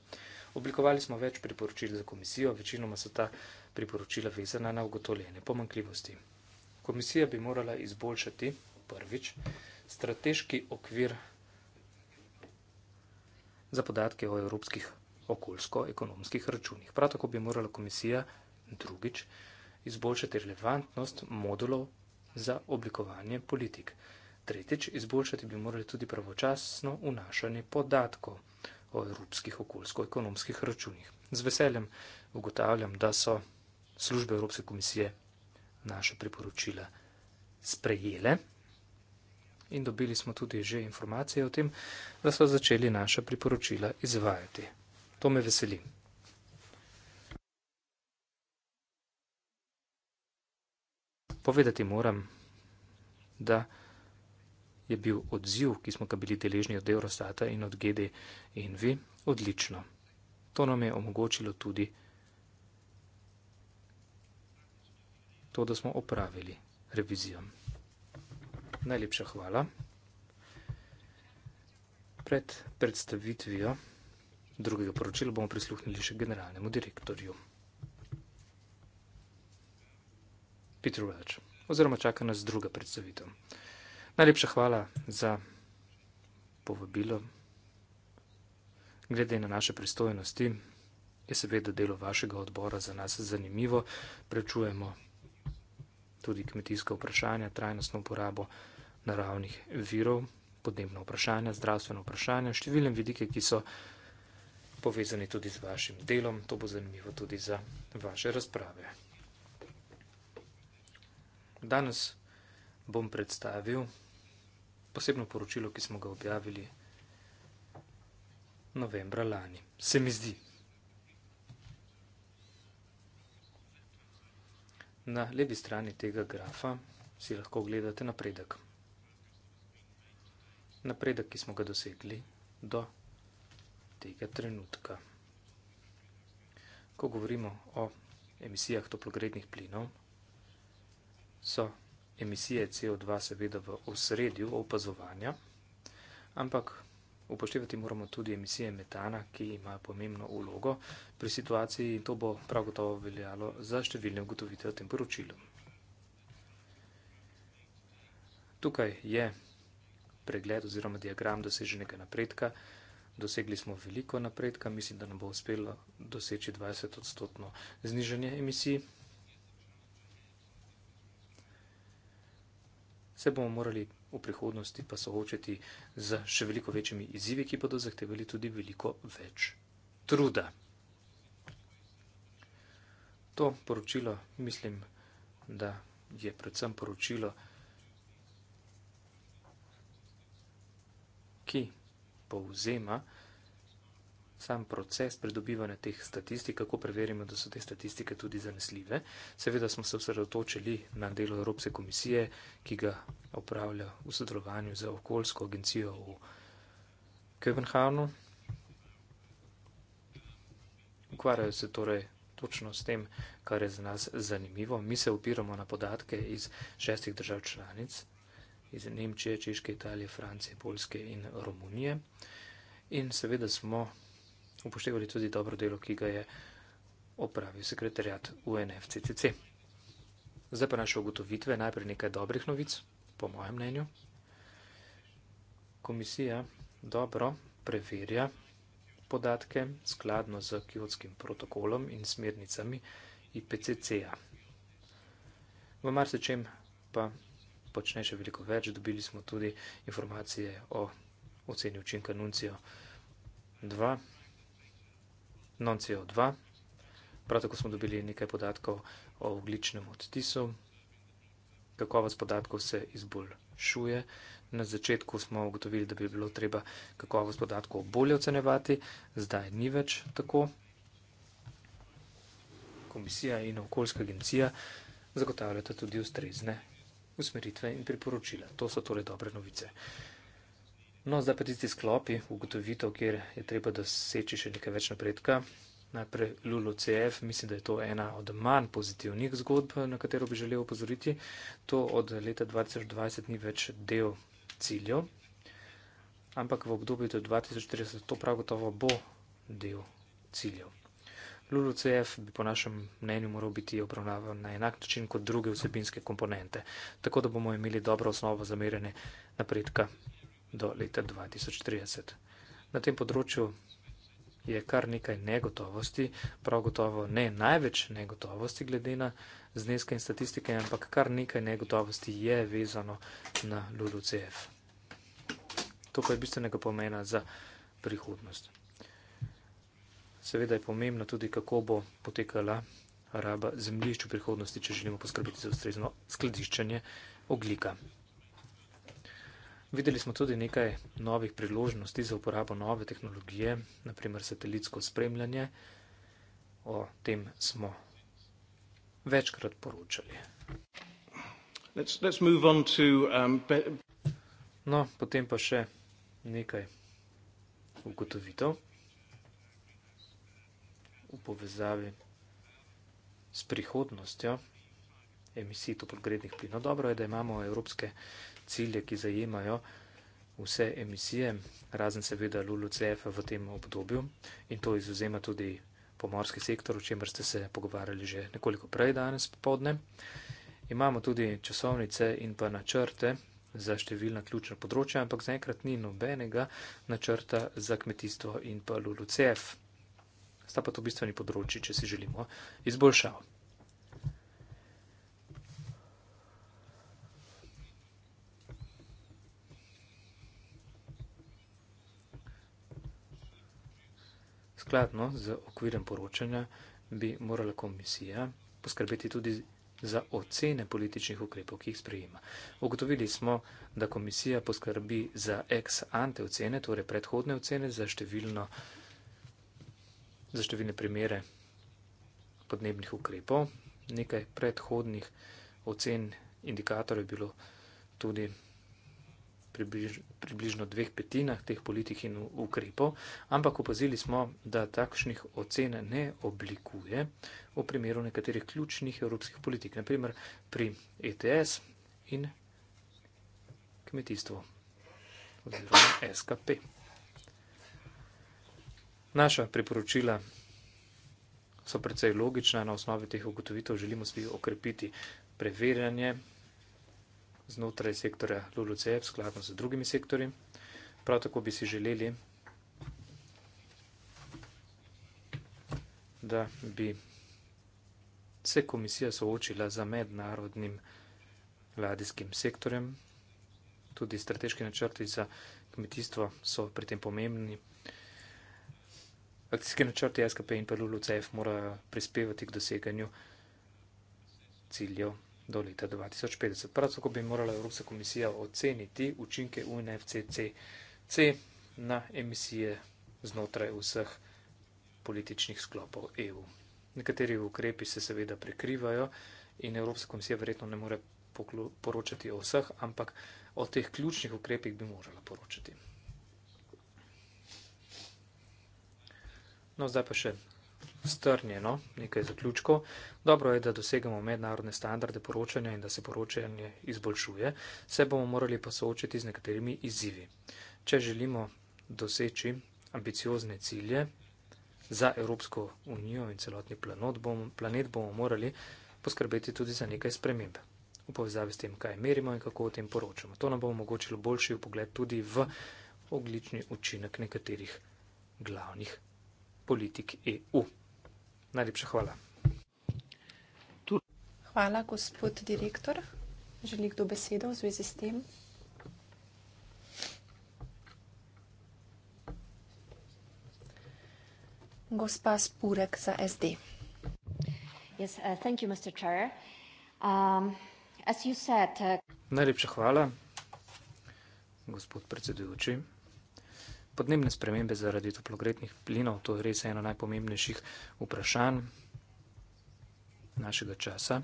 Oblikovali smo več priporočil za komisijo, večinoma so ta priporočila vezana na ugotovljene pomankljivosti. Komisija bi morala izboljšati prvič strateški okvir za podatke o evropskih okoljsko-ekonomskih računih. Prav tako bi morala komisija drugič izboljšati relevantnost modulov za oblikovanje politik. Tretjič, izboljšati bi morali tudi pravočasno vnašanje podatkov o evropskih okoljsko-ekonomskih računih. Z veseljem ugotavljam, da so službe Evropske komisije naše priporočila sprejele in dobili smo tudi že informacije o tem, da so začeli naše priporočila izvajati. To me veseli. Povedati moram, da je bil odziv, ki smo ga bili deležni od Eurostata in od GD in vi, odlično. To nam je omogočilo tudi to, da smo opravili revizijo. Najlepša hvala. Pred predstavitvijo drugega poročila bomo prisluhnili še generalnemu direktorju. Peter Welch, oziroma čaka nas druga predstavitev. Najlepša hvala za povabilo. Glede na naše pristojnosti, je seveda delo vašega odbora za nas zanimivo. Prečujemo tudi kmetijsko vprašanje, trajnostno uporabo naravnih virov, podnebno vprašanje, zdravstveno vprašanje, številne vidike, ki so povezani tudi z vašim delom. To bo zanimivo tudi za vaše razprave. Danes bom predstavil posebno poročilo, ki smo ga objavili novembra lani. Se mi zdi. Na levi strani tega grafa si lahko ogledate napredek. Napredek, ki smo ga dosegli do tega trenutka. Ko govorimo o emisijah toplogrednih plinov, so emisije CO2 seveda v osredju opazovanja, ampak upoštevati moramo tudi emisije metana, ki imajo pomembno ulogo pri situaciji in to bo prav gotovo veljalo za številne ugotovitve o tem poročilu. Tukaj je pregled oziroma diagram doseženega napredka. Dosegli smo veliko napredka, mislim, da nam bo uspelo doseči 20-odstotno znižanje emisij. se bomo morali v prihodnosti pa soočati z še veliko večjimi izzivi, ki bodo zahtevali tudi veliko več truda. To poročilo mislim, da je predvsem poročilo, ki povzema, da je sam proces pridobivanja teh statistik, kako preverimo, da so te statistike tudi zanesljive. Seveda smo se osredotočili na delo Evropske komisije, ki ga opravlja v sodelovanju z okoljsko agencijo v Köbenhavnu. Ukvarjajo se torej točno s tem, kar je za nas zanimivo. Mi se upiramo na podatke iz šestih držav članic, iz Nemčije, Češke, Italije, Francije, Poljske in Romunije. In seveda smo upoštevali tudi dobro delo, ki ga je opravil sekretarjat UNFCCC. Zdaj pa naše ugotovitve, najprej nekaj dobrih novic, po mojem mnenju. Komisija dobro preverja podatke skladno z kiotskim protokolom in smernicami IPCC-a. V marsičem pa počne še veliko več, dobili smo tudi informacije o oceni učinka Nuncijo 2. Noncio 2. Prav tako smo dobili nekaj podatkov o ugličnem odtisu. Kakovost podatkov se izboljšuje. Na začetku smo ugotovili, da bi bilo treba kakovost podatkov bolje ocenevati, zdaj ni več tako. Komisija in okoljska agencija zagotavljata tudi ustrezne usmeritve in priporočila. To so torej dobre novice. No, zdaj pa tisti sklopi ugotovitev, kjer je treba doseči še nekaj več napredka. Najprej LULUCF, mislim, da je to ena od manj pozitivnih zgodb, na katero bi želel opozoriti. To od leta 2020 ni več del ciljev, ampak v obdobju do 2030 to prav gotovo bo del ciljev. LULUCF bi po našem mnenju moral biti obravnavan na enak način kot druge vsebinske komponente, tako da bomo imeli dobro osnovo za merjene napredka do leta 2030. Na tem področju je kar nekaj negotovosti, prav gotovo ne največ negotovosti glede na zneske in statistike, ampak kar nekaj negotovosti je vezano na LULUCF. To pa je bistvenega pomena za prihodnost. Seveda je pomembno tudi, kako bo potekala raba zemljišč v prihodnosti, če želimo poskrbeti za ustrezno skladiščanje oglika. Videli smo tudi nekaj novih priložnosti za uporabo nove tehnologije, naprimer satelitsko spremljanje. O tem smo večkrat poročali. Let's, let's to, um, be... No, potem pa še nekaj ugotovitev v povezavi s prihodnostjo emisij toplogrednih plinov. Dobro je, da imamo evropske cilje, ki zajemajo vse emisije, razen seveda LULUCF v tem obdobju in to izuzema tudi pomorski sektor, o čemer ste se pogovarjali že nekoliko prej danes popodne. Imamo tudi časovnice in pa načrte za številna ključna področja, ampak zaenkrat ni nobenega načrta za kmetijstvo in pa LULUCF. Sta pa to bistveni področji, če si želimo izboljšav. Skladno z okvirem poročanja bi morala komisija poskrbeti tudi za ocene političnih ukrepov, ki jih sprejema. Ugotovili smo, da komisija poskrbi za ex ante ocene, torej predhodne ocene za, številno, za številne primere podnebnih ukrepov. Nekaj predhodnih ocen indikatorjev je bilo tudi približ, približno dveh petinah teh politik in ukrepov, ampak opazili smo, da takšnih ocene ne oblikuje v primeru nekaterih ključnih evropskih politik, naprimer pri ETS in kmetijstvu oziroma SKP. Naša priporočila so predvsej logična, na osnovi teh ugotovitev želimo svi okrepiti preverjanje znotraj sektorja LULUCEF skladno z drugimi sektori. Prav tako bi si želeli, da bi se komisija soočila za mednarodnim ladijskim sektorjem. Tudi strateški načrti za kmetijstvo so pri tem pomembni. Akcijski načrti SKP in pa LULUCEF morajo prispevati k doseganju ciljev do leta 2050. Prav tako bi morala Evropska komisija oceniti učinke UNFCCC na emisije znotraj vseh političnih sklopov EU. Nekateri ukrepi se seveda prekrivajo in Evropska komisija verjetno ne more poročati o vseh, ampak o teh ključnih ukrepih bi morala poročati. No, zdaj pa še strnjeno, nekaj zaključkov. Dobro je, da dosegamo mednarodne standarde poročanja in da se poročanje izboljšuje, se bomo morali pa soočiti z nekaterimi izzivi. Če želimo doseči ambiciozne cilje za Evropsko unijo in celotni planet, bomo, planet bomo morali poskrbeti tudi za nekaj sprememb v povezavi s tem, kaj merimo in kako o tem poročamo. To nam bo omogočilo boljši pogled tudi v oglični učinek nekaterih glavnih politik EU. Najlepša hvala. Hvala, gospod direktor. Želi kdo besedo v zvezi s tem? Gospa Spurek za SD. Yes, uh, thank you, Mr. Chair. Um, as you said, uh... Najlepša hvala, gospod predsedujoči podnebne spremembe zaradi toplogrednih plinov, to je res eno najpomembnejših vprašanj našega časa.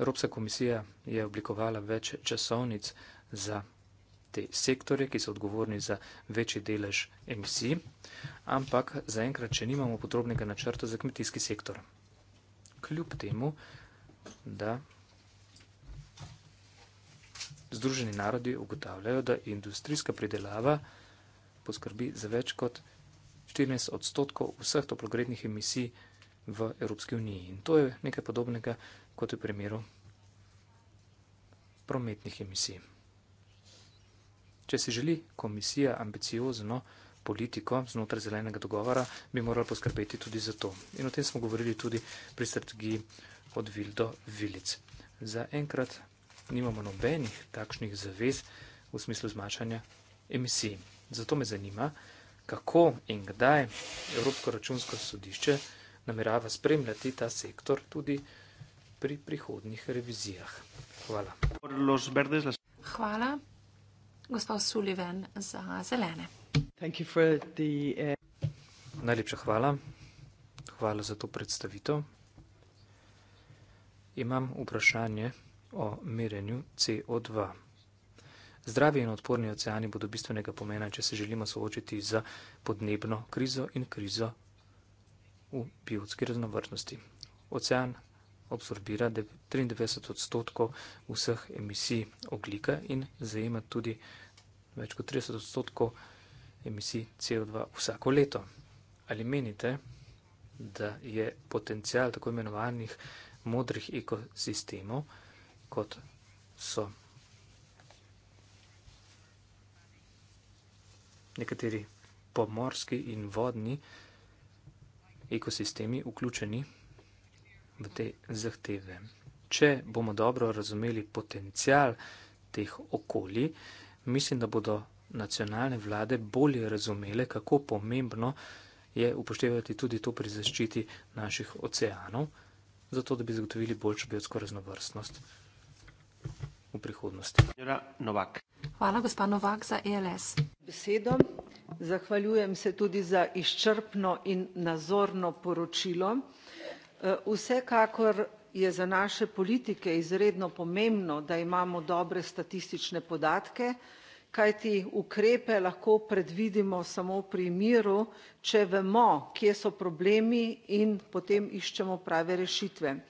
Evropska komisija je oblikovala več časovnic za te sektore, ki so odgovorni za večji delež emisij, ampak zaenkrat še nimamo potrobnega načrta za kmetijski sektor. Kljub temu, da Združeni narodi ugotavljajo, da industrijska pridelava poskrbi za več kot 14 odstotkov vseh toplogrednih emisij v Evropski uniji. In to je nekaj podobnega kot v primeru prometnih emisij. Če si želi komisija ambiciozno politiko znotraj zelenega dogovora, bi morala poskrbeti tudi za to. In o tem smo govorili tudi pri strategiji od vil do vilic. Za enkrat nimamo nobenih takšnih zavez v smislu zmanjšanja emisij. Zato me zanima, kako in kdaj Evropsko računsko sodišče namerava spremljati ta sektor tudi pri prihodnih revizijah. Hvala. Hvala, gospod Sullivan, za zelene. Eh, Najlepša hvala. Hvala za to predstavitev. Imam vprašanje o merjenju CO2. Zdravi in odporni oceani bodo bistvenega pomena, če se želimo soočiti z podnebno krizo in krizo v biotski raznovrstnosti. Ocean absorbira 93 odstotkov vseh emisij oglika in zajema tudi več kot 30 odstotkov emisij CO2 vsako leto. Ali menite, da je potencial tako imenovanih modrih ekosistemov, kot so nekateri pomorski in vodni ekosistemi vključeni v te zahteve. Če bomo dobro razumeli potencial teh okolij, mislim, da bodo nacionalne vlade bolje razumele, kako pomembno je upoštevati tudi to pri zaščiti naših oceanov, zato da bi zagotovili boljšo biotsko raznovrstnost v prihodnosti. Novak. Hvala, gospa Novak za ELS. Besedo. Zahvaljujem se tudi za izčrpno in nazorno poročilo. Eh, vsekakor je za naše politike izredno pomembno, da imamo dobre statistične podatke, kajti ukrepe lahko predvidimo samo v primeru, če vemo, kje so problemi in potem iščemo prave rešitve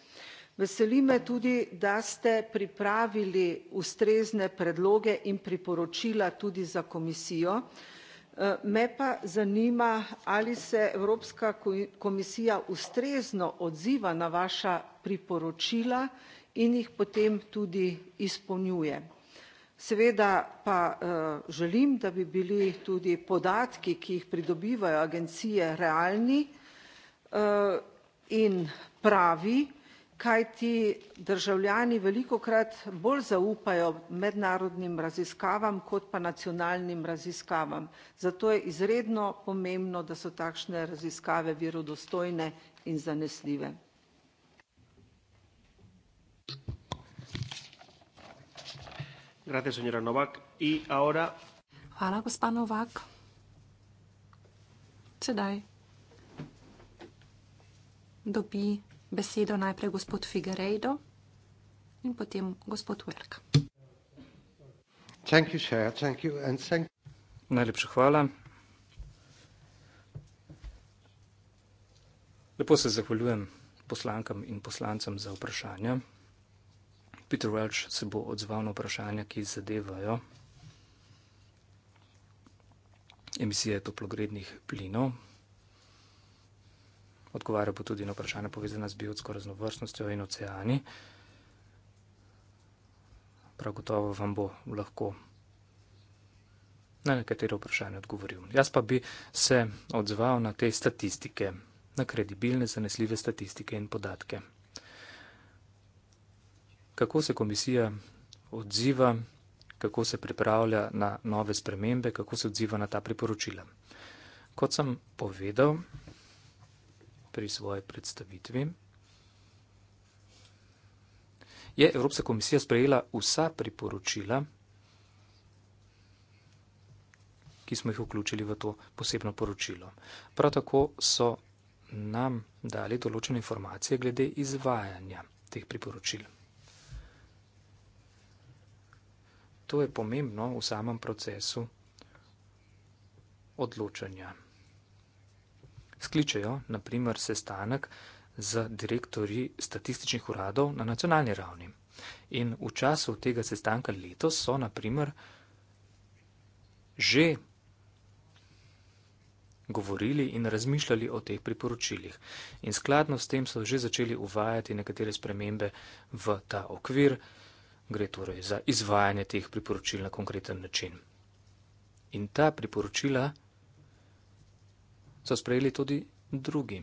veseli me tudi da ste pripravili ustrezne predloge in priporočila tudi za komisijo eh, me pa zanima ali se evropska komisija ustrezno odziva na vaša priporočila in jih potem tudi izpolnjuje seveda pa eh, želim da bi bili tudi podatki ki jih pridobivajo agencije realni eh, in pravi kajti državljani velikokrat bolj zaupajo mednarodnim raziskavam kot pa nacionalnim raziskavam. Zato je izredno pomembno, da so takšne raziskave verodostojne in zanesljive. Hvala, gospa Novak. Sedaj dobi besedo najprej gospod Figueiredo in potem gospod Welk. Najlepša hvala. Lepo se zahvaljujem poslankam in poslancem za vprašanja. Peter Welch se bo odzval na vprašanja, ki zadevajo emisije toplogrednih plinov, Odgovarja pa tudi na vprašanje povezane z biotsko raznovrstnostjo in oceani. Prav gotovo vam bo lahko na nekatere vprašanje odgovoril. Jaz pa bi se odzval na te statistike, na kredibilne, zanesljive statistike in podatke. Kako se komisija odziva, kako se pripravlja na nove spremembe, kako se odziva na ta priporočila. Kot sem povedal, pri svoji predstavitvi, je Evropska komisija sprejela vsa priporočila, ki smo jih vključili v to posebno poročilo. Prav tako so nam dali določene informacije glede izvajanja teh priporočil. To je pomembno v samem procesu odločanja skličejo naprimer sestanek z direktori statističnih uradov na nacionalni ravni. In v času tega sestanka letos so naprimer že govorili in razmišljali o teh priporočilih. In skladno s tem so že začeli uvajati nekatere spremembe v ta okvir, gre torej za izvajanje teh priporočil na konkreten način. In ta priporočila so sprejeli tudi drugi,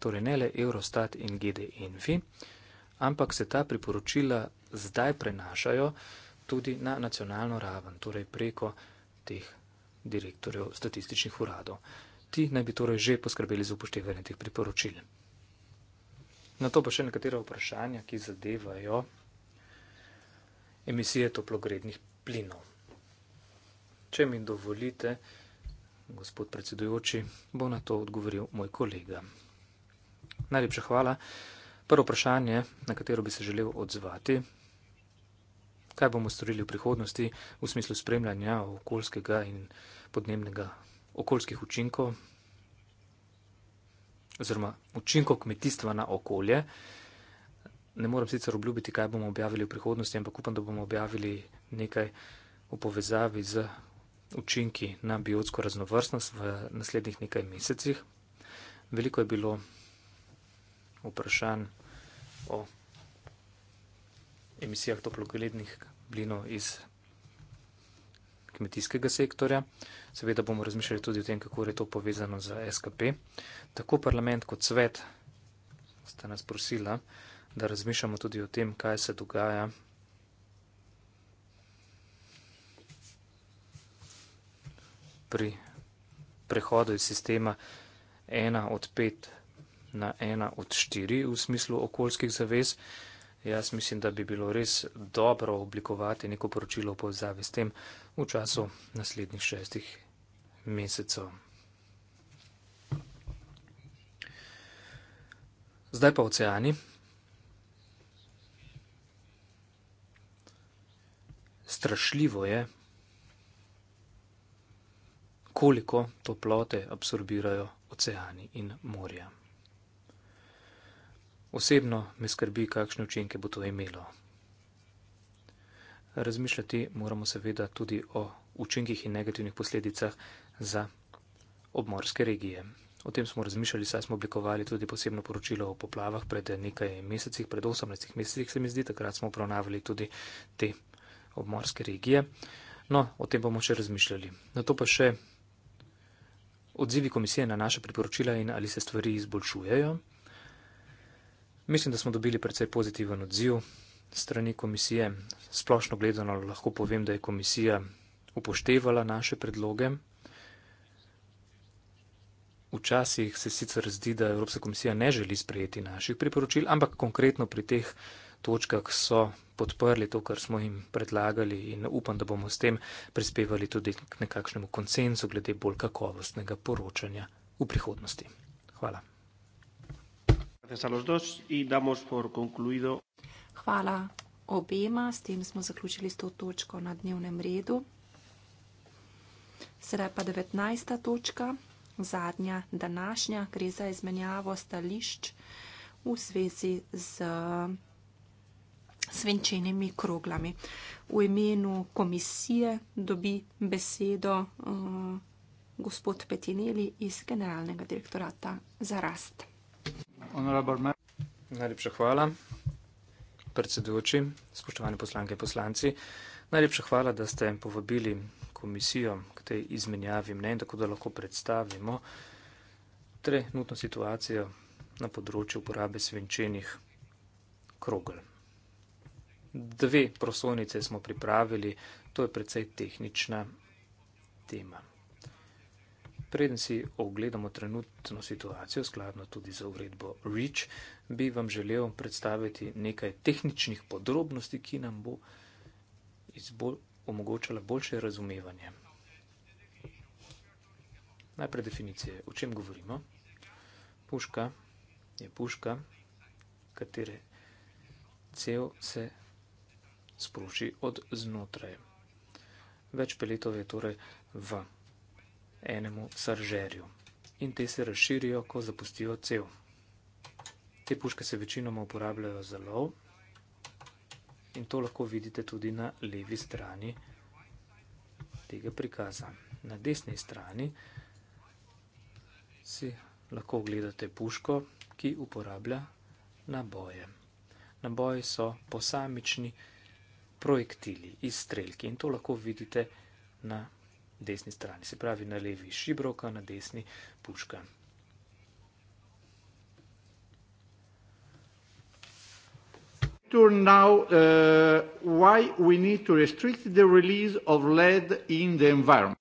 torej ne le Eurostat in GDNFI, ampak se ta priporočila zdaj prenašajo tudi na nacionalno raven, torej preko teh direktorjev statističnih uradov. Ti naj bi torej že poskrbeli za upoštevanje teh priporočil. Na to pa še nekatera vprašanja, ki zadevajo emisije toplogrednih plinov. Če mi dovolite, gospod predsedujoči, bo na to odgovoril moj kolega. Najlepša hvala. Prvo vprašanje, na katero bi se želel odzvati. Kaj bomo storili v prihodnosti v smislu spremljanja okoljskega in podnebnega okoljskih učinkov oziroma učinkov kmetijstva na okolje? Ne moram sicer obljubiti, kaj bomo objavili v prihodnosti, ampak upam, da bomo objavili nekaj v povezavi z učinki na biotsko raznovrstnost v naslednjih nekaj mesecih. Veliko je bilo vprašanj o emisijah toplogrednih blinov iz kmetijskega sektorja. Seveda bomo razmišljali tudi o tem, kako je to povezano z SKP. Tako parlament kot svet sta nas prosila, da razmišljamo tudi o tem, kaj se dogaja pri prehodu iz sistema 1 od 5 na 1 od 4 v smislu okoljskih zavez. Jaz mislim, da bi bilo res dobro oblikovati neko poročilo po zavi s tem v času naslednjih šestih mesecev. Zdaj pa oceani. Strašljivo je, koliko toplote absorbirajo oceani in morja. Osebno me skrbi, kakšne učinke bo to imelo. Razmišljati moramo seveda tudi o učinkih in negativnih posledicah za obmorske regije. O tem smo razmišljali, saj smo oblikovali tudi posebno poročilo o poplavah pred nekaj meseci, pred 18 meseci, se mi zdi, takrat smo obravnavali tudi te obmorske regije. No, o tem bomo še razmišljali. Na to pa še odzivi komisije na naše priporočila in ali se stvari izboljšujejo. Mislim, da smo dobili precej pozitiven odziv strani komisije. Splošno gledano lahko povem, da je komisija upoštevala naše predloge. Včasih se sicer zdi, da Evropska komisija ne želi sprejeti naših priporočil, ampak konkretno pri teh točkah so podprli to, kar smo jim predlagali in upam, da bomo s tem prispevali tudi k nekakšnemu koncensu glede bolj kakovostnega poročanja v prihodnosti. Hvala. Hvala obema, s tem smo zaključili s to točko na dnevnem redu. Sedaj pa 19. točka, zadnja današnja, gre za izmenjavo stališč v zvezi z svenčenimi kroglami. V imenu komisije dobi besedo uh, gospod Petineli iz Generalnega direktorata za rast. Najlepša hvala, predsedujoči, spoštovani poslanke in poslanci. Najlepša hvala, da ste povabili komisijo k tej izmenjavi mnen, tako da lahko predstavimo trenutno situacijo na področju uporabe svenčenih krogel dve prosovnice smo pripravili, to je precej tehnična tema. Preden si ogledamo trenutno situacijo, skladno tudi za uredbo REACH, bi vam želel predstaviti nekaj tehničnih podrobnosti, ki nam bo izbol, omogočala boljše razumevanje. Najprej definicije, o čem govorimo. Puška je puška, katere cel se sproči od znotraj. Več peletov je torej v enemu saržerju in te se razširijo, ko zapustijo cel. Te puške se večinoma uporabljajo za lov in to lahko vidite tudi na levi strani tega prikaza. Na desni strani si lahko ogledate puško, ki uporablja naboje. Naboji so posamični vsega, projektili, izstrelki in to lahko vidite na desni strani, se pravi na levi šibroka, na desni puška. Now, uh, why we need to restrict the release of lead in the environment?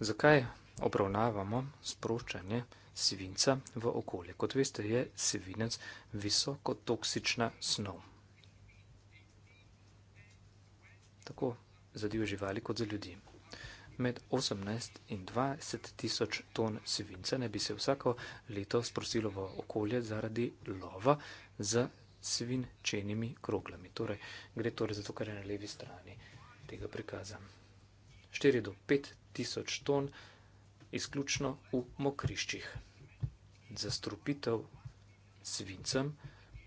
Zakaj obravnavamo sproščanje svinca v okolje? Kot veste, je svinec visoko toksična snov. tako za divje živali kot za ljudi. Med 18 in 20 tisoč ton svinca naj bi se vsako leto sprosilo v okolje zaradi lova z svinčenimi kroglami. Torej, gre torej za to, kar je na levi strani tega prikaza. 4 do 5 tisoč ton izključno v mokriščih. Zastrupitev svincem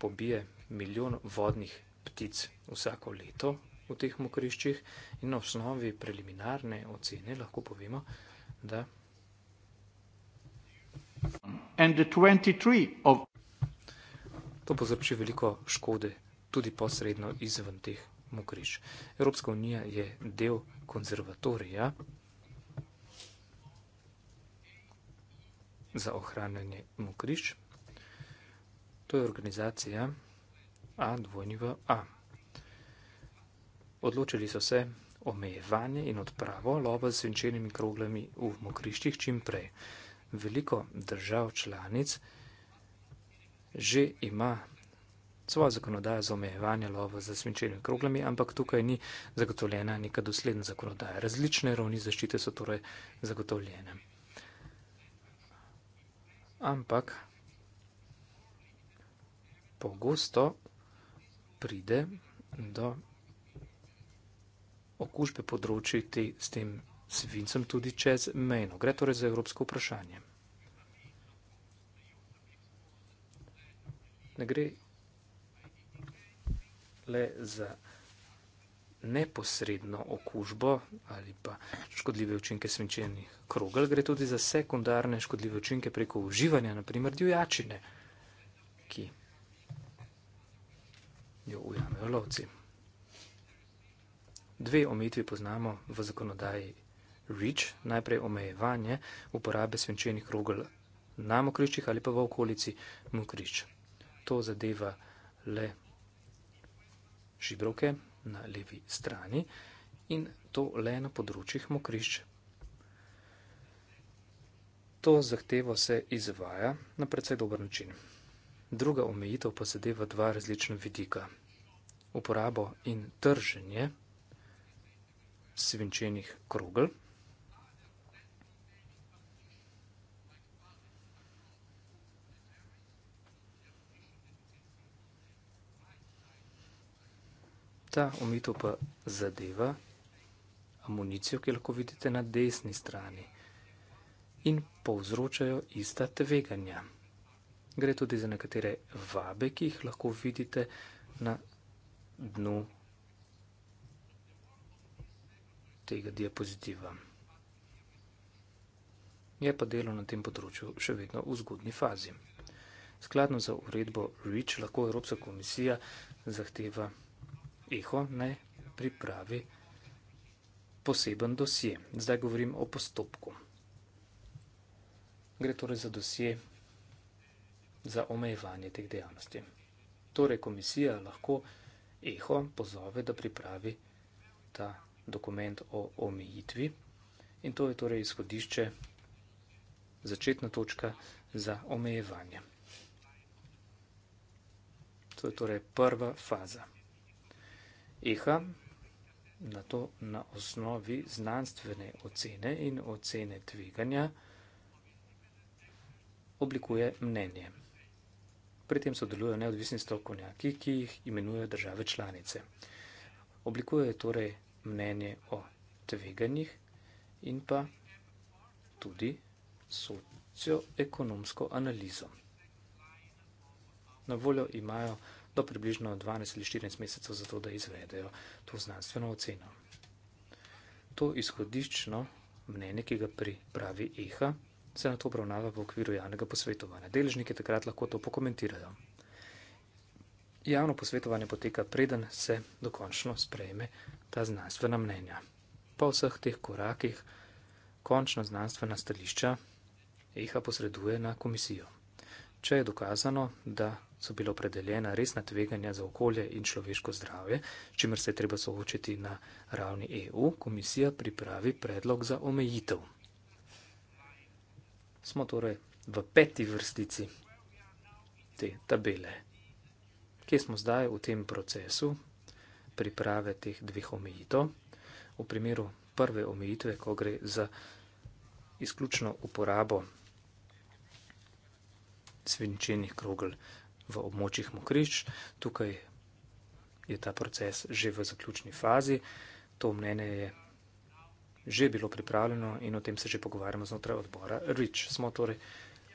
pobije milijon vodnih ptic vsako leto v teh mokriščih in na osnovi preliminarne ocene lahko povemo, da And the 23 of... To povzroči veliko škode, tudi posredno izven teh mokriš. Evropska unija je del konzervatorija za ohranjanje mokriš. To je organizacija A dvojniva A. Odločili so se omejevanje in odpravo lova s svinčenimi kroglami v mokriščih čim prej. Veliko držav članic že ima svojo zakonodajo za omejevanje lova z svinčenimi kroglami, ampak tukaj ni zagotovljena neka dosledna zakonodaja. Različne ravni zaščite so torej zagotovljene. Ampak pogosto pride do okužbe področiti s tem svincem tudi čez mejno. Gre torej za evropsko vprašanje. Ne gre le za neposredno okužbo ali pa škodljive učinke svinčenih krogel, gre tudi za sekundarne škodljive učinke preko uživanja, naprimer divjačine, ki jo ujamejo lovci dve omejitvi poznamo v zakonodaji REACH, najprej omejevanje uporabe svenčenih rogel na mokriščih ali pa v okolici mokrišč. To zadeva le žibrovke na levi strani in to le na področjih mokrišč. To zahtevo se izvaja na precej dober način. Druga omejitev pa zadeva dva različna vidika. Uporabo in trženje svinčenih krogel. Ta omitev pa zadeva amunicijo, ki lahko vidite na desni strani in povzročajo ista tveganja. Gre tudi za nekatere vabe, ki jih lahko vidite na dnu strani. tega diapozitiva. Je pa delo na tem področju še vedno v zgodni fazi. Skladno za uredbo REACH lahko Evropska komisija zahteva EHO naj pripravi poseben dosje. Zdaj govorim o postopku. Gre torej za dosje za omejevanje teh dejavnosti. Torej komisija lahko EHO pozove, da pripravi ta dokument o omejitvi in to je torej izhodišče, začetna točka za omejevanje. To je torej prva faza. EHA na to na osnovi znanstvene ocene in ocene tveganja oblikuje mnenje. Pri tem sodelujo neodvisni strokovnjaki, ki jih imenujejo države članice. Oblikuje torej mnenje o tveganjih in pa tudi socioekonomsko analizo. Na voljo imajo do približno 12 ali 14 mesecev za to, da izvedejo to znanstveno oceno. To izhodiščno mnenje, ki ga pripravi EHA, se na to obravnava v okviru javnega posvetovanja. Deležniki takrat lahko to pokomentirajo. Javno posvetovanje poteka preden se dokončno sprejme ta znanstvena mnenja. Po vseh teh korakih končno znanstvena stališča EHA posreduje na komisijo. Če je dokazano, da so bila opredeljena resna tveganja za okolje in človeško zdravje, čimer se je treba soočiti na ravni EU, komisija pripravi predlog za omejitev. Smo torej v peti vrstici te tabele kje smo zdaj v tem procesu priprave teh dveh omejitev. V primeru prve omejitve, ko gre za izključno uporabo svinčenih krogl v območjih mokrič, tukaj je ta proces že v zaključni fazi. To mnenje je že bilo pripravljeno in o tem se že pogovarjamo znotraj odbora REACH. Smo torej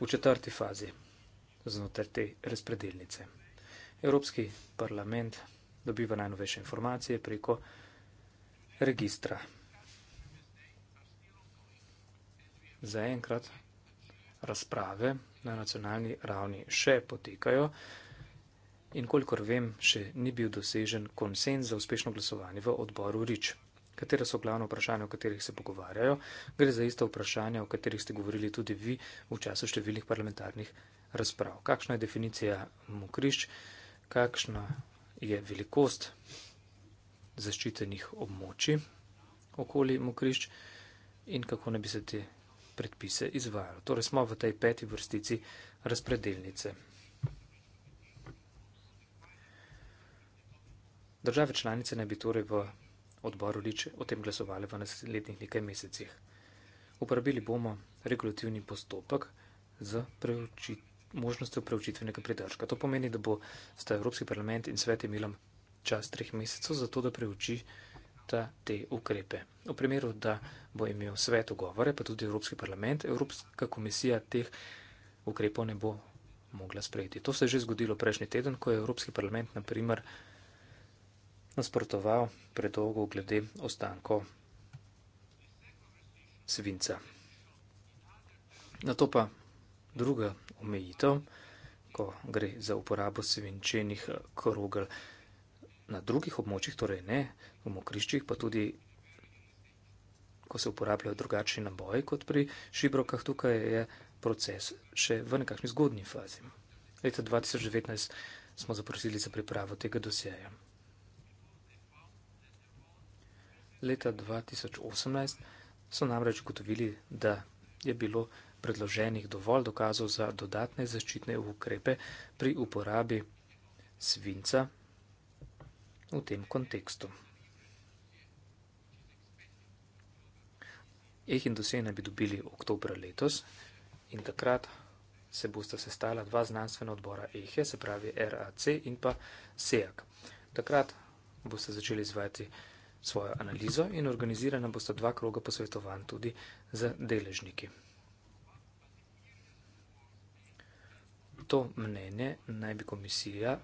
v četrti fazi znotraj te razpredelnice. Evropski parlament dobiva najnovejše informacije preko registra. Zaenkrat razprave na nacionalni ravni še potekajo in kolikor vem, še ni bil dosežen konsens za uspešno glasovanje v odboru Rič. Katera so glavna vprašanja, o katerih se pogovarjajo? Gre za isto vprašanje, o katerih ste govorili tudi vi v času številnih parlamentarnih razprav. Kakšna je definicija mokrišč? kakšna je velikost zaščitenih območij okoli mokrišč in kako ne bi se te predpise izvajalo. Torej smo v tej peti vrstici razpredelnice. Države članice naj bi torej v odboru lič o tem glasovali v naslednjih nekaj mesecih. Uporabili bomo regulativni postopek z preučitvijo možnosti upravičitvenega pridržka. To pomeni, da bo sta Evropski parlament in svet imelom čas treh mesecev za to, da preuči te ukrepe. V primeru, da bo imel svet ogovore, pa tudi Evropski parlament, Evropska komisija teh ukrepov ne bo mogla sprejeti. To se je že zgodilo prejšnji teden, ko je Evropski parlament, naprimer, nasprotoval predolgo glede ostanko svinca. Na to pa druga omejitev, ko gre za uporabo svinčenih krogel na drugih območjih, torej ne v mokriščih, pa tudi, ko se uporabljajo drugačni naboji kot pri šibrokah, tukaj je proces še v nekakšni zgodnji fazi. Leta 2019 smo zaprosili za pripravo tega dosjeja. Leta 2018 so namreč gotovili, da je bilo predloženih dovolj dokazov za dodatne zaščitne ukrepe pri uporabi svinca v tem kontekstu. Eh in dosej naj bi dobili oktobra letos in takrat se bosta sestala dva znanstvena odbora EHE, se pravi RAC in pa SEAK. Takrat boste začeli izvajati svojo analizo in organizirana bosta dva kroga posvetovanj tudi za deležniki. To mnenje naj bi komisija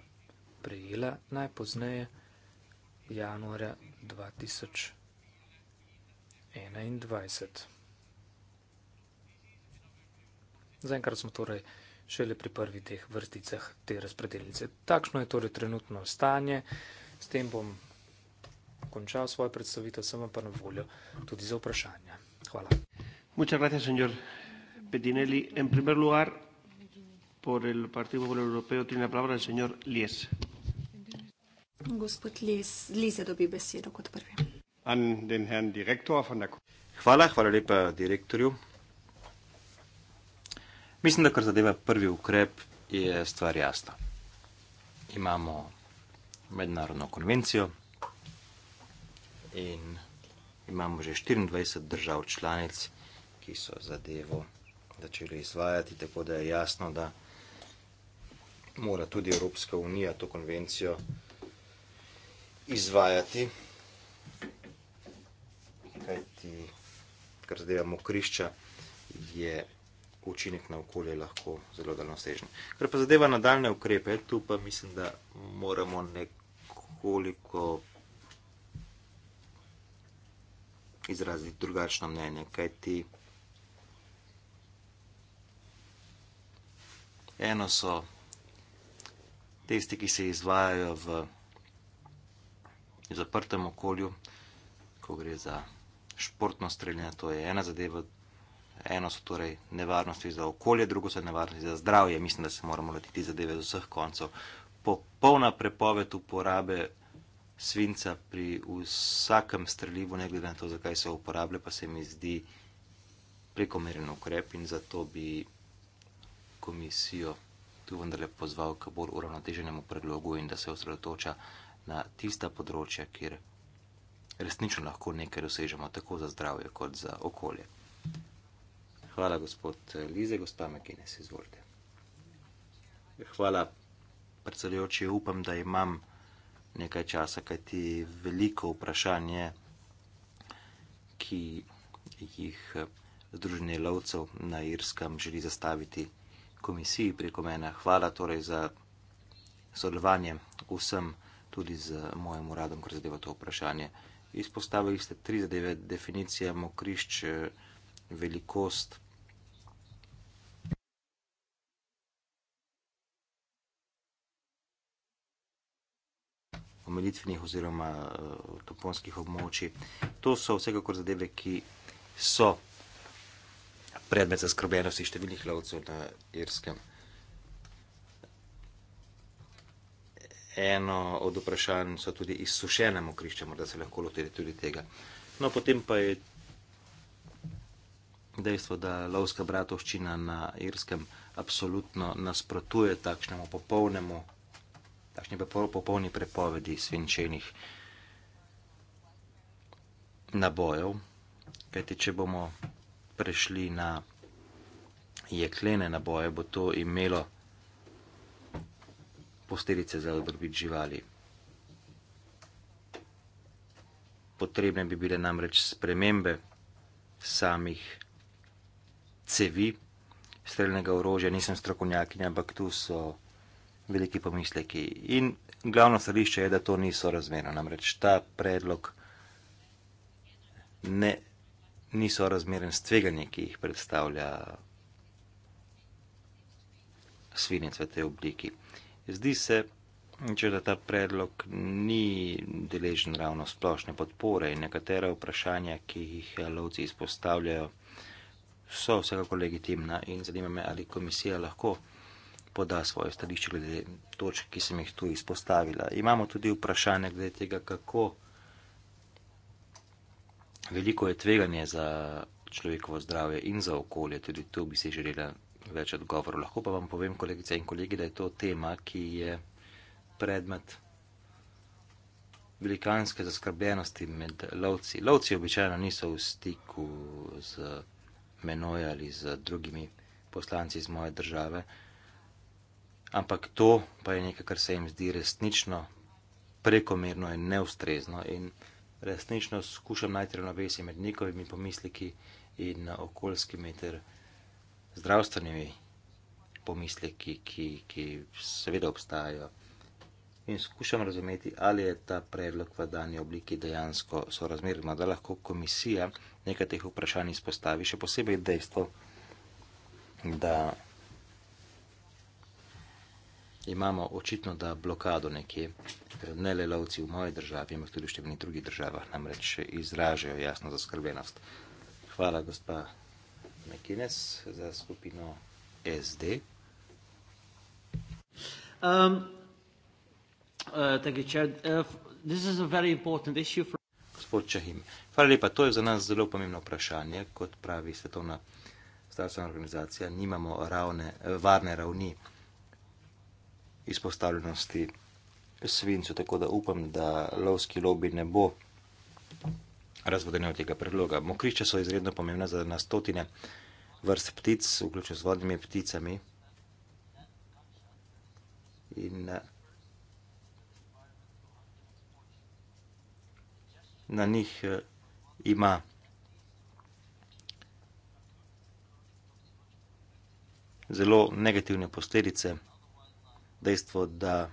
prejela najpozneje januarja 2021. Zaenkrat smo torej šele pri prvih teh vrsticah te razpredeljice. Takšno je torej trenutno stanje. S tem bom končal svojo predstavitev, sem pa na voljo tudi za vprašanja. Hvala. Muchas gracias, señor Petinelli. En primer lugar, por el Partido Popular Europeo tiene la palabra el señor Lies. Hvala, hvala lepa direktorju. Mislim, da kar zadeva prvi ukrep, je stvar jasna. Imamo mednarodno konvencijo in imamo že 24 držav članic, ki so zadevo začeli izvajati, tako da je jasno, da mora tudi Evropska unija to konvencijo izvajati, kajti kar zadeva mokrišča, je učinek na okolje lahko zelo daljnosežen. Kar pa zadeva nadaljne ukrepe, tu pa mislim, da moramo nekoliko izraziti drugačno mnenje, kajti eno so testi, ki se izvajajo v zaprtem okolju, ko gre za športno streljanje, to je ena zadeva. Eno so torej nevarnosti za okolje, drugo so nevarnosti za zdravje. Mislim, da se moramo lotiti zadeve z vseh koncev. Popolna prepoved uporabe svinca pri vsakem streljivu, ne glede na to, zakaj se uporablja, pa se mi zdi prekomeren ukrep in zato bi komisijo tu vendarle pozval k bolj uravnoteženemu predlogu in da se osredotoča na tista področja, kjer resnično lahko nekaj dosežemo, tako za zdravje kot za okolje. Hvala, gospod Lize, gospa Mekines, izvolite. Hvala, predsedujoči. Upam, da imam nekaj časa, kaj ti veliko vprašanje, ki jih Združenje lovcev na Irskem želi zastaviti komisiji preko mene. Hvala torej za sodelovanje vsem, tudi z mojim uradom, kar zadeva to vprašanje. Izpostavili ste tri zadeve, definicija mokrišč, eh, velikost. Omelitvenih oziroma uh, toponskih območij. To so vsekakor zadeve, ki so predmet zaskrbljenosti številnih lovcev na irskem. Eno od vprašanj so tudi izsušene mokrišče, morda se lahko lotili tudi tega. No, potem pa je dejstvo, da lovska bratovščina na irskem absolutno nasprotuje takšnemu popolnemu, takšni popolni prepovedi svinčenih nabojev. Kajti, če bomo prešli na jeklene naboje, bo to imelo posledice za dobrobit živali. Potrebne bi bile namreč spremembe samih cevi streljnega orožja, nisem strokovnjakinja, ampak tu so veliki pomisleki. In glavno stališče je, da to niso razmerno. Namreč ta predlog ne niso razmeren s tveganjem, ki jih predstavlja svinec v tej obliki. Zdi se, če da ta predlog ni deležen ravno splošne podpore in nekatera vprašanja, ki jih lovci izpostavljajo, so vsekako legitimna in zanima me, ali komisija lahko poda svoje stališče glede točk, ki sem jih tu izpostavila. Imamo tudi vprašanje glede tega, kako veliko je tveganje za človekovo zdravje in za okolje, tudi tu bi si želela več odgovorov. Lahko pa vam povem, kolegice in kolegi, da je to tema, ki je predmet velikanske zaskrbljenosti med lovci. Lovci običajno niso v stiku z menoj ali z drugimi poslanci iz moje države, ampak to pa je nekaj, kar se jim zdi resnično prekomerno in neustrezno. In resnično skušam najti ravnovesje med njihovimi pomisliki in okoljskimi ter zdravstvenimi pomisliki, ki, ki seveda obstajajo. In skušam razumeti, ali je ta predlog v dani obliki dejansko sorazmerno, da lahko komisija nekaj teh vprašanj izpostavi, še posebej dejstvo, da imamo očitno, da blokado nekje, ne le lovci v moji državi, ampak tudi v številnih drugih državah, namreč izražajo jasno zaskrbljenost. Hvala, gospa Mekines, za skupino SD. Um, uh, uh Gospod Čahim, hvala lepa, to je za nas zelo pomembno vprašanje. Kot pravi Svetovna zdravstvena organizacija, nimamo ravne, varne ravni izpostavljenosti svincu. Tako da upam, da lovski lobby ne bo razvodenil tega predloga. Mokrišča so izredno pomembna za na stotine vrst ptic, vključno z vodnimi pticami. In eh, na njih eh, ima zelo negativne posledice dejstvo, da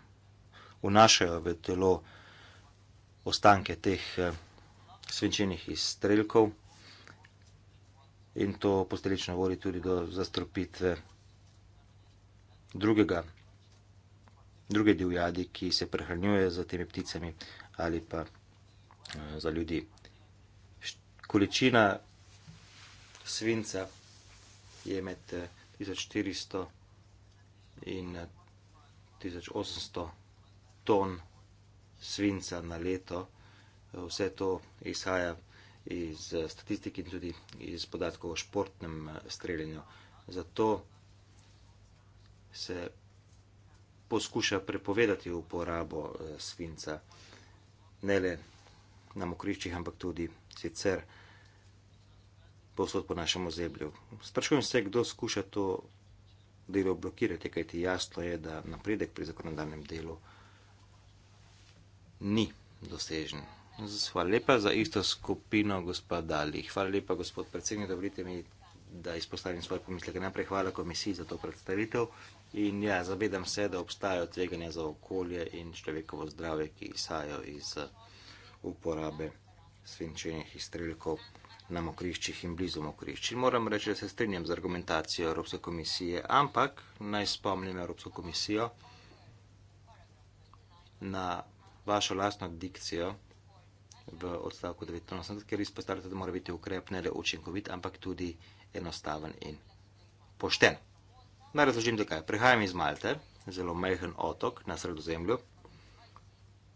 vnašajo v telo ostanke teh eh, svinčenih izstrelkov in to posledično vodi tudi do zastrupitve drugega, druge divjadi, ki se prehranjuje za temi pticami ali pa eh, za ljudi. Količina svinca je med 1400 eh, in 1800 ton svinca na leto. Vse to izhaja iz statistike in tudi iz podatkov o športnem eh, streljanju. Zato se poskuša prepovedati uporabo eh, svinca, ne le na mokriščih, ampak tudi sicer posod po našem ozemlju. Sprašujem se, kdo skuša to delo blokirati, kajti jasno je, da napredek pri zakonodajnem delu ni dosežen. Hvala lepa za isto skupino, gospod Dali. Hvala lepa, gospod predsednik, dovolite mi, da izpostavim svoje pomisleke. Najprej hvala komisiji za to predstavitev. In ja, zavedam se, da obstajajo tveganja za okolje in človekovo zdravje, ki izhajajo iz uporabe svinčenih izstrelkov na mokriščih in blizu mokrišč. In moram reči, da se strinjam z argumentacijo Evropske komisije, ampak naj spomnim Evropsko komisijo na vašo lastno dikcijo v odstavku 19, ker izpostavljate, da mora biti ukrep ne le učinkovit, ampak tudi enostaven in pošten. Naj razložim, zakaj. Prihajam iz Malte, zelo majhen otok na sredozemlju.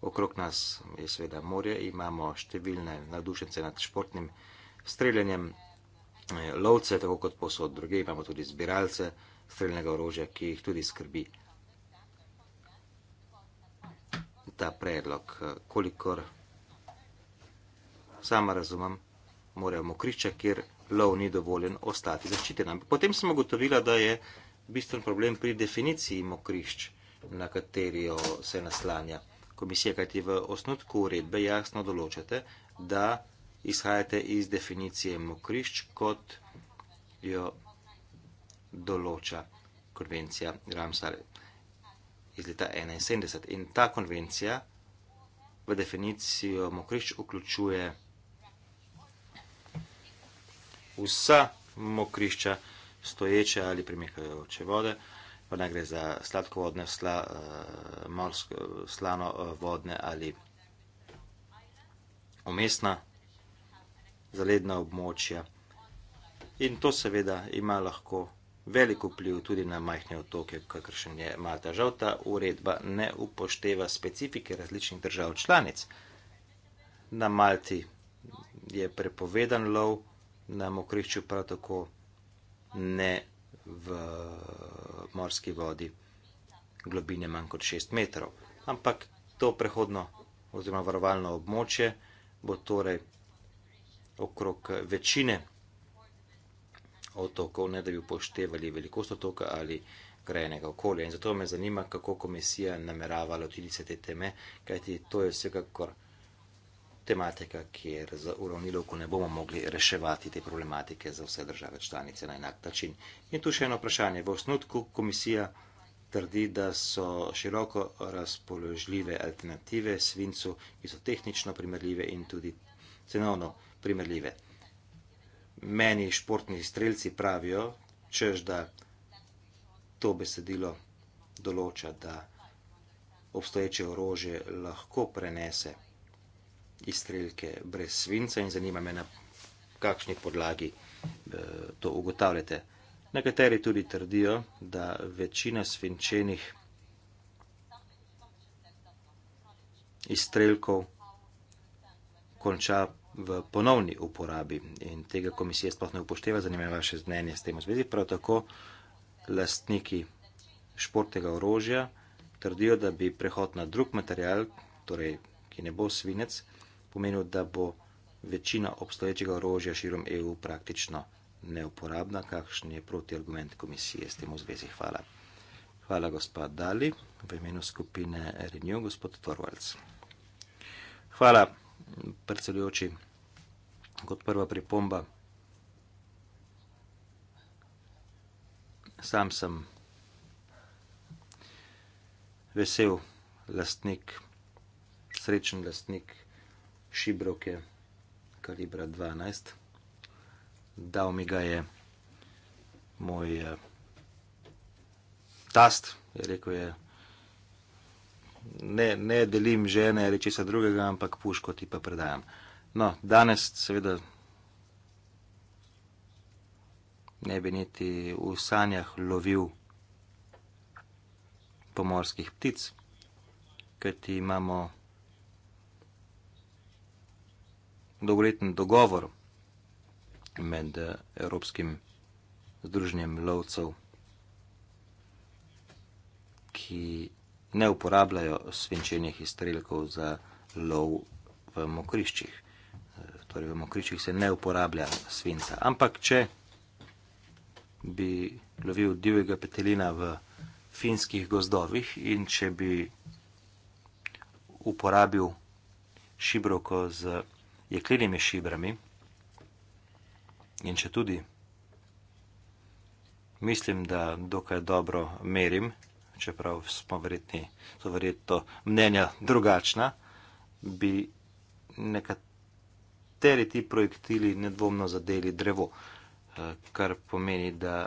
Okrog nas je seveda morje, imamo številne navdušence nad športnim streljanjem eh, lovce, tako kot posod druge, imamo tudi zbiralce streljnega orožja, ki jih tudi skrbi ta predlog. Kolikor sama razumem, morajo mokrišča, kjer lov ni dovoljen ostati zaščitena. Potem sem ugotovila, da je bistven problem pri definiciji mokrišč, na katerijo se naslanja komisija, kajti v osnutku uredbe jasno določate, da izhajate iz definicije mokrišč, kot jo določa konvencija Ramsar iz leta 1971. In ta konvencija v definicijo mokrišč vključuje vsa mokrišča, stoječe ali premikajoče vode, pa ne gre za sladkovodne, sla, eh, morsko, slano eh, vodne ali umestna zaledna območja. In to seveda ima lahko veliko vpliv tudi na majhne otoke, kakršen je Malta. Žal ta uredba ne upošteva specifike različnih držav članic. Na Malti je prepovedan lov, na mokrišču prav tako ne v morski vodi globine manj kot 6 metrov. Ampak to prehodno oziroma varovalno območje bo torej okrog večine otokov, ne da bi upoštevali velikost otoka ali grajenega okolja. In zato me zanima, kako komisija namerava lotiti se te teme, kajti to je vsekakor tematika, kjer za uravnilovko ne bomo mogli reševati te problematike za vse države članice na enak način. In tu še eno vprašanje. V osnutku komisija trdi, da so široko razpoložljive alternative svincu, ki so tehnično primerljive in tudi cenovno primerljive primerljive. Meni športni strelci pravijo, češ da to besedilo določa, da obstoječe orože lahko prenese izstrelke brez svinca in zanima me, na kakšni podlagi eh, to ugotavljate. Nekateri tudi trdijo, da večina svinčenih izstrelkov konča prav, v ponovni uporabi in tega komisija sploh ne upošteva, zanima me vaše mnenje s tem v zvezi. Prav tako lastniki športnega orožja trdijo, da bi prehod na drug material, torej ki ne bo svinec, pomenil, da bo večina obstoječega orožja širom EU praktično neuporabna. Kakšen je protiargument komisije s tem v zvezi? Hvala. Hvala, gospa Dali, v imenu skupine Renew, gospod Torvalds. Hvala, predsedujoči kot prva pripomba. Sam sem vesel lastnik, srečen lastnik šibroke kalibra 12. Dal mi ga je moj eh, tast, je rekel je, ne, ne delim žene ali česa drugega, ampak puško ti pa predajam. No, danes seveda ne bi niti v sanjah lovil pomorskih ptic, kajti imamo dolgoleten dogovor med eh, Evropskim združenjem lovcev, ki ne uporabljajo svinčenih izstrelkov za lov v mokriščih torej v mokričih se ne uporablja svinca. Ampak, če bi lovil divjega petelina v finskih gozdovih in če bi uporabil šibroko z jeklenimi šibrami, in če tudi mislim, da dokaj dobro merim, čeprav smo verjetni, so verjetno mnenja drugačna, bi nekatere nekateri ti projektili nedvomno zadeli drevo, eh, kar pomeni, da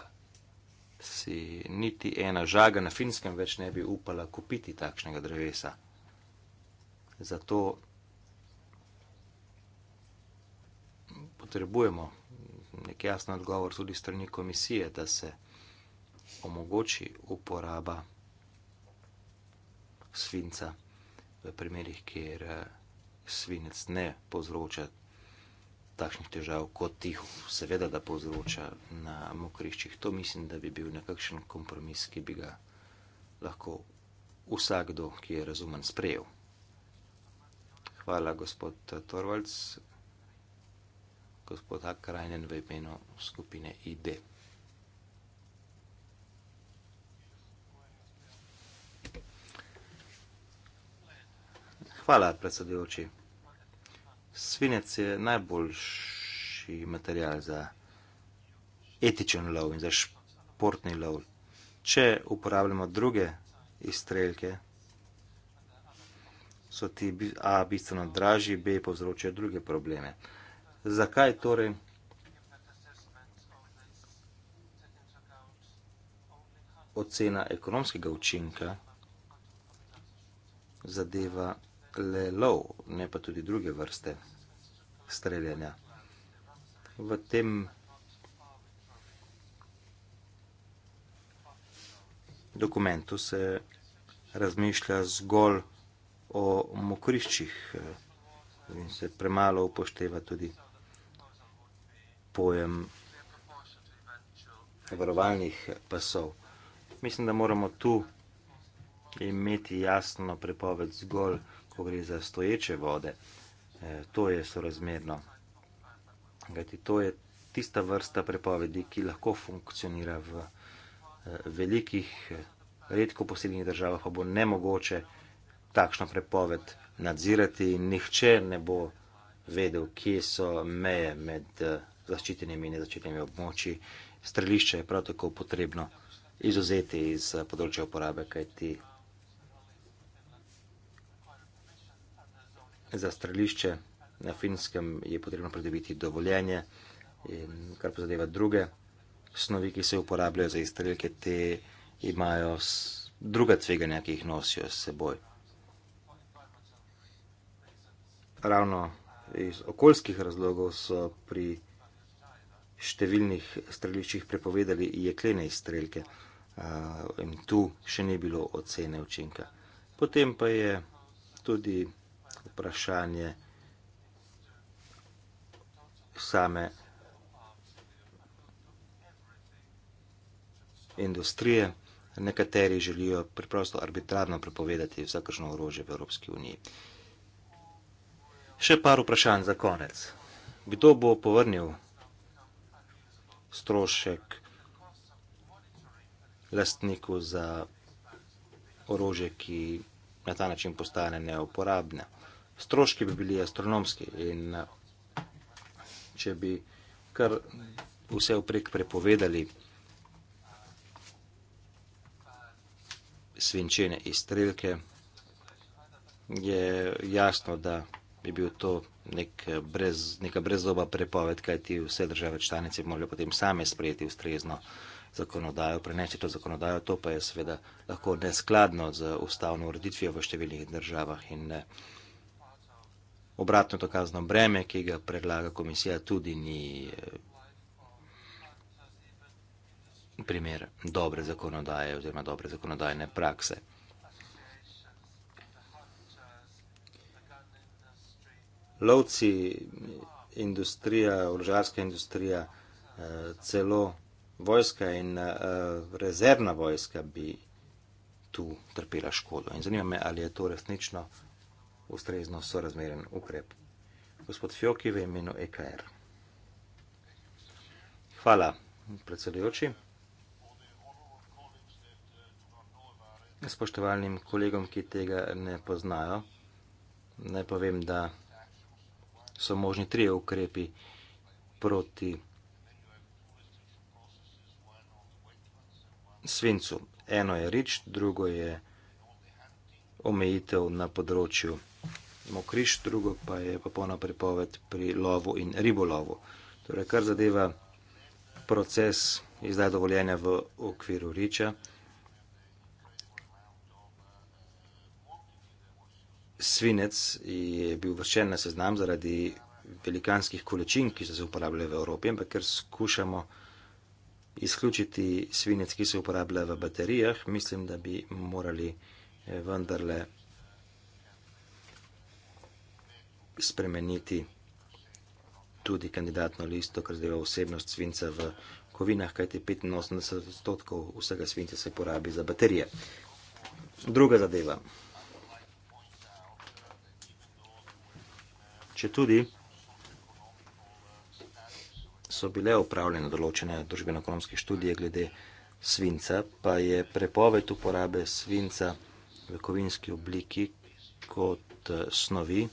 si niti ena žaga na finskem več ne bi upala kupiti takšnega drevesa. Zato potrebujemo nek jasen odgovor tudi strani komisije, da se omogoči uporaba svinca v primerih, kjer eh, svinec ne povzroča takšnih težav, kot jih seveda da povzroča na mokriščih. To mislim, da bi bil nekakšen kompromis, ki bi ga lahko vsakdo, ki je razumen, sprejel. Hvala, gospod Torvalds, gospod Akrajnen v imenu skupine ID. Hvala, predsedujoči. Svinec je najboljši material za etičen lov in za športni lov. Če uporabljamo druge izstrelke, so ti A bistveno dražji, B povzročajo druge probleme. Zakaj torej? ocena ekonomskega učinka zadeva le lov, ne pa tudi druge vrste streljanja. V tem dokumentu se razmišlja zgolj o mokriščih eh, in se premalo upošteva tudi pojem varovalnih pasov. Mislim, da moramo tu imeti jasno prepoved zgolj ko gre za stoječe vode, e, to je sorazmerno. Gledajte, to je tista vrsta prepovedi, ki lahko funkcionira v e, velikih, e, redko posebnih državah, pa bo nemogoče takšno prepoved nadzirati in nihče ne bo vedel, kje so meje med zaščitenimi in nezaščitenimi območji. Strelišče je prav tako potrebno izuzeti iz področja uporabe, kajti za strelišče na finskem je potrebno predobiti dovoljenje, in kar pa zadeva druge snovi, ki se uporabljajo za izstrelke, te imajo druga tveganja, ki jih nosijo s seboj. Ravno iz okoljskih razlogov so pri številnih streliščih prepovedali jeklene izstrelke in tu še ni bilo ocene učinka. Potem pa je tudi vprašanje same industrije. Nekateri želijo preprosto arbitrarno prepovedati vsakršno orožje v Evropski uniji. Še par vprašanj za konec. Kdo bo povrnil strošek lastniku za orožje, ki na ta način postane neuporabne? stroški bi bili astronomski. In, eh, če bi kar vse vprek prepovedali svinčene izstrelke, je jasno, da bi bil to nek eh, brez, neka brezdoba prepoved, kajti vse države članice morajo potem same sprejeti ustrezno zakonodajo, preneči to zakonodajo, to pa je seveda lahko neskladno z ustavno ureditvijo v številnih državah in ne. Eh, obratno dokazno breme, ki ga predlaga komisija, tudi ni eh, primer dobre zakonodaje oziroma dobre zakonodajne prakse. Lovci, industrija, orožarska industrija, eh, celo vojska in eh, rezervna vojska bi tu trpela škodo. In zanima me, ali je to resnično ustrezno sorazmeren ukrep. Gospod Fjoki v imenu EKR. Hvala, predsedujoči. Spoštovalnim kolegom, ki tega ne poznajo, ne povem, da so možni tri ukrepi proti svincu. Eno je rič, drugo je omejitev na področju svincu mokriš, drugo pa je popolna prepoved pri lovu in ribolovu. Torej, kar zadeva proces izdaj dovoljenja v okviru riča, svinec je bil vršen na seznam zaradi velikanskih količin, ki so se uporabljale v Evropi, ampak ker skušamo izključiti svinec, ki se uporablja v baterijah, mislim, da bi morali vendarle spremeniti tudi kandidatno listo, kar zdaj je osebnost svinca v kovinah, kajti 85 odstotkov vsega svinca se porabi za baterije. Druga zadeva. Če tudi so bile upravljene določene družbeno-ekonomske študije glede svinca, pa je prepoved uporabe svinca v kovinski obliki kot eh, snovi,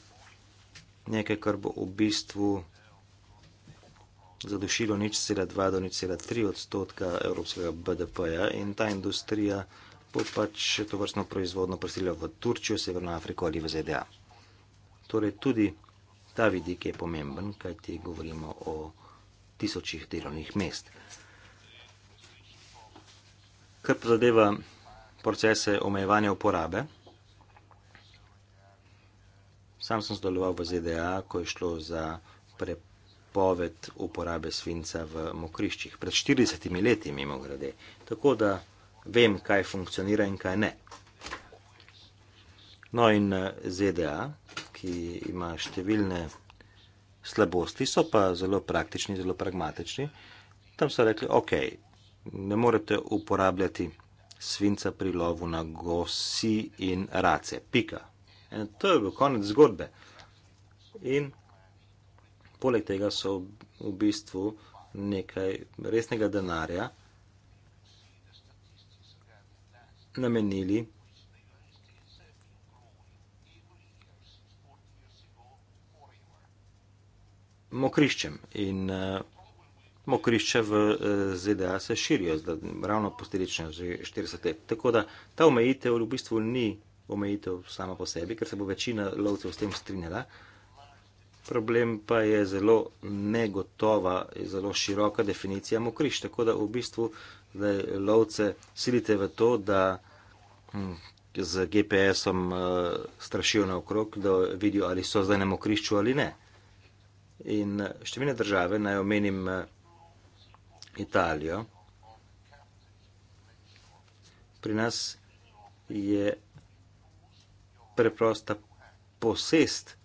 nekaj, kar bo v bistvu zadušilo nič cela 2 do nič cela 3 odstotka evropskega BDP-ja in ta industrija bo pač to vrstno proizvodno prisilila v Turčijo, Severno Afriko ali v ZDA. Torej tudi ta vidik je pomemben, kajti govorimo o tisočih delovnih mest. Kar pa zadeva procese omejevanja uporabe, Sam sem sodeloval v ZDA, ko je šlo za prepoved uporabe svinca v mokriščih. Pred 40 leti, mimo grede. Tako da vem, kaj funkcionira in kaj ne. No in eh, ZDA, ki ima številne slabosti, so pa zelo praktični, zelo pragmatični. Tam so rekli, ok, ne morete uporabljati svinca pri lovu na gosi in race. Pika. In to je bil konec zgodbe. In poleg tega so v bistvu nekaj resnega denarja namenili mokriščem. In uh, mokrišče v uh, eh, ZDA se širijo, ravno posledično že 40 let. Tako da ta omejitev v bistvu ni omejitev sama po sebi, ker se bo večina lovcev s tem strinjala. Problem pa je zelo negotova, je zelo široka definicija mokriš, tako da v bistvu zdaj lovce silite v to, da hm, z GPS-om uh, eh, strašijo na okrog, da vidijo, ali so zdaj na mokrišču ali ne. In eh, številne države, naj omenim uh, Italijo, pri nas je preprosta posest.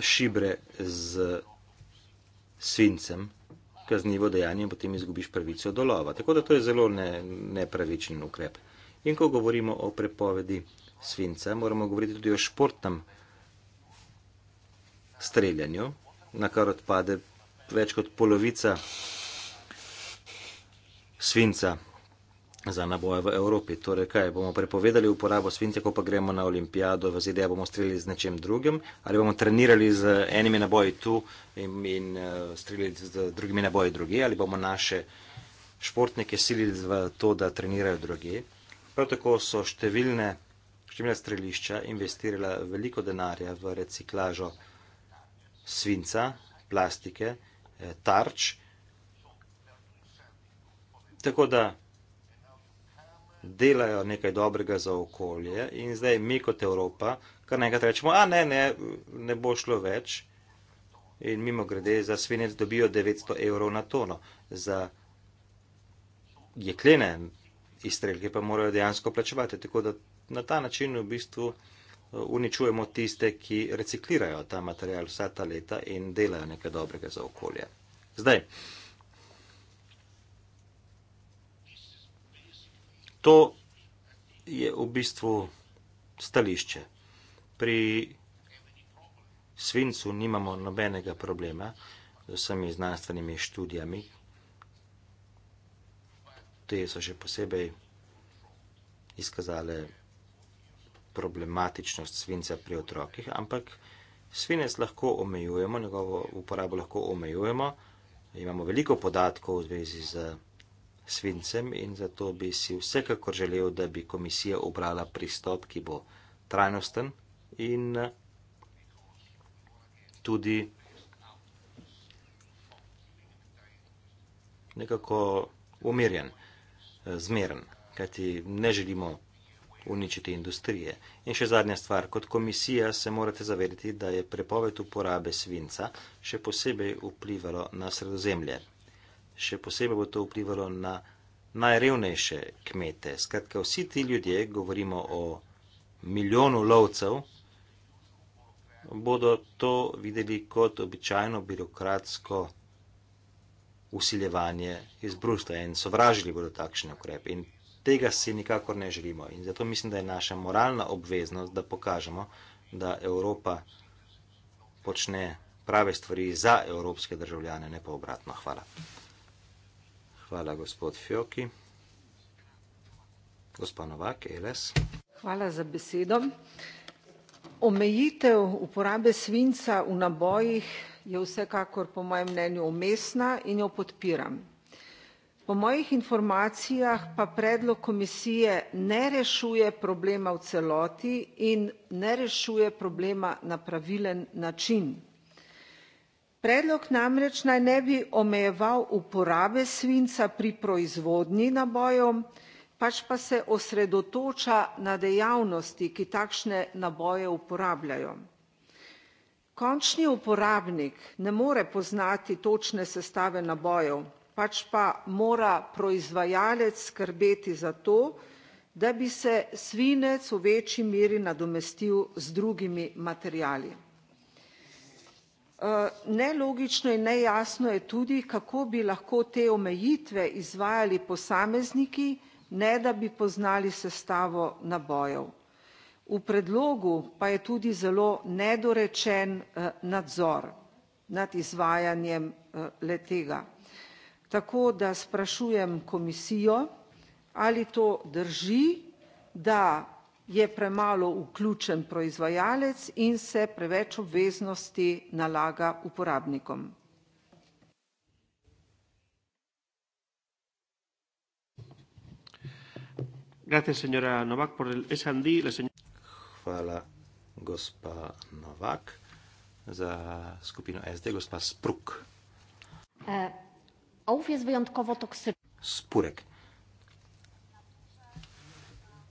Šibre z svincem, kaznivo dejanje, in potem izgubiš pravico do lova. Tako da to je zelo ne, nepravičen ukrep. In ko govorimo o prepovedi svinca, moramo govoriti tudi o športnem streljanju, na kar odpade več kot polovica svinca, za naboje v Evropi. Torej, kaj bomo prepovedali uporabo svinca, ko pa gremo na olimpijado, v ZDA bomo streljali z nečem drugim, ali bomo trenirali z enimi naboji tu in, in uh, streljali z drugimi naboji druge, ali bomo naše športnike silili v to, da trenirajo druge. Prav tako so številne, številne strelišča investirala veliko denarja v reciklažo svinca, plastike, eh, tarč. Tako da delajo nekaj dobrega za okolje in zdaj mi kot Evropa, kar nekaj rečemo, a ne, ne, ne bo šlo več. In mimo grede za svinec dobijo 900 evrov na tono, za jeklene izstrelke pa morajo dejansko plačevati. Tako da na ta način v bistvu eh, uničujemo tiste, ki reciklirajo ta material vsa ta leta in delajo nekaj dobrega za okolje. Zdaj, To je v bistvu stališče. Pri svincu nimamo nobenega problema z vsemi znanstvenimi študijami. Te so še posebej izkazale problematičnost svinca pri otrokih, ampak svinec lahko omejujemo, njegovo uporabo lahko omejujemo. Imamo veliko podatkov v zvezi z svincem in zato bi si vsekakor želel, da bi komisija obrala pristop, ki bo trajnosten in eh, tudi nekako umirjen, eh, zmeren, kajti ne želimo uničiti industrije. In še zadnja stvar, kot komisija se morate zavedati, da je prepoved uporabe svinca še posebej vplivalo na sredozemlje še posebej bo to vplivalo na najrevnejše kmete. Skratka, vsi ti ljudje, govorimo o milijonu lovcev, bodo to videli kot običajno birokratsko usiljevanje iz Brusla in sovražili bodo takšne ukrepe. In tega si nikakor ne želimo. In zato mislim, da je naša moralna obveznost, da pokažemo, da Evropa počne prave stvari za evropske državljane, ne pa obratno. Hvala. Hvala, gospod Fjoki. Gospa Novak, Eles. Hvala za besedo. Omejitev uporabe svinca v nabojih je vsekakor po mojem mnenju umestna in jo podpiram. Po mojih informacijah pa predlog komisije ne rešuje problema v celoti in ne rešuje problema na pravilen način predlog namreč naj ne bi omejeval uporabe svinca pri proizvodnji nabojev pač pa se osredotoča na dejavnosti ki takšne naboje uporabljajo končni uporabnik ne more poznati točne sestave nabojev pač pa mora proizvajalec skrbeti za to da bi se svinec v večji meri nadomestil z drugimi materiali Eh, nelogično in nejasno je tudi kako bi lahko te omejitve izvajali posamezniki ne da bi poznali sestavo nabojev v predlogu pa je tudi zelo nedorečen eh, nadzor nad izvajanjem eh, le tega tako da sprašujem komisijo ali to drži da je premalo vključen proizvajalec in se preveč obveznosti nalaga uporabnikom. Hvala, gospa Novak. Za skupino SD gospa Spruk. E, Spurek.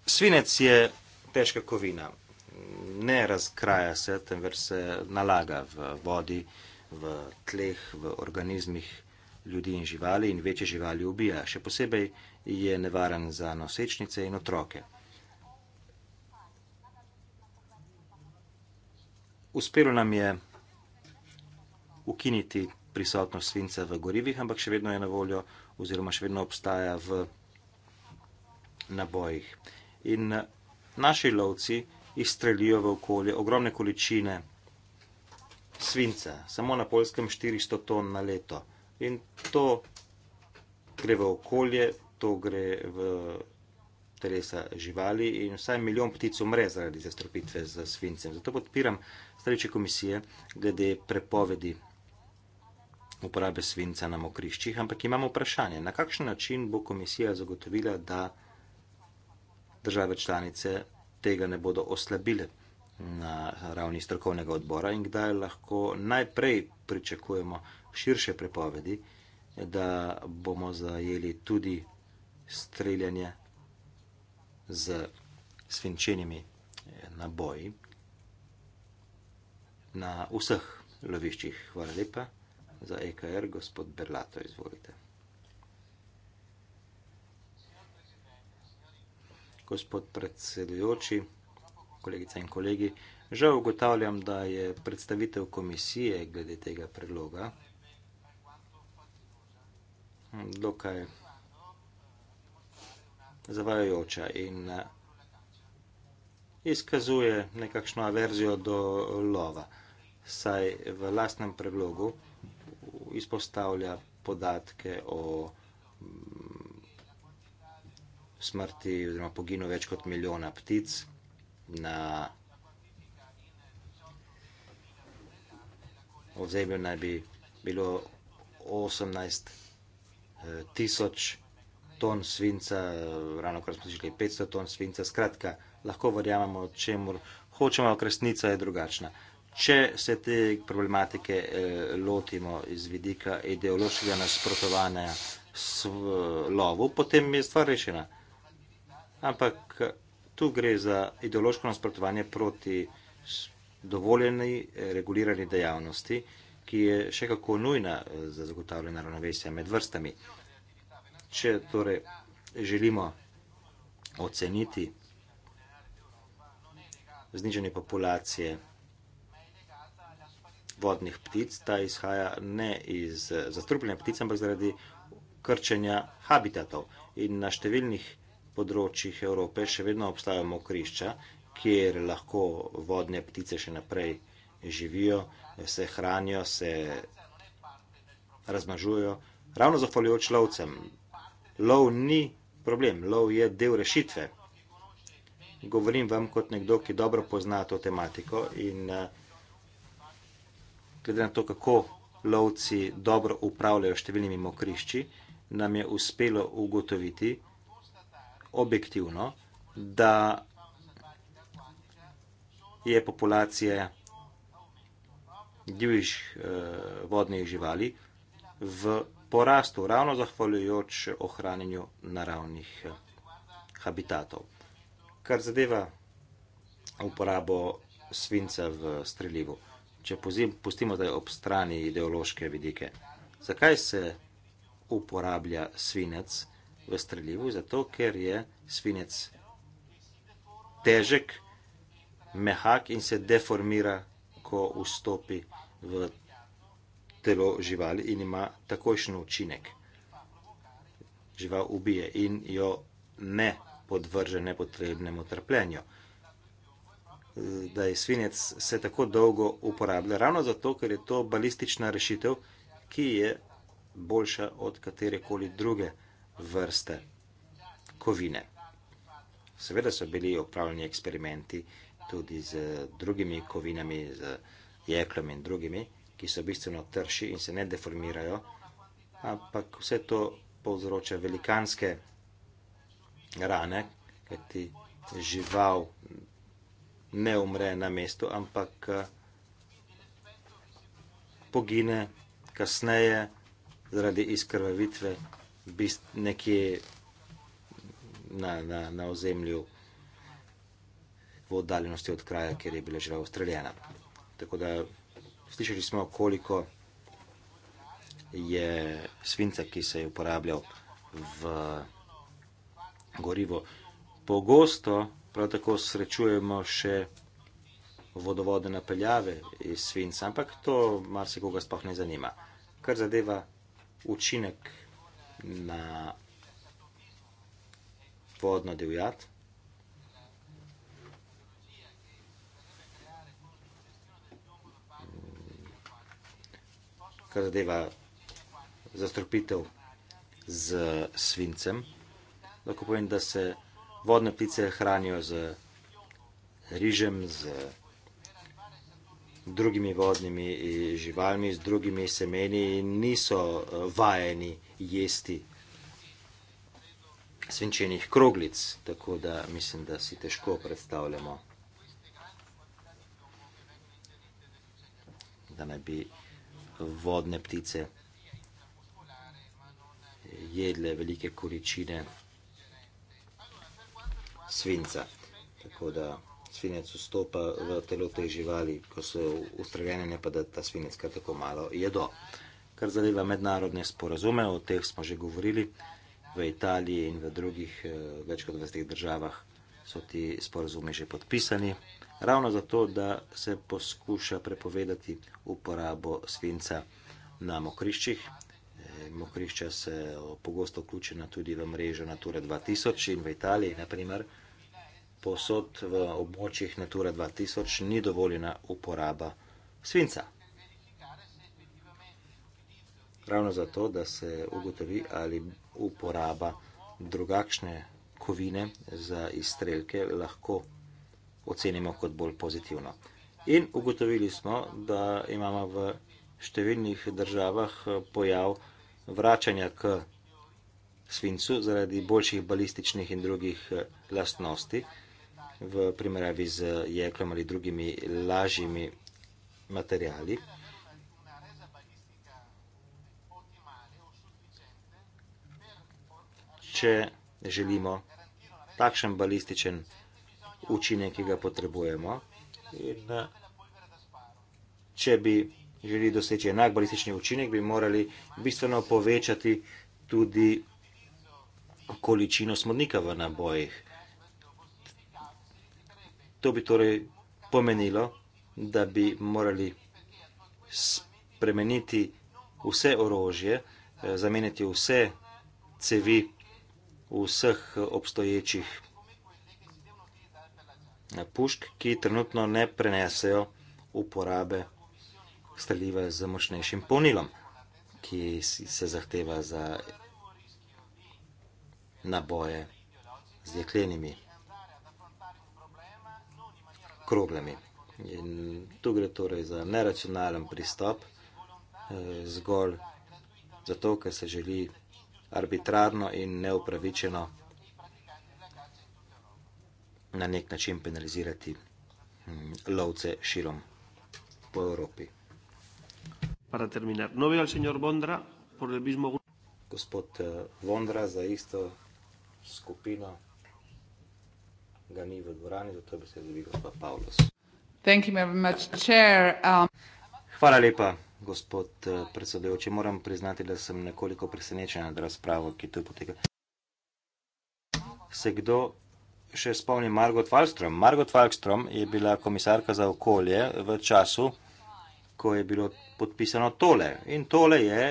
Svinec je težka kovina. Ne razkraja se, temveč se nalaga v vodi, v tleh, v organizmih ljudi in živali in večje živali ubija. Še posebej je nevaren za nosečnice in otroke. Uspelo nam je ukiniti prisotnost svinca v gorivih, ampak še vedno je na voljo oziroma še vedno obstaja v nabojih. In naši lovci izstrelijo v okolje ogromne količine svinca, samo na polskem 400 ton na leto. In to gre v okolje, to gre v telesa živali in vsaj milijon ptic umre zaradi zastrpitve z svincem. Zato podpiram stariče komisije glede prepovedi uporabe svinca na mokriščih, ampak imamo vprašanje, na kakšen način bo komisija zagotovila, da vsega države članice tega ne bodo oslabile na ravni strokovnega odbora in kdaj lahko najprej pričakujemo širše prepovedi, da bomo zajeli tudi streljanje z svinčenimi naboji na vseh loviščih. Hvala lepa za EKR, gospod Berlato, izvolite. gospod predsedujoči, kolegice in kolegi. Žal ugotavljam, da je predstavitev komisije glede tega predloga dokaj zavajajoča in eh, izkazuje nekakšno averzijo do lova. Saj v lastnem predlogu izpostavlja podatke o smrti, oziroma poginu več kot milijona ptic na ozemlju, naj bi bilo 18 eh, tisoč ton svinca, eh, ravno kar smo slišali, 500 ton svinca. Skratka, lahko verjamemo, če hočemo, okresnica je drugačna. Če se te problematike eh, lotimo iz vidika ideološkega nasprotovanja lovu, potem je stvar rešena ampak tu gre za ideološko nasprotovanje proti dovoljeni eh, regulirani dejavnosti, ki je še kako nujna eh, za zagotavljanje ravnovesja med vrstami. Če torej želimo oceniti znižanje populacije vodnih ptic, ta izhaja ne iz eh, zastrupljene ptice, ampak zaradi krčenja habitatov. In na številnih vrstih, področjih Evrope še vedno obstajajo mokrišča, kjer lahko vodne ptice še naprej živijo, se hranijo, se razmažujejo. Ravno zahvaljujoč lovcem. Lov ni problem, lov je del rešitve. Govorim vam kot nekdo, ki dobro pozna to tematiko in eh, glede na to, kako lovci dobro upravljajo številnimi mokrišči, nam je uspelo ugotoviti, objektivno, da je populacija divjih eh, vodnih živali v porastu, ravno zahvaljujoč ohranjanju naravnih eh, habitatov. Kar zadeva uporabo svinca v streljivu, če pozim, pustimo zdaj ob strani ideološke vidike, zakaj se uporablja svinec? v streljivu, zato ker je svinec težek, mehak in se deformira, ko vstopi v telo živali in ima takojšen učinek. Žival ubije in jo ne podvrže nepotrebnemu trpljenju. Da je svinec se tako dolgo uporablja, ravno zato, ker je to balistična rešitev, ki je boljša od katerekoli druge vrste kovine. Seveda so bili opravljeni eksperimenti tudi z drugimi kovinami, z jeklom in drugimi, ki so bistveno trši in se ne deformirajo, ampak vse to povzroča velikanske rane, kajti žival ne umre na mestu, ampak pogine kasneje zaradi izkrvavitve bist, nekje na, na, na ozemlju, v oddaljenosti od kraja, kjer je bila žrtev ustreljena. Tako da slišali smo, koliko je svinca, ki se je uporabljal v gorivo. Pogosto prav tako srečujemo še vodovode napeljave iz svinca, ampak to marsikoga sploh ne zanima. Kar zadeva učinek na vodno divjat. Kar zadeva zastrupitev z svincem, lahko povem, da se vodne ptice hranijo z rižem, z drugimi vodnimi živalmi, z drugimi semeni in niso vajeni jesti svinčenih kroglic, tako da mislim, da si težko predstavljamo, da naj bi vodne ptice jedle velike količine svinca. Tako da svinec vstopa v telo teh živali, ko so ustreljene, ne pa da ta svinec kar tako malo jedo kar zadeva mednarodne sporazume, o teh smo že govorili v Italiji in v drugih eh, več kot 20 državah so ti sporazumi že podpisani. Ravno zato, da se poskuša prepovedati uporabo svinca na mokriščih. Eh, mokrišča se pogosto vključena tudi v mrežo Natura 2000 in v Italiji, naprimer, posod v območjih Natura 2000 ni dovoljena uporaba svinca ravno zato, da se ugotovi ali uporaba drugačne kovine za izstrelke lahko ocenimo kot bolj pozitivno. In ugotovili smo, da imamo v številnih državah pojav vračanja k svincu zaradi boljših balističnih in drugih eh, lastnosti v primerjavi z jeklom ali drugimi lažjimi materiali. če želimo takšen balističen učinek, ki ga potrebujemo. In eh, če bi želi doseči enak balistični učinek, bi morali bistveno povečati tudi količino smodnika v nabojih. To bi torej pomenilo, da bi morali spremeniti vse orožje, eh, zameniti vse cevi vseh obstoječih pušk, ki trenutno ne prenesejo uporabe streljiva z močnejšim polnilom, ki se zahteva za naboje z jeklenimi kroglami. In tu gre torej za neracionalen pristop, eh, zgolj zato, ker se želi arbitrarno in neupravičeno na nek način penalizirati mm, lovce širom po Evropi. Para terminar. No veo al señor Bondra por el mismo grupo. Gospod eh, Vondra za isto skupino ga ni v dvorani, zato bi se zdravil gospod Paulus. Thank you very much, chair. Um... Hvala lepa gospod eh, predsedujoči. Moram priznati, da sem nekoliko presenečen nad razpravo, ki tu poteka. Se kdo še spomni Margot Falkstrom? Margot Falkstrom je bila komisarka za okolje v času, ko je bilo podpisano tole. In tole je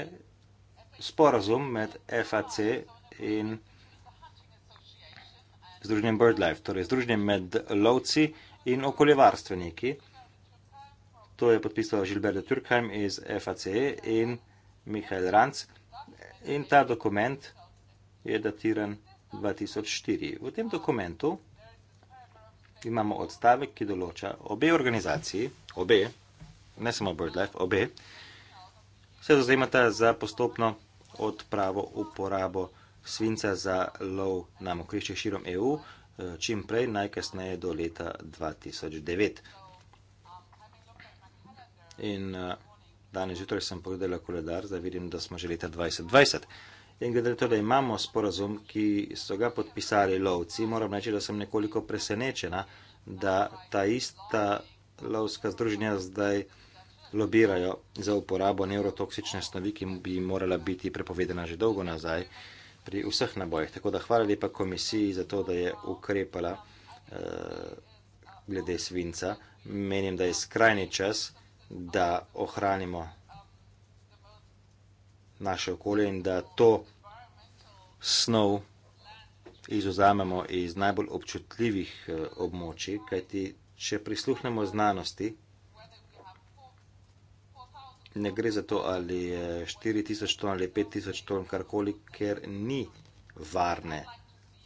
sporazum med FAC in Združenjem BirdLife, torej Združenjem med lovci in okoljevarstveniki. To je podpisal Žilberto Türkheim iz FACE in Mihajl Ranc. In ta dokument je datiran 2004. V tem dokumentu imamo odstavek, ki določa obe organizaciji, obe, ne samo BirdLife, obe, se zazemata za postopno odpravo uporabo svinca za lov na mokrišče širom EU eh, čim prej, najkasneje do leta 2009. In uh, danes zjutraj sem pogledala koledar, da vidim, da smo že leta 2020. In glede na to, da imamo sporazum, ki so ga podpisali lovci, moram reči, da sem nekoliko presenečena, da ta ista lovska združenja zdaj lobirajo za uporabo neurotoksične snovi, ki bi morala biti prepovedana že dolgo nazaj pri vseh nabojih. Tako da hvala lepa komisiji za to, da je ukrepala uh, glede svinca. Menim, da je skrajni čas da ohranimo naše okolje in da to snov izuzamemo iz najbolj občutljivih eh, območij, kajti če prisluhnemo znanosti, ne gre za to, ali je 4000 ton ali 5000 ton karkoli, ker ni varne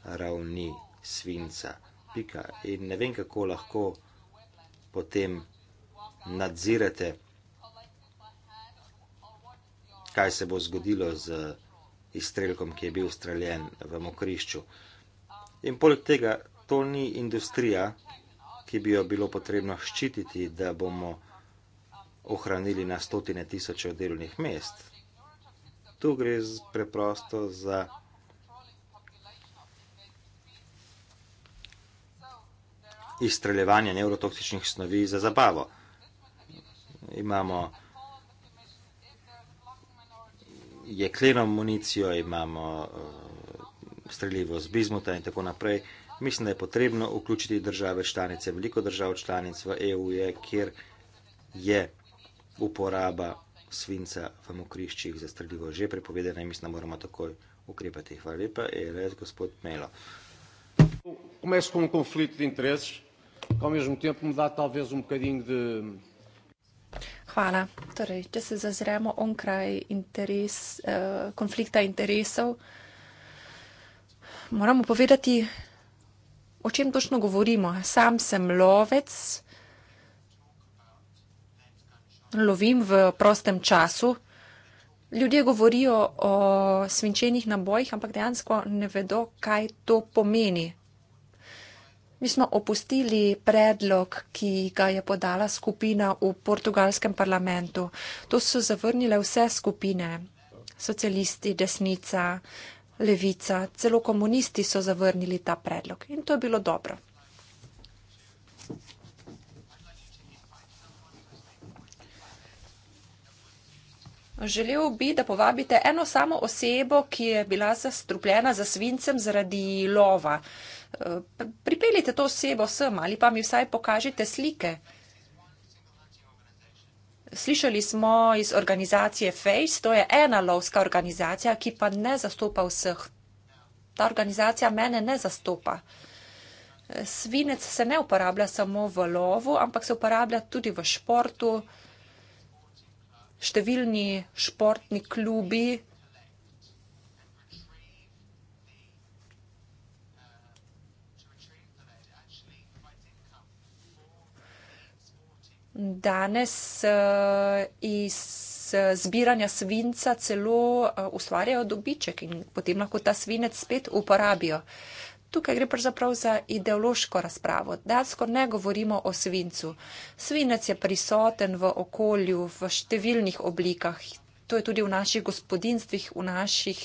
ravni svinca. Pika. In ne vem, kako lahko potem nadzirate, kaj se bo zgodilo z izstrelkom, ki je bil streljen v mokrišču. In poleg tega, to ni industrija, ki bi jo bilo potrebno ščititi, da bomo ohranili na stotine tisoče delovnih mest. Tu gre preprosto za. Izstreljevanje nevrotoksičnih snovi za zabavo imamo jekleno municijo, imamo eh, streljivo z bizmuta in tako naprej. Mislim, da je potrebno vključiti države članice, veliko držav članic v EU je, kjer je uporaba svinca v mokriščih za streljivo že prepovedena in mislim, da moramo takoj ukrepati. Hvala lepa, je res gospod Melo. Começo com um conflito de interesses, que ao mesmo tempo me dá talvez um bocadinho de, Hvala. Torej, če se zazremo onkraj interes, eh, konflikta interesov, moramo povedati, o čem točno govorimo. Sam sem lovec, lovim v prostem času. Ljudje govorijo o svinčenih nabojih, ampak dejansko ne vedo, kaj to pomeni. Mi smo opustili predlog, ki ga je podala skupina v portugalskem parlamentu. To so zavrnile vse skupine. Socialisti, desnica, levica, celo komunisti so zavrnili ta predlog. In to je bilo dobro. Želel bi, da povabite eno samo osebo, ki je bila zastrupljena za svincem zaradi lova pripeljite to osebo sem ali pa mi vsaj pokažite slike. Slišali smo iz organizacije FACE, to je ena lovska organizacija, ki pa ne zastopa vseh. Ta organizacija mene ne zastopa. Svinec se ne uporablja samo v lovu, ampak se uporablja tudi v športu. Številni športni klubi danes eh, iz eh, zbiranja svinca celo eh, ustvarjajo dobiček in potem lahko ta svinec spet uporabijo. Tukaj gre pravzaprav za ideološko razpravo. Dansko ne govorimo o svincu. Svinec je prisoten v okolju v številnih oblikah, to je tudi v naših gospodinstvih, v naših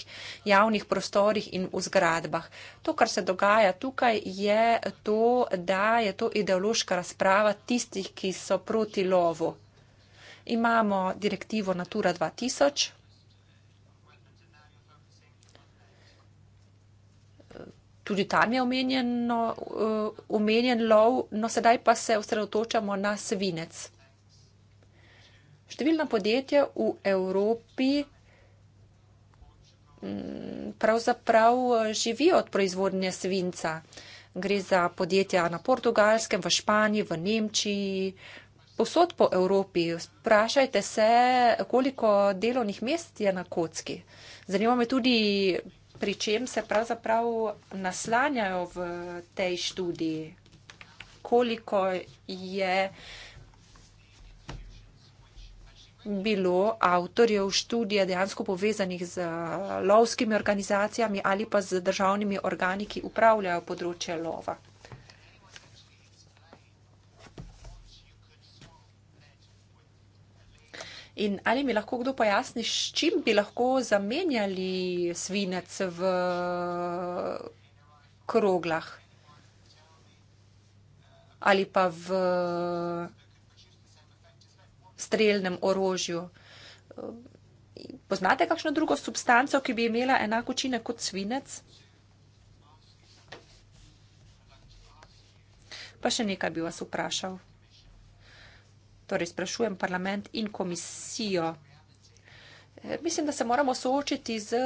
javnih prostorih in v zgradbah. To, kar se dogaja tukaj, je to, da je to ideološka razprava tistih, ki so proti lovu. Imamo direktivo Natura 2000. Tudi tam je omenjen, eh, omenjen lov, no sedaj pa se osredotočamo na svinec. Številna podjetja v Evropi mm, pravzaprav eh, živijo od proizvodnje svinca. Gre za podjetja na portugalskem, v Španiji, v Nemčiji, posod po Evropi. Sprašajte se, koliko delovnih mest je na kocki. Zanima me tudi, pri čem se pravzaprav naslanjajo v tej študiji. Koliko je bilo avtorjev študije dejansko povezanih z eh, lovskimi organizacijami ali pa z državnimi organi, ki upravljajo področje lova. In ali mi lahko kdo pojasni, s čim bi lahko zamenjali svinec v eh, kroglah ali pa v strelnem orožju. Poznate kakšno drugo substanco, ki bi imela enako učinek kot svinec? Pa še nekaj bi vas vprašal. Torej, sprašujem parlament in komisijo. Eh, mislim, da se moramo soočiti z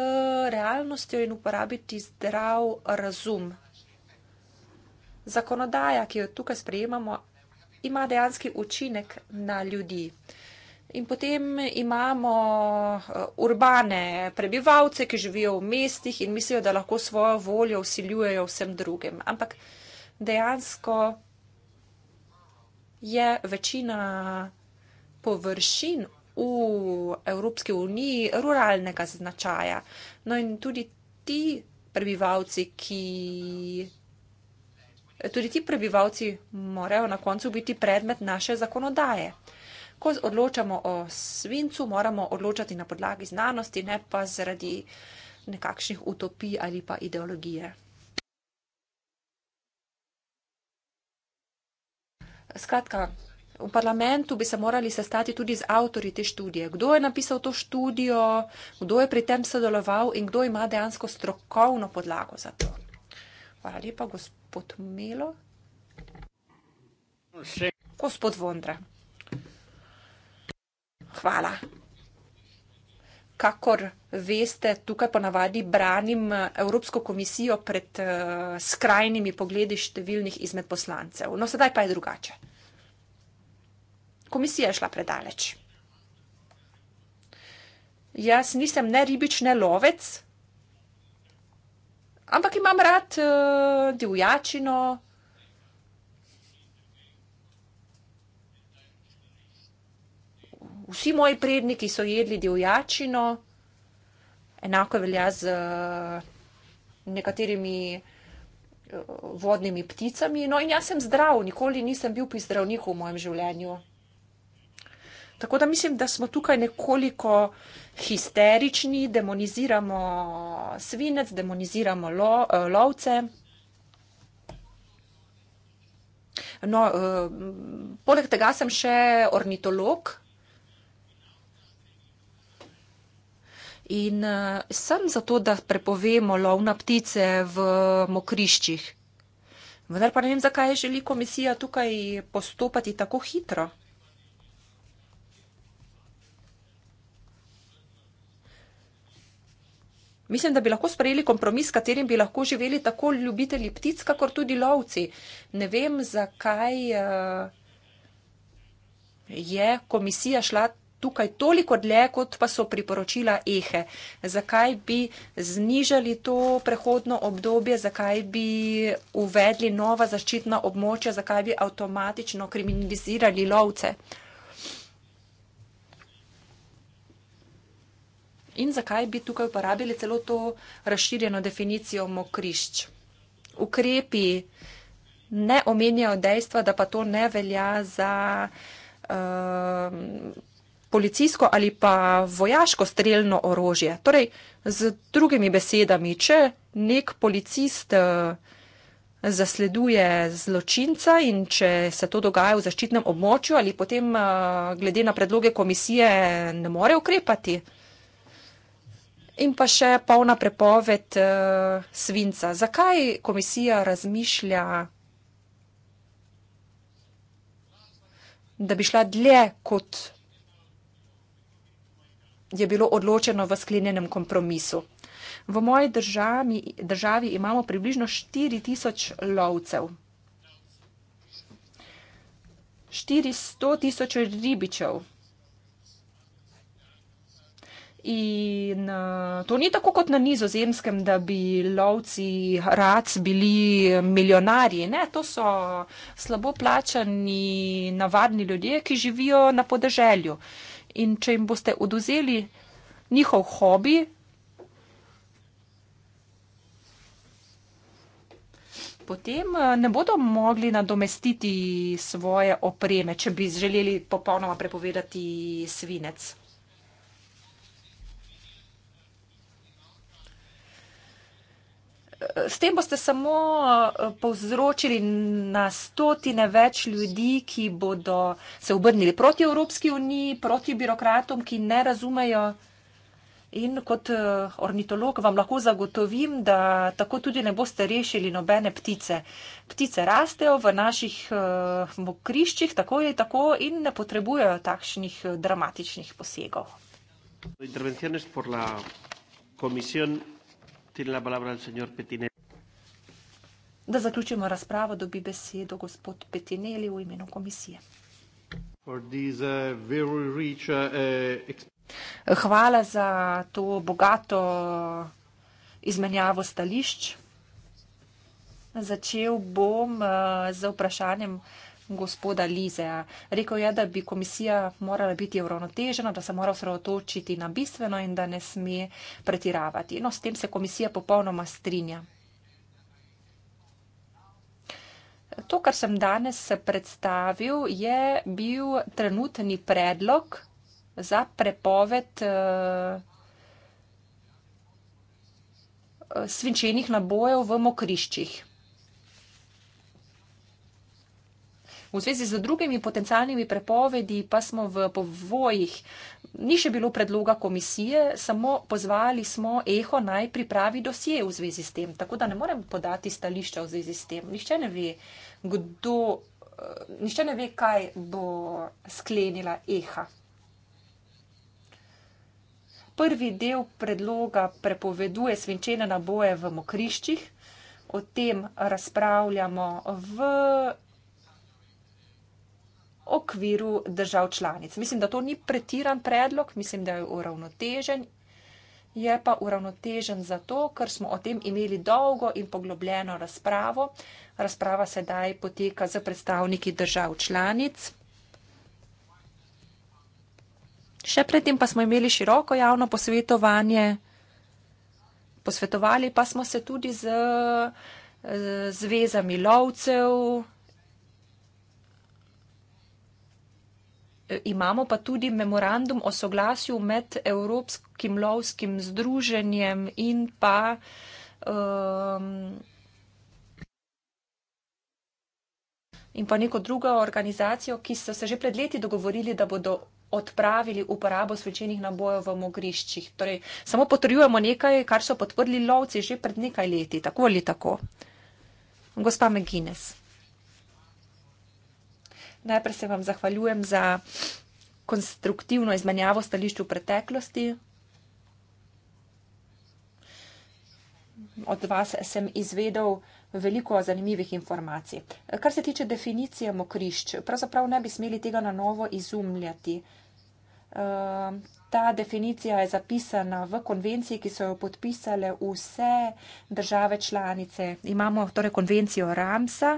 realnostjo in uporabiti zdrav razum. Zakonodaja, ki jo tukaj sprejemamo, ima dejanski učinek na ljudi. In potem imamo eh, urbane prebivalce, ki živijo v mestih in mislijo, da lahko svojo voljo usiljujejo vsem drugim. Ampak dejansko je večina površin v Evropski uniji ruralnega značaja. No in tudi ti prebivalci, ki Tudi ti prebivalci morajo na koncu biti predmet naše zakonodaje. Ko odločamo o svincu, moramo odločati na podlagi znanosti, ne pa zaradi nekakšnih utopij ali pa ideologije. Skratka, v parlamentu bi se morali sestati tudi z avtori te študije. Kdo je napisal to študijo, kdo je pri tem sodeloval in kdo ima dejansko strokovno podlago za to. Hvala lepa, gospod Melo. Vse. Gospod Vondra. Hvala. Kakor veste, tukaj ponavadi branim eh, Evropsko komisijo pred uh, skrajnimi pogledi številnih izmed poslancev. No, sedaj pa je drugače. Komisija je šla predaleč. Jaz nisem ne ribič, ne lovec, Ampak imam rad uh, divjačino. Vsi moji predniki so jedli divjačino, enako velja z eh, nekaterimi eh, vodnimi pticami. No, in jaz sem zdrav, nikoli nisem bil pri zdravniku v mojem življenju. Tako da mislim, da smo tukaj nekoliko histerični, demoniziramo svinec, demoniziramo lo, eh, lovce. No, eh, poleg tega sem še ornitolog. In eh, sem zato, da prepovemo lov na ptice v mokriščih. Vendar pa ne vem, zakaj želi komisija tukaj postopati tako hitro. Mislim, da bi lahko sprejeli kompromis, s katerim bi lahko živeli tako ljubitelji ptic, kakor tudi lovci. Ne vem, zakaj uh, je komisija šla tukaj toliko dlje, kot pa so priporočila Ehe. Zakaj bi znižali to prehodno obdobje, zakaj bi uvedli nova zaščitna območja, zakaj bi avtomatično kriminalizirali lovce. Uh, In zakaj bi tukaj uporabili celo to razširjeno definicijo mokrišč? Ukrepi ne omenjajo dejstva, da pa to ne velja za uh, policijsko ali pa vojaško streljno orožje. Torej, z drugimi besedami, če nek policist eh, zasleduje zločinca in če se to dogaja v zaščitnem območju ali potem eh, glede na predloge komisije ne more ukrepati. In pa še polna prepoved uh, svinca. Zakaj komisija razmišlja, da bi šla dlje, kot je bilo odločeno v sklenjenem kompromisu? V moji državi, državi imamo približno 4000 lovcev, 400 tisoč ribičev. In uh, to ni tako kot na nizozemskem, da bi lovci rad bili milijonarji. Ne, to so slabo plačani, navadni ljudje, ki živijo na podeželju. In če jim boste oduzeli njihov hobi, potem eh, ne bodo mogli nadomestiti svoje opreme, če bi želeli popolnoma prepovedati svinec. s tem boste samo eh, povzročili na stotine več ljudi, ki bodo se obrnili proti Evropski uniji, proti birokratom, ki ne razumejo. In kot eh, ornitolog vam lahko zagotovim, da tako tudi ne boste rešili nobene ptice. Ptice rastejo v naših eh, mokriščih tako in tako in ne potrebujejo takšnih dramatičnih posegov. Intervencijane por la komisijo. Tiene la palabra el señor Petinelli. Da zaključimo razpravo, dobi besedo gospod Petinelli v imenu komisije. Uh, uh, Hvala za to bogato izmenjavo stališč. Začel bom uh, z vprašanjem uh, gospoda Lizeja. Rekl je, da bi komisija morala biti uravnotežena, da se mora osredotočiti na bistveno in da ne sme pretiravati. No, s tem se komisija popolnoma strinja. To, kar sem danes predstavil, je bil trenutni predlog za prepoved eh, svinčenih nabojev v mokriščih. V zvezi z drugimi potencialnimi prepovedi pa smo v povojih. Ni še bilo predloga komisije, samo pozvali smo EHO naj pripravi dosje v zvezi s tem. Tako da ne morem podati stališča v zvezi s tem. Nihče ne ve, kdo, eh, nihče ne ve, kaj bo sklenila EHA. Prvi del predloga prepoveduje svinčene naboje v mokriščih. O tem razpravljamo v okviru držav članic. Mislim, da to ni pretiran predlog, mislim, da je uravnotežen. Je pa uravnotežen zato, ker smo o tem imeli dolgo in poglobljeno razpravo. Razprava sedaj poteka z predstavniki držav članic. Še predtem pa smo imeli široko javno posvetovanje, posvetovali pa smo se tudi z zvezami lovcev, Eh, imamo pa tudi memorandum o soglasju med Evropskim lovskim združenjem in pa um, In pa neko drugo organizacijo, ki so se že pred leti dogovorili, da bodo odpravili uporabo svečenih nabojev v mogriščih. Torej, samo potrjujemo nekaj, kar so podprli lovci že pred nekaj leti, tako ali tako. Gospa McGuinness. Najprej se vam zahvaljujem za konstruktivno izmenjavo stališč v preteklosti. Od vas sem izvedel veliko zanimivih informacij. Kar se tiče definicije mokrišč, pravzaprav ne bi smeli tega na novo izumljati. Ehm, ta definicija je zapisana v konvenciji, ki so jo podpisale vse države članice. Imamo torej konvencijo Ramsa,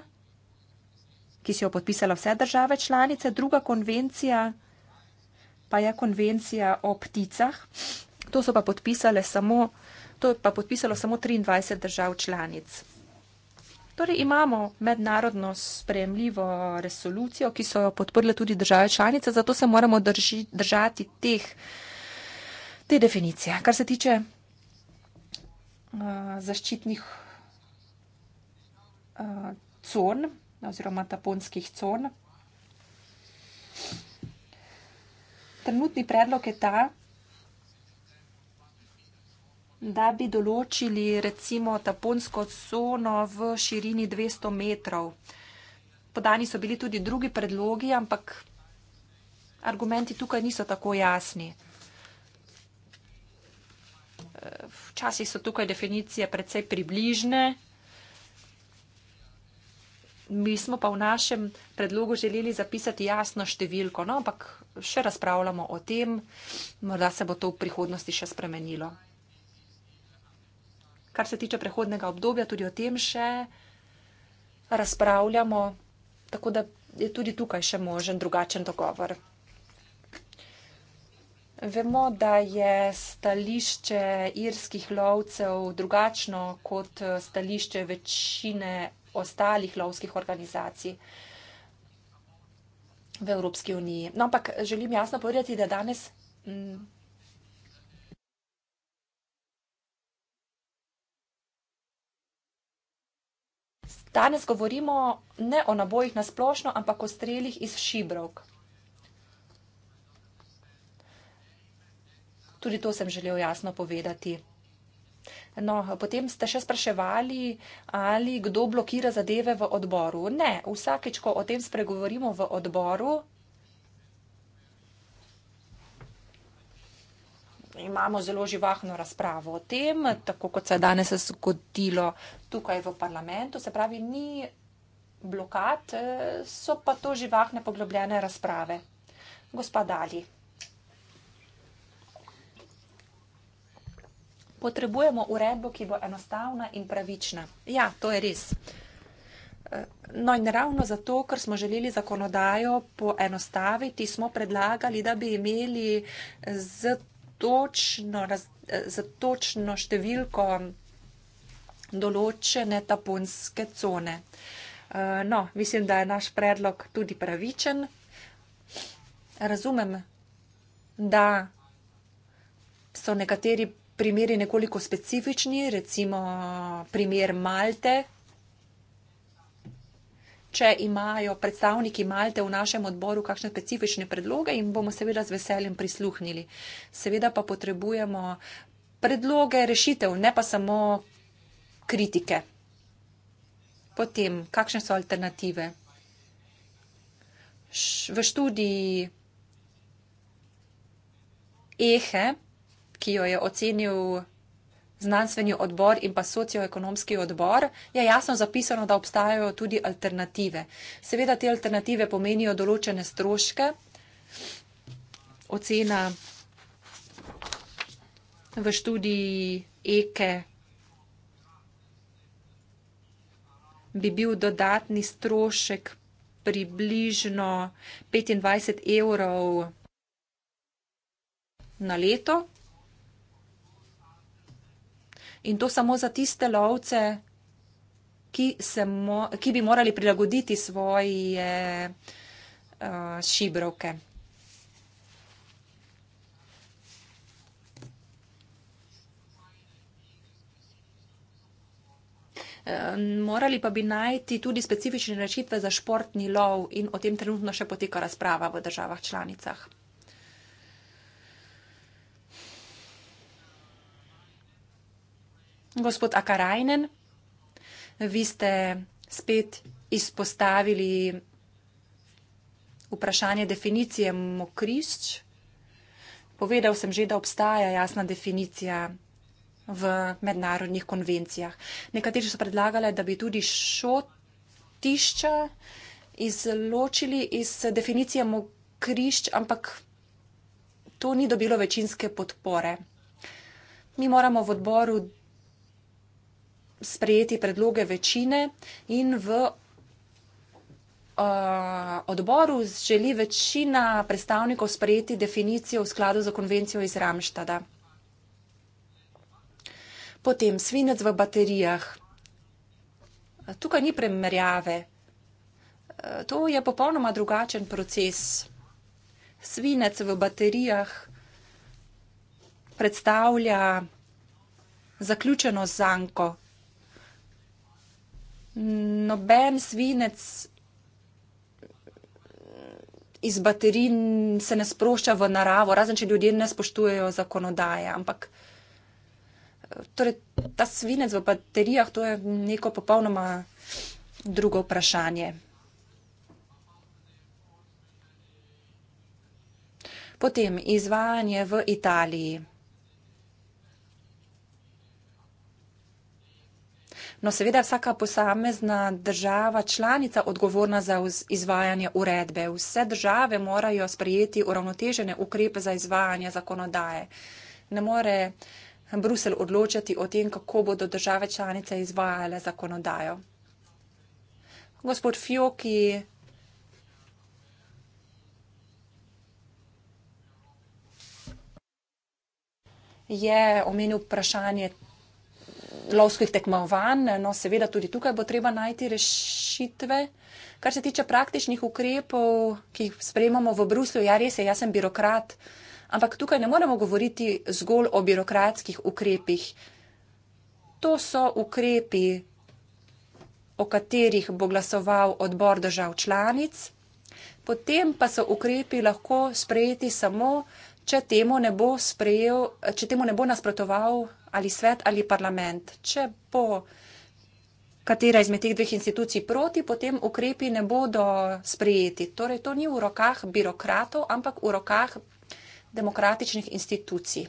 ki so jo podpisale vse države članice, druga konvencija pa je konvencija o pticah. To so pa podpisale samo, to je pa podpisalo samo 23 držav članic. Torej imamo mednarodno spremljivo resolucijo, ki so jo podprle tudi države članice, zato se moramo drži, držati teh, te definicije. Kar se tiče uh, zaščitnih uh, con, oziroma taponskih con. Trenutni predlog je ta, da bi določili recimo taponsko cono v širini 200 metrov. Podani so bili tudi drugi predlogi, ampak argumenti tukaj niso tako jasni. Včasih so tukaj definicije predvsej približne mi smo pa v našem predlogu želeli zapisati jasno številko, no, ampak še razpravljamo o tem, morda se bo to v prihodnosti še spremenilo. Kar se tiče prehodnega obdobja, tudi o tem še razpravljamo, tako da je tudi tukaj še možen drugačen dogovor. Vemo, da je stališče irskih lovcev drugačno kot stališče večine ostalih lovskih organizacij v Evropski uniji. No, ampak želim jasno povedati, da danes mm, Danes govorimo ne o nabojih na splošno, ampak o strelih iz šibrovk. Tudi to sem želel jasno povedati. No, potem ste še spraševali, ali kdo blokira zadeve v odboru. Ne, vsakeč, ko o tem spregovorimo v odboru, imamo zelo živahno razpravo o tem, tako kot se je danes zgodilo tukaj v parlamentu. Se pravi, ni blokad, so pa to živahne poglobljene razprave. Gospa Dali. Potrebujemo uredbo, ki bo enostavna in pravična. Ja, to je res. Eh, no in ravno zato, ker smo želeli zakonodajo poenostaviti, smo predlagali, da bi imeli eh, z točno, raz, eh, z točno številko določene taponske cone. No, mislim, da je naš predlog tudi pravičen. Razumem, da so nekateri primeri nekoliko specifični, recimo primer Malte. Če imajo predstavniki Malte v našem odboru kakšne specifične predloge, jim bomo seveda z veseljem prisluhnili. Seveda pa potrebujemo predloge rešitev, ne pa samo kritike. Potem, kakšne so alternative? V študiji Ehe ki jo je ocenil znanstveni odbor in pa socioekonomski odbor, je jasno zapisano, da obstajajo tudi alternative. Seveda te alternative pomenijo določene stroške. Ocena v študiji EKE bi bil dodatni strošek približno 25 evrov na leto in to samo za tiste lovce, ki, mo ki bi morali prilagoditi svoje uh, šibrovke. Eh, morali pa bi najti tudi specifične rešitve za športni lov in o tem trenutno še poteka razprava v državah članicah. Gospod Akarajnen, vi ste spet izpostavili vprašanje definicije mokrišč. Povedal sem že, da obstaja jasna definicija v mednarodnih konvencijah. Nekateri so predlagali, da bi tudi šotišča izločili iz definicije mokrišč, ampak to ni dobilo večinske podpore. Mi moramo v odboru sprejeti predloge večine in v uh, odboru želi večina predstavnikov sprejeti definicijo v skladu za konvencijo iz Ramštada. Potem svinec v baterijah. Tukaj ni premerjave. Uh, to je popolnoma drugačen proces. Svinec v baterijah predstavlja zaključeno zanko, noben svinec iz baterij se ne sprošča v naravo, razen če ljudje ne spoštujejo zakonodaje. Ampak eh, torej, ta svinec v baterijah, to je neko popolnoma drugo vprašanje. Potem izvajanje v Italiji. No, seveda, vsaka posamezna država članica odgovorna za izvajanje uredbe. Vse države morajo sprejeti uravnotežene ukrepe za izvajanje zakonodaje. Ne more Bruselj odločati o tem, kako bodo države članice izvajale zakonodajo. Gospod Fjoki. Je omenil vprašanje lovskih tekmovanj. No, seveda tudi tukaj bo treba najti rešitve. Kar se tiče praktičnih ukrepov, ki jih sprejemamo v Bruslju, ja, res je, jaz sem birokrat, ampak tukaj ne moremo govoriti zgolj o birokratskih ukrepih. To so ukrepi, o katerih bo glasoval odbor držav članic, potem pa so ukrepi lahko sprejeti samo, če temu ne bo, sprejel, če temu ne bo nasprotoval ali svet ali parlament. Če bo katera izmed teh dveh institucij proti, potem ukrepi ne bodo sprejeti. Torej, to ni v rokah birokratov, ampak v rokah demokratičnih institucij.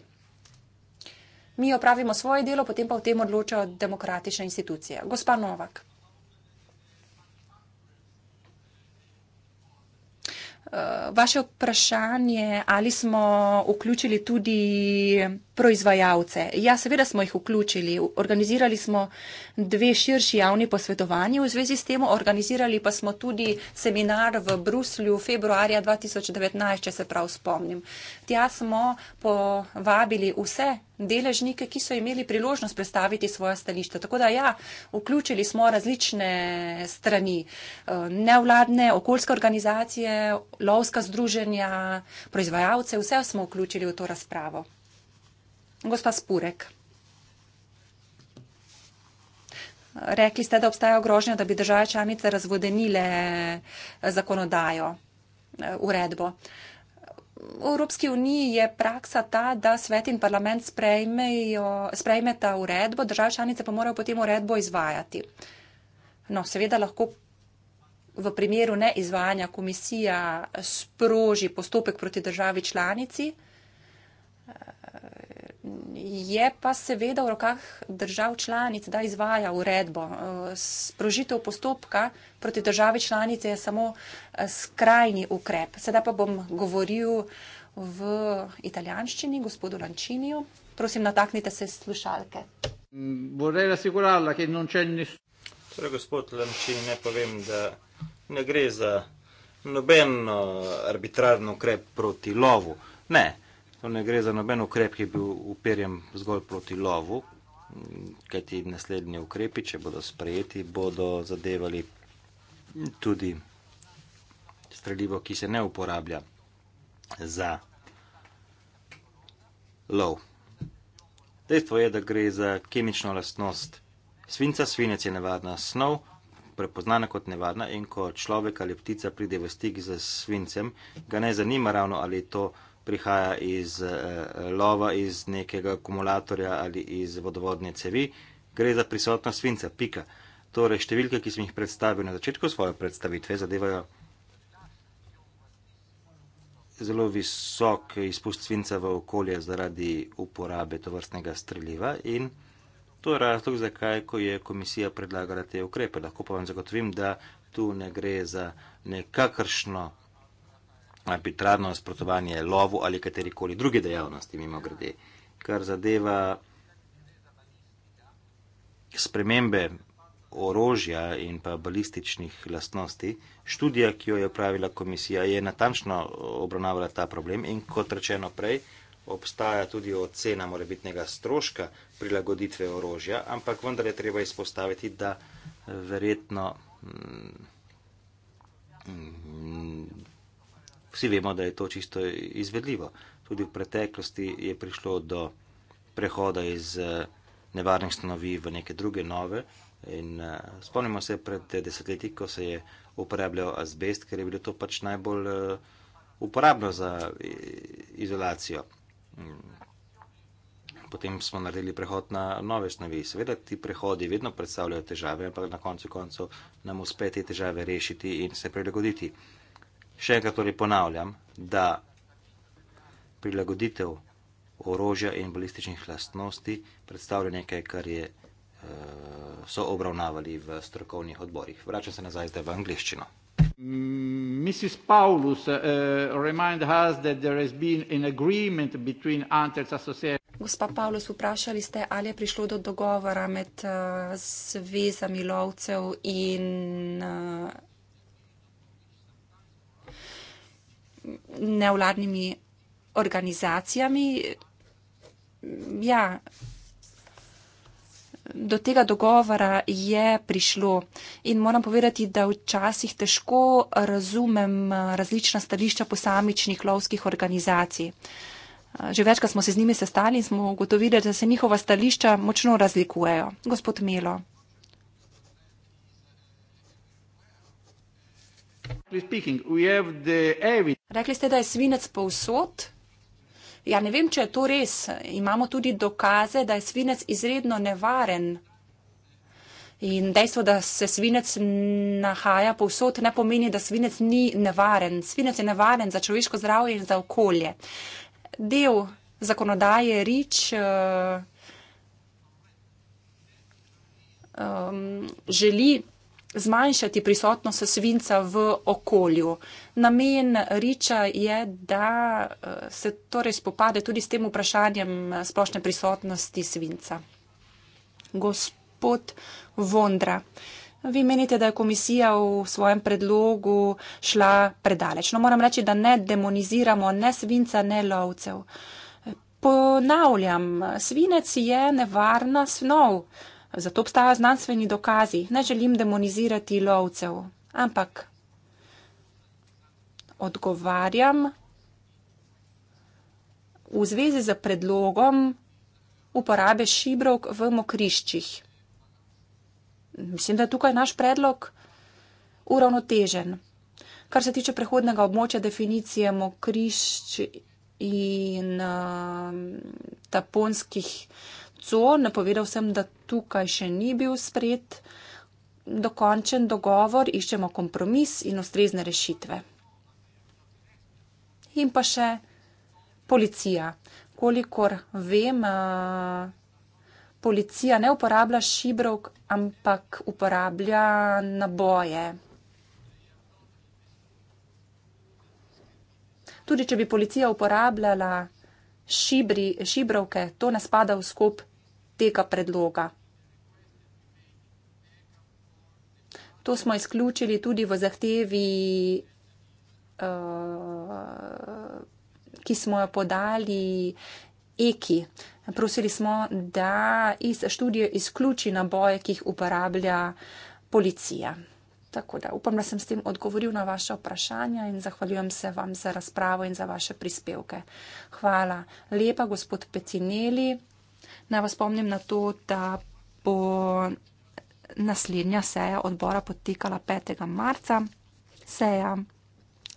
Mi opravimo svoje delo, potem pa v tem odločajo demokratične institucije. Gospa Novak. Eh, vaše vprašanje, ali smo vključili tudi proizvajalce. Ja, seveda smo jih vključili. Organizirali smo dve širši javni posvetovanji v zvezi s tem, organizirali pa smo tudi seminar v Bruslju februarja 2019, če se prav spomnim. Tja smo povabili vse deležnike, ki so imeli priložnost predstaviti svoja stališča. Tako da ja, vključili smo različne strani, eh, nevladne, okoljske organizacije, lovska združenja, proizvajalce, vse smo vključili v to razpravo. Gospa Spurek. Rekli ste, da obstaja grožnja, da bi države članice razvodenile eh, zakonodajo, eh, uredbo. V Evropski uniji je praksa ta, da svet in parlament sprejmeta uredbo, države članice pa morajo potem uredbo izvajati. No, seveda lahko v primeru neizvajanja komisija sproži postopek proti državi članici je pa seveda v rokah držav članic, da izvaja uredbo. Eh, sprožitev postopka proti državi članice je samo eh, skrajni ukrep. Sedaj pa bom govoril v italijanščini gospodu Lančiniju. Prosim, nataknite se slušalke. Vorrei rassicurarla che non c'è nessuno. Torej, gospod Lančini, ne povem, da ne gre za noben eh, arbitrarno ukrep proti lovu. Ne. To ne gre za noben ukrep, ki bi uperjen zgolj proti lovu, kaj ti naslednji ukrepi, če bodo sprejeti, bodo zadevali tudi streljivo, ki se ne uporablja za lov. Dejstvo je, da gre za kemično lastnost svinca. Svinec je nevadna snov, prepoznana kot nevadna in ko človek ali ptica pride v stik z svincem, ga ne zanima ravno ali je to nevadna prihaja iz eh, lova, iz nekega akumulatorja ali iz vodovodne cevi, gre za prisotnost svinca, pika. Torej, številke, ki sem jih predstavil na začetku svoje predstavitve, zadevajo zelo visok izpust svinca v okolje zaradi uporabe tovrstnega streljiva in to je razlog, zakaj, ko je komisija predlagala te ukrepe. Lahko pa vam zagotovim, da tu ne gre za nekakršno arbitrarno nasprotovanje lovu ali katerikoli druge dejavnosti, mimo grede. Kar zadeva spremembe orožja in pa balističnih lastnosti, študija, ki jo je pravila komisija, je natančno obravnavala ta problem in kot rečeno prej, obstaja tudi ocena morebitnega stroška prilagoditve orožja, ampak vendar je treba izpostaviti, da verjetno. Mm, mm, vsi vemo, da je to čisto izvedljivo. Tudi v preteklosti je prišlo do prehoda iz eh, nevarnih stanovi v neke druge nove. In, uh, spomnimo se pred eh, desetletji, ko se je uporabljal azbest, ker je bilo to pač najbolj uh, uporabno za izolacijo. Mm. Potem smo naredili prehod na nove snovi. Seveda ti prehodi vedno predstavljajo težave, ampak na koncu koncev nam uspe te težave rešiti in se prilagoditi. Še enkrat torej ponavljam, da prilagoditev orožja in balističnih lastnosti predstavlja nekaj, kar je, eh, so obravnavali v strokovnih odborih. Vračam se nazaj zdaj v angliščino. Mrs. Paulus uh, remind us that there has been an agreement between Antels Association. Gospa Paulus, vprašali ste, ali je prišlo do dogovora med uh, zvezami lovcev in uh, nevladnimi organizacijami. Ja, do tega dogovora je prišlo in moram povedati, da včasih težko razumem eh, različna stališča posamičnih lovskih organizacij. Eh, že večkrat smo se z njimi sestali in smo ugotovili, da se njihova stališča močno razlikujejo. Gospod Melo. Speaking, Rekli ste, da je svinec povsod. Ja, ne vem, če je to res. Imamo tudi dokaze, da je svinec izredno nevaren. In dejstvo, da se svinec nahaja povsod, ne pomeni, da svinec ni nevaren. Svinec je nevaren za človeško zdravje in za okolje. Del zakonodaje rič uh, um, želi zmanjšati prisotnost svinca v okolju. Namen Riča je, da eh, se torej spopade tudi s tem vprašanjem eh, splošne prisotnosti svinca. Gospod Vondra, vi menite, da je komisija v svojem predlogu šla predaleč. No, moram reči, da ne demoniziramo ne svinca, ne lovcev. Ponavljam, svinec je nevarna snov. Zato obstajajo znanstveni dokazi. Ne želim demonizirati lovcev, ampak odgovarjam v zvezi z predlogom uporabe šibrovk v mokriščih. Mislim, da je tukaj naš predlog uravnotežen. Kar se tiče prehodnega območja definicije mokrišč in uh, taponskih srcu, napovedal sem, da tukaj še ni bil spred dokončen dogovor, iščemo kompromis in ustrezne rešitve. In pa še policija. Kolikor vem, policija ne uporablja šibrovk, ampak uporablja naboje. Tudi če bi policija uporabljala šibri, šibrovke, to ne spada v skup tega predloga. To smo izključili tudi v zahtevi, eh, ki smo jo podali EKI. Prosili smo, da iz študije izključi naboje, ki jih uporablja policija. Tako da upam, da sem s tem odgovoril na vaše vprašanja in zahvaljujem se vam za razpravo in za vaše prispevke. Hvala lepa, gospod Petineli. Naj vas spomnim na to, da bo naslednja seja odbora potekala 5. marca. Seja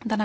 današnja.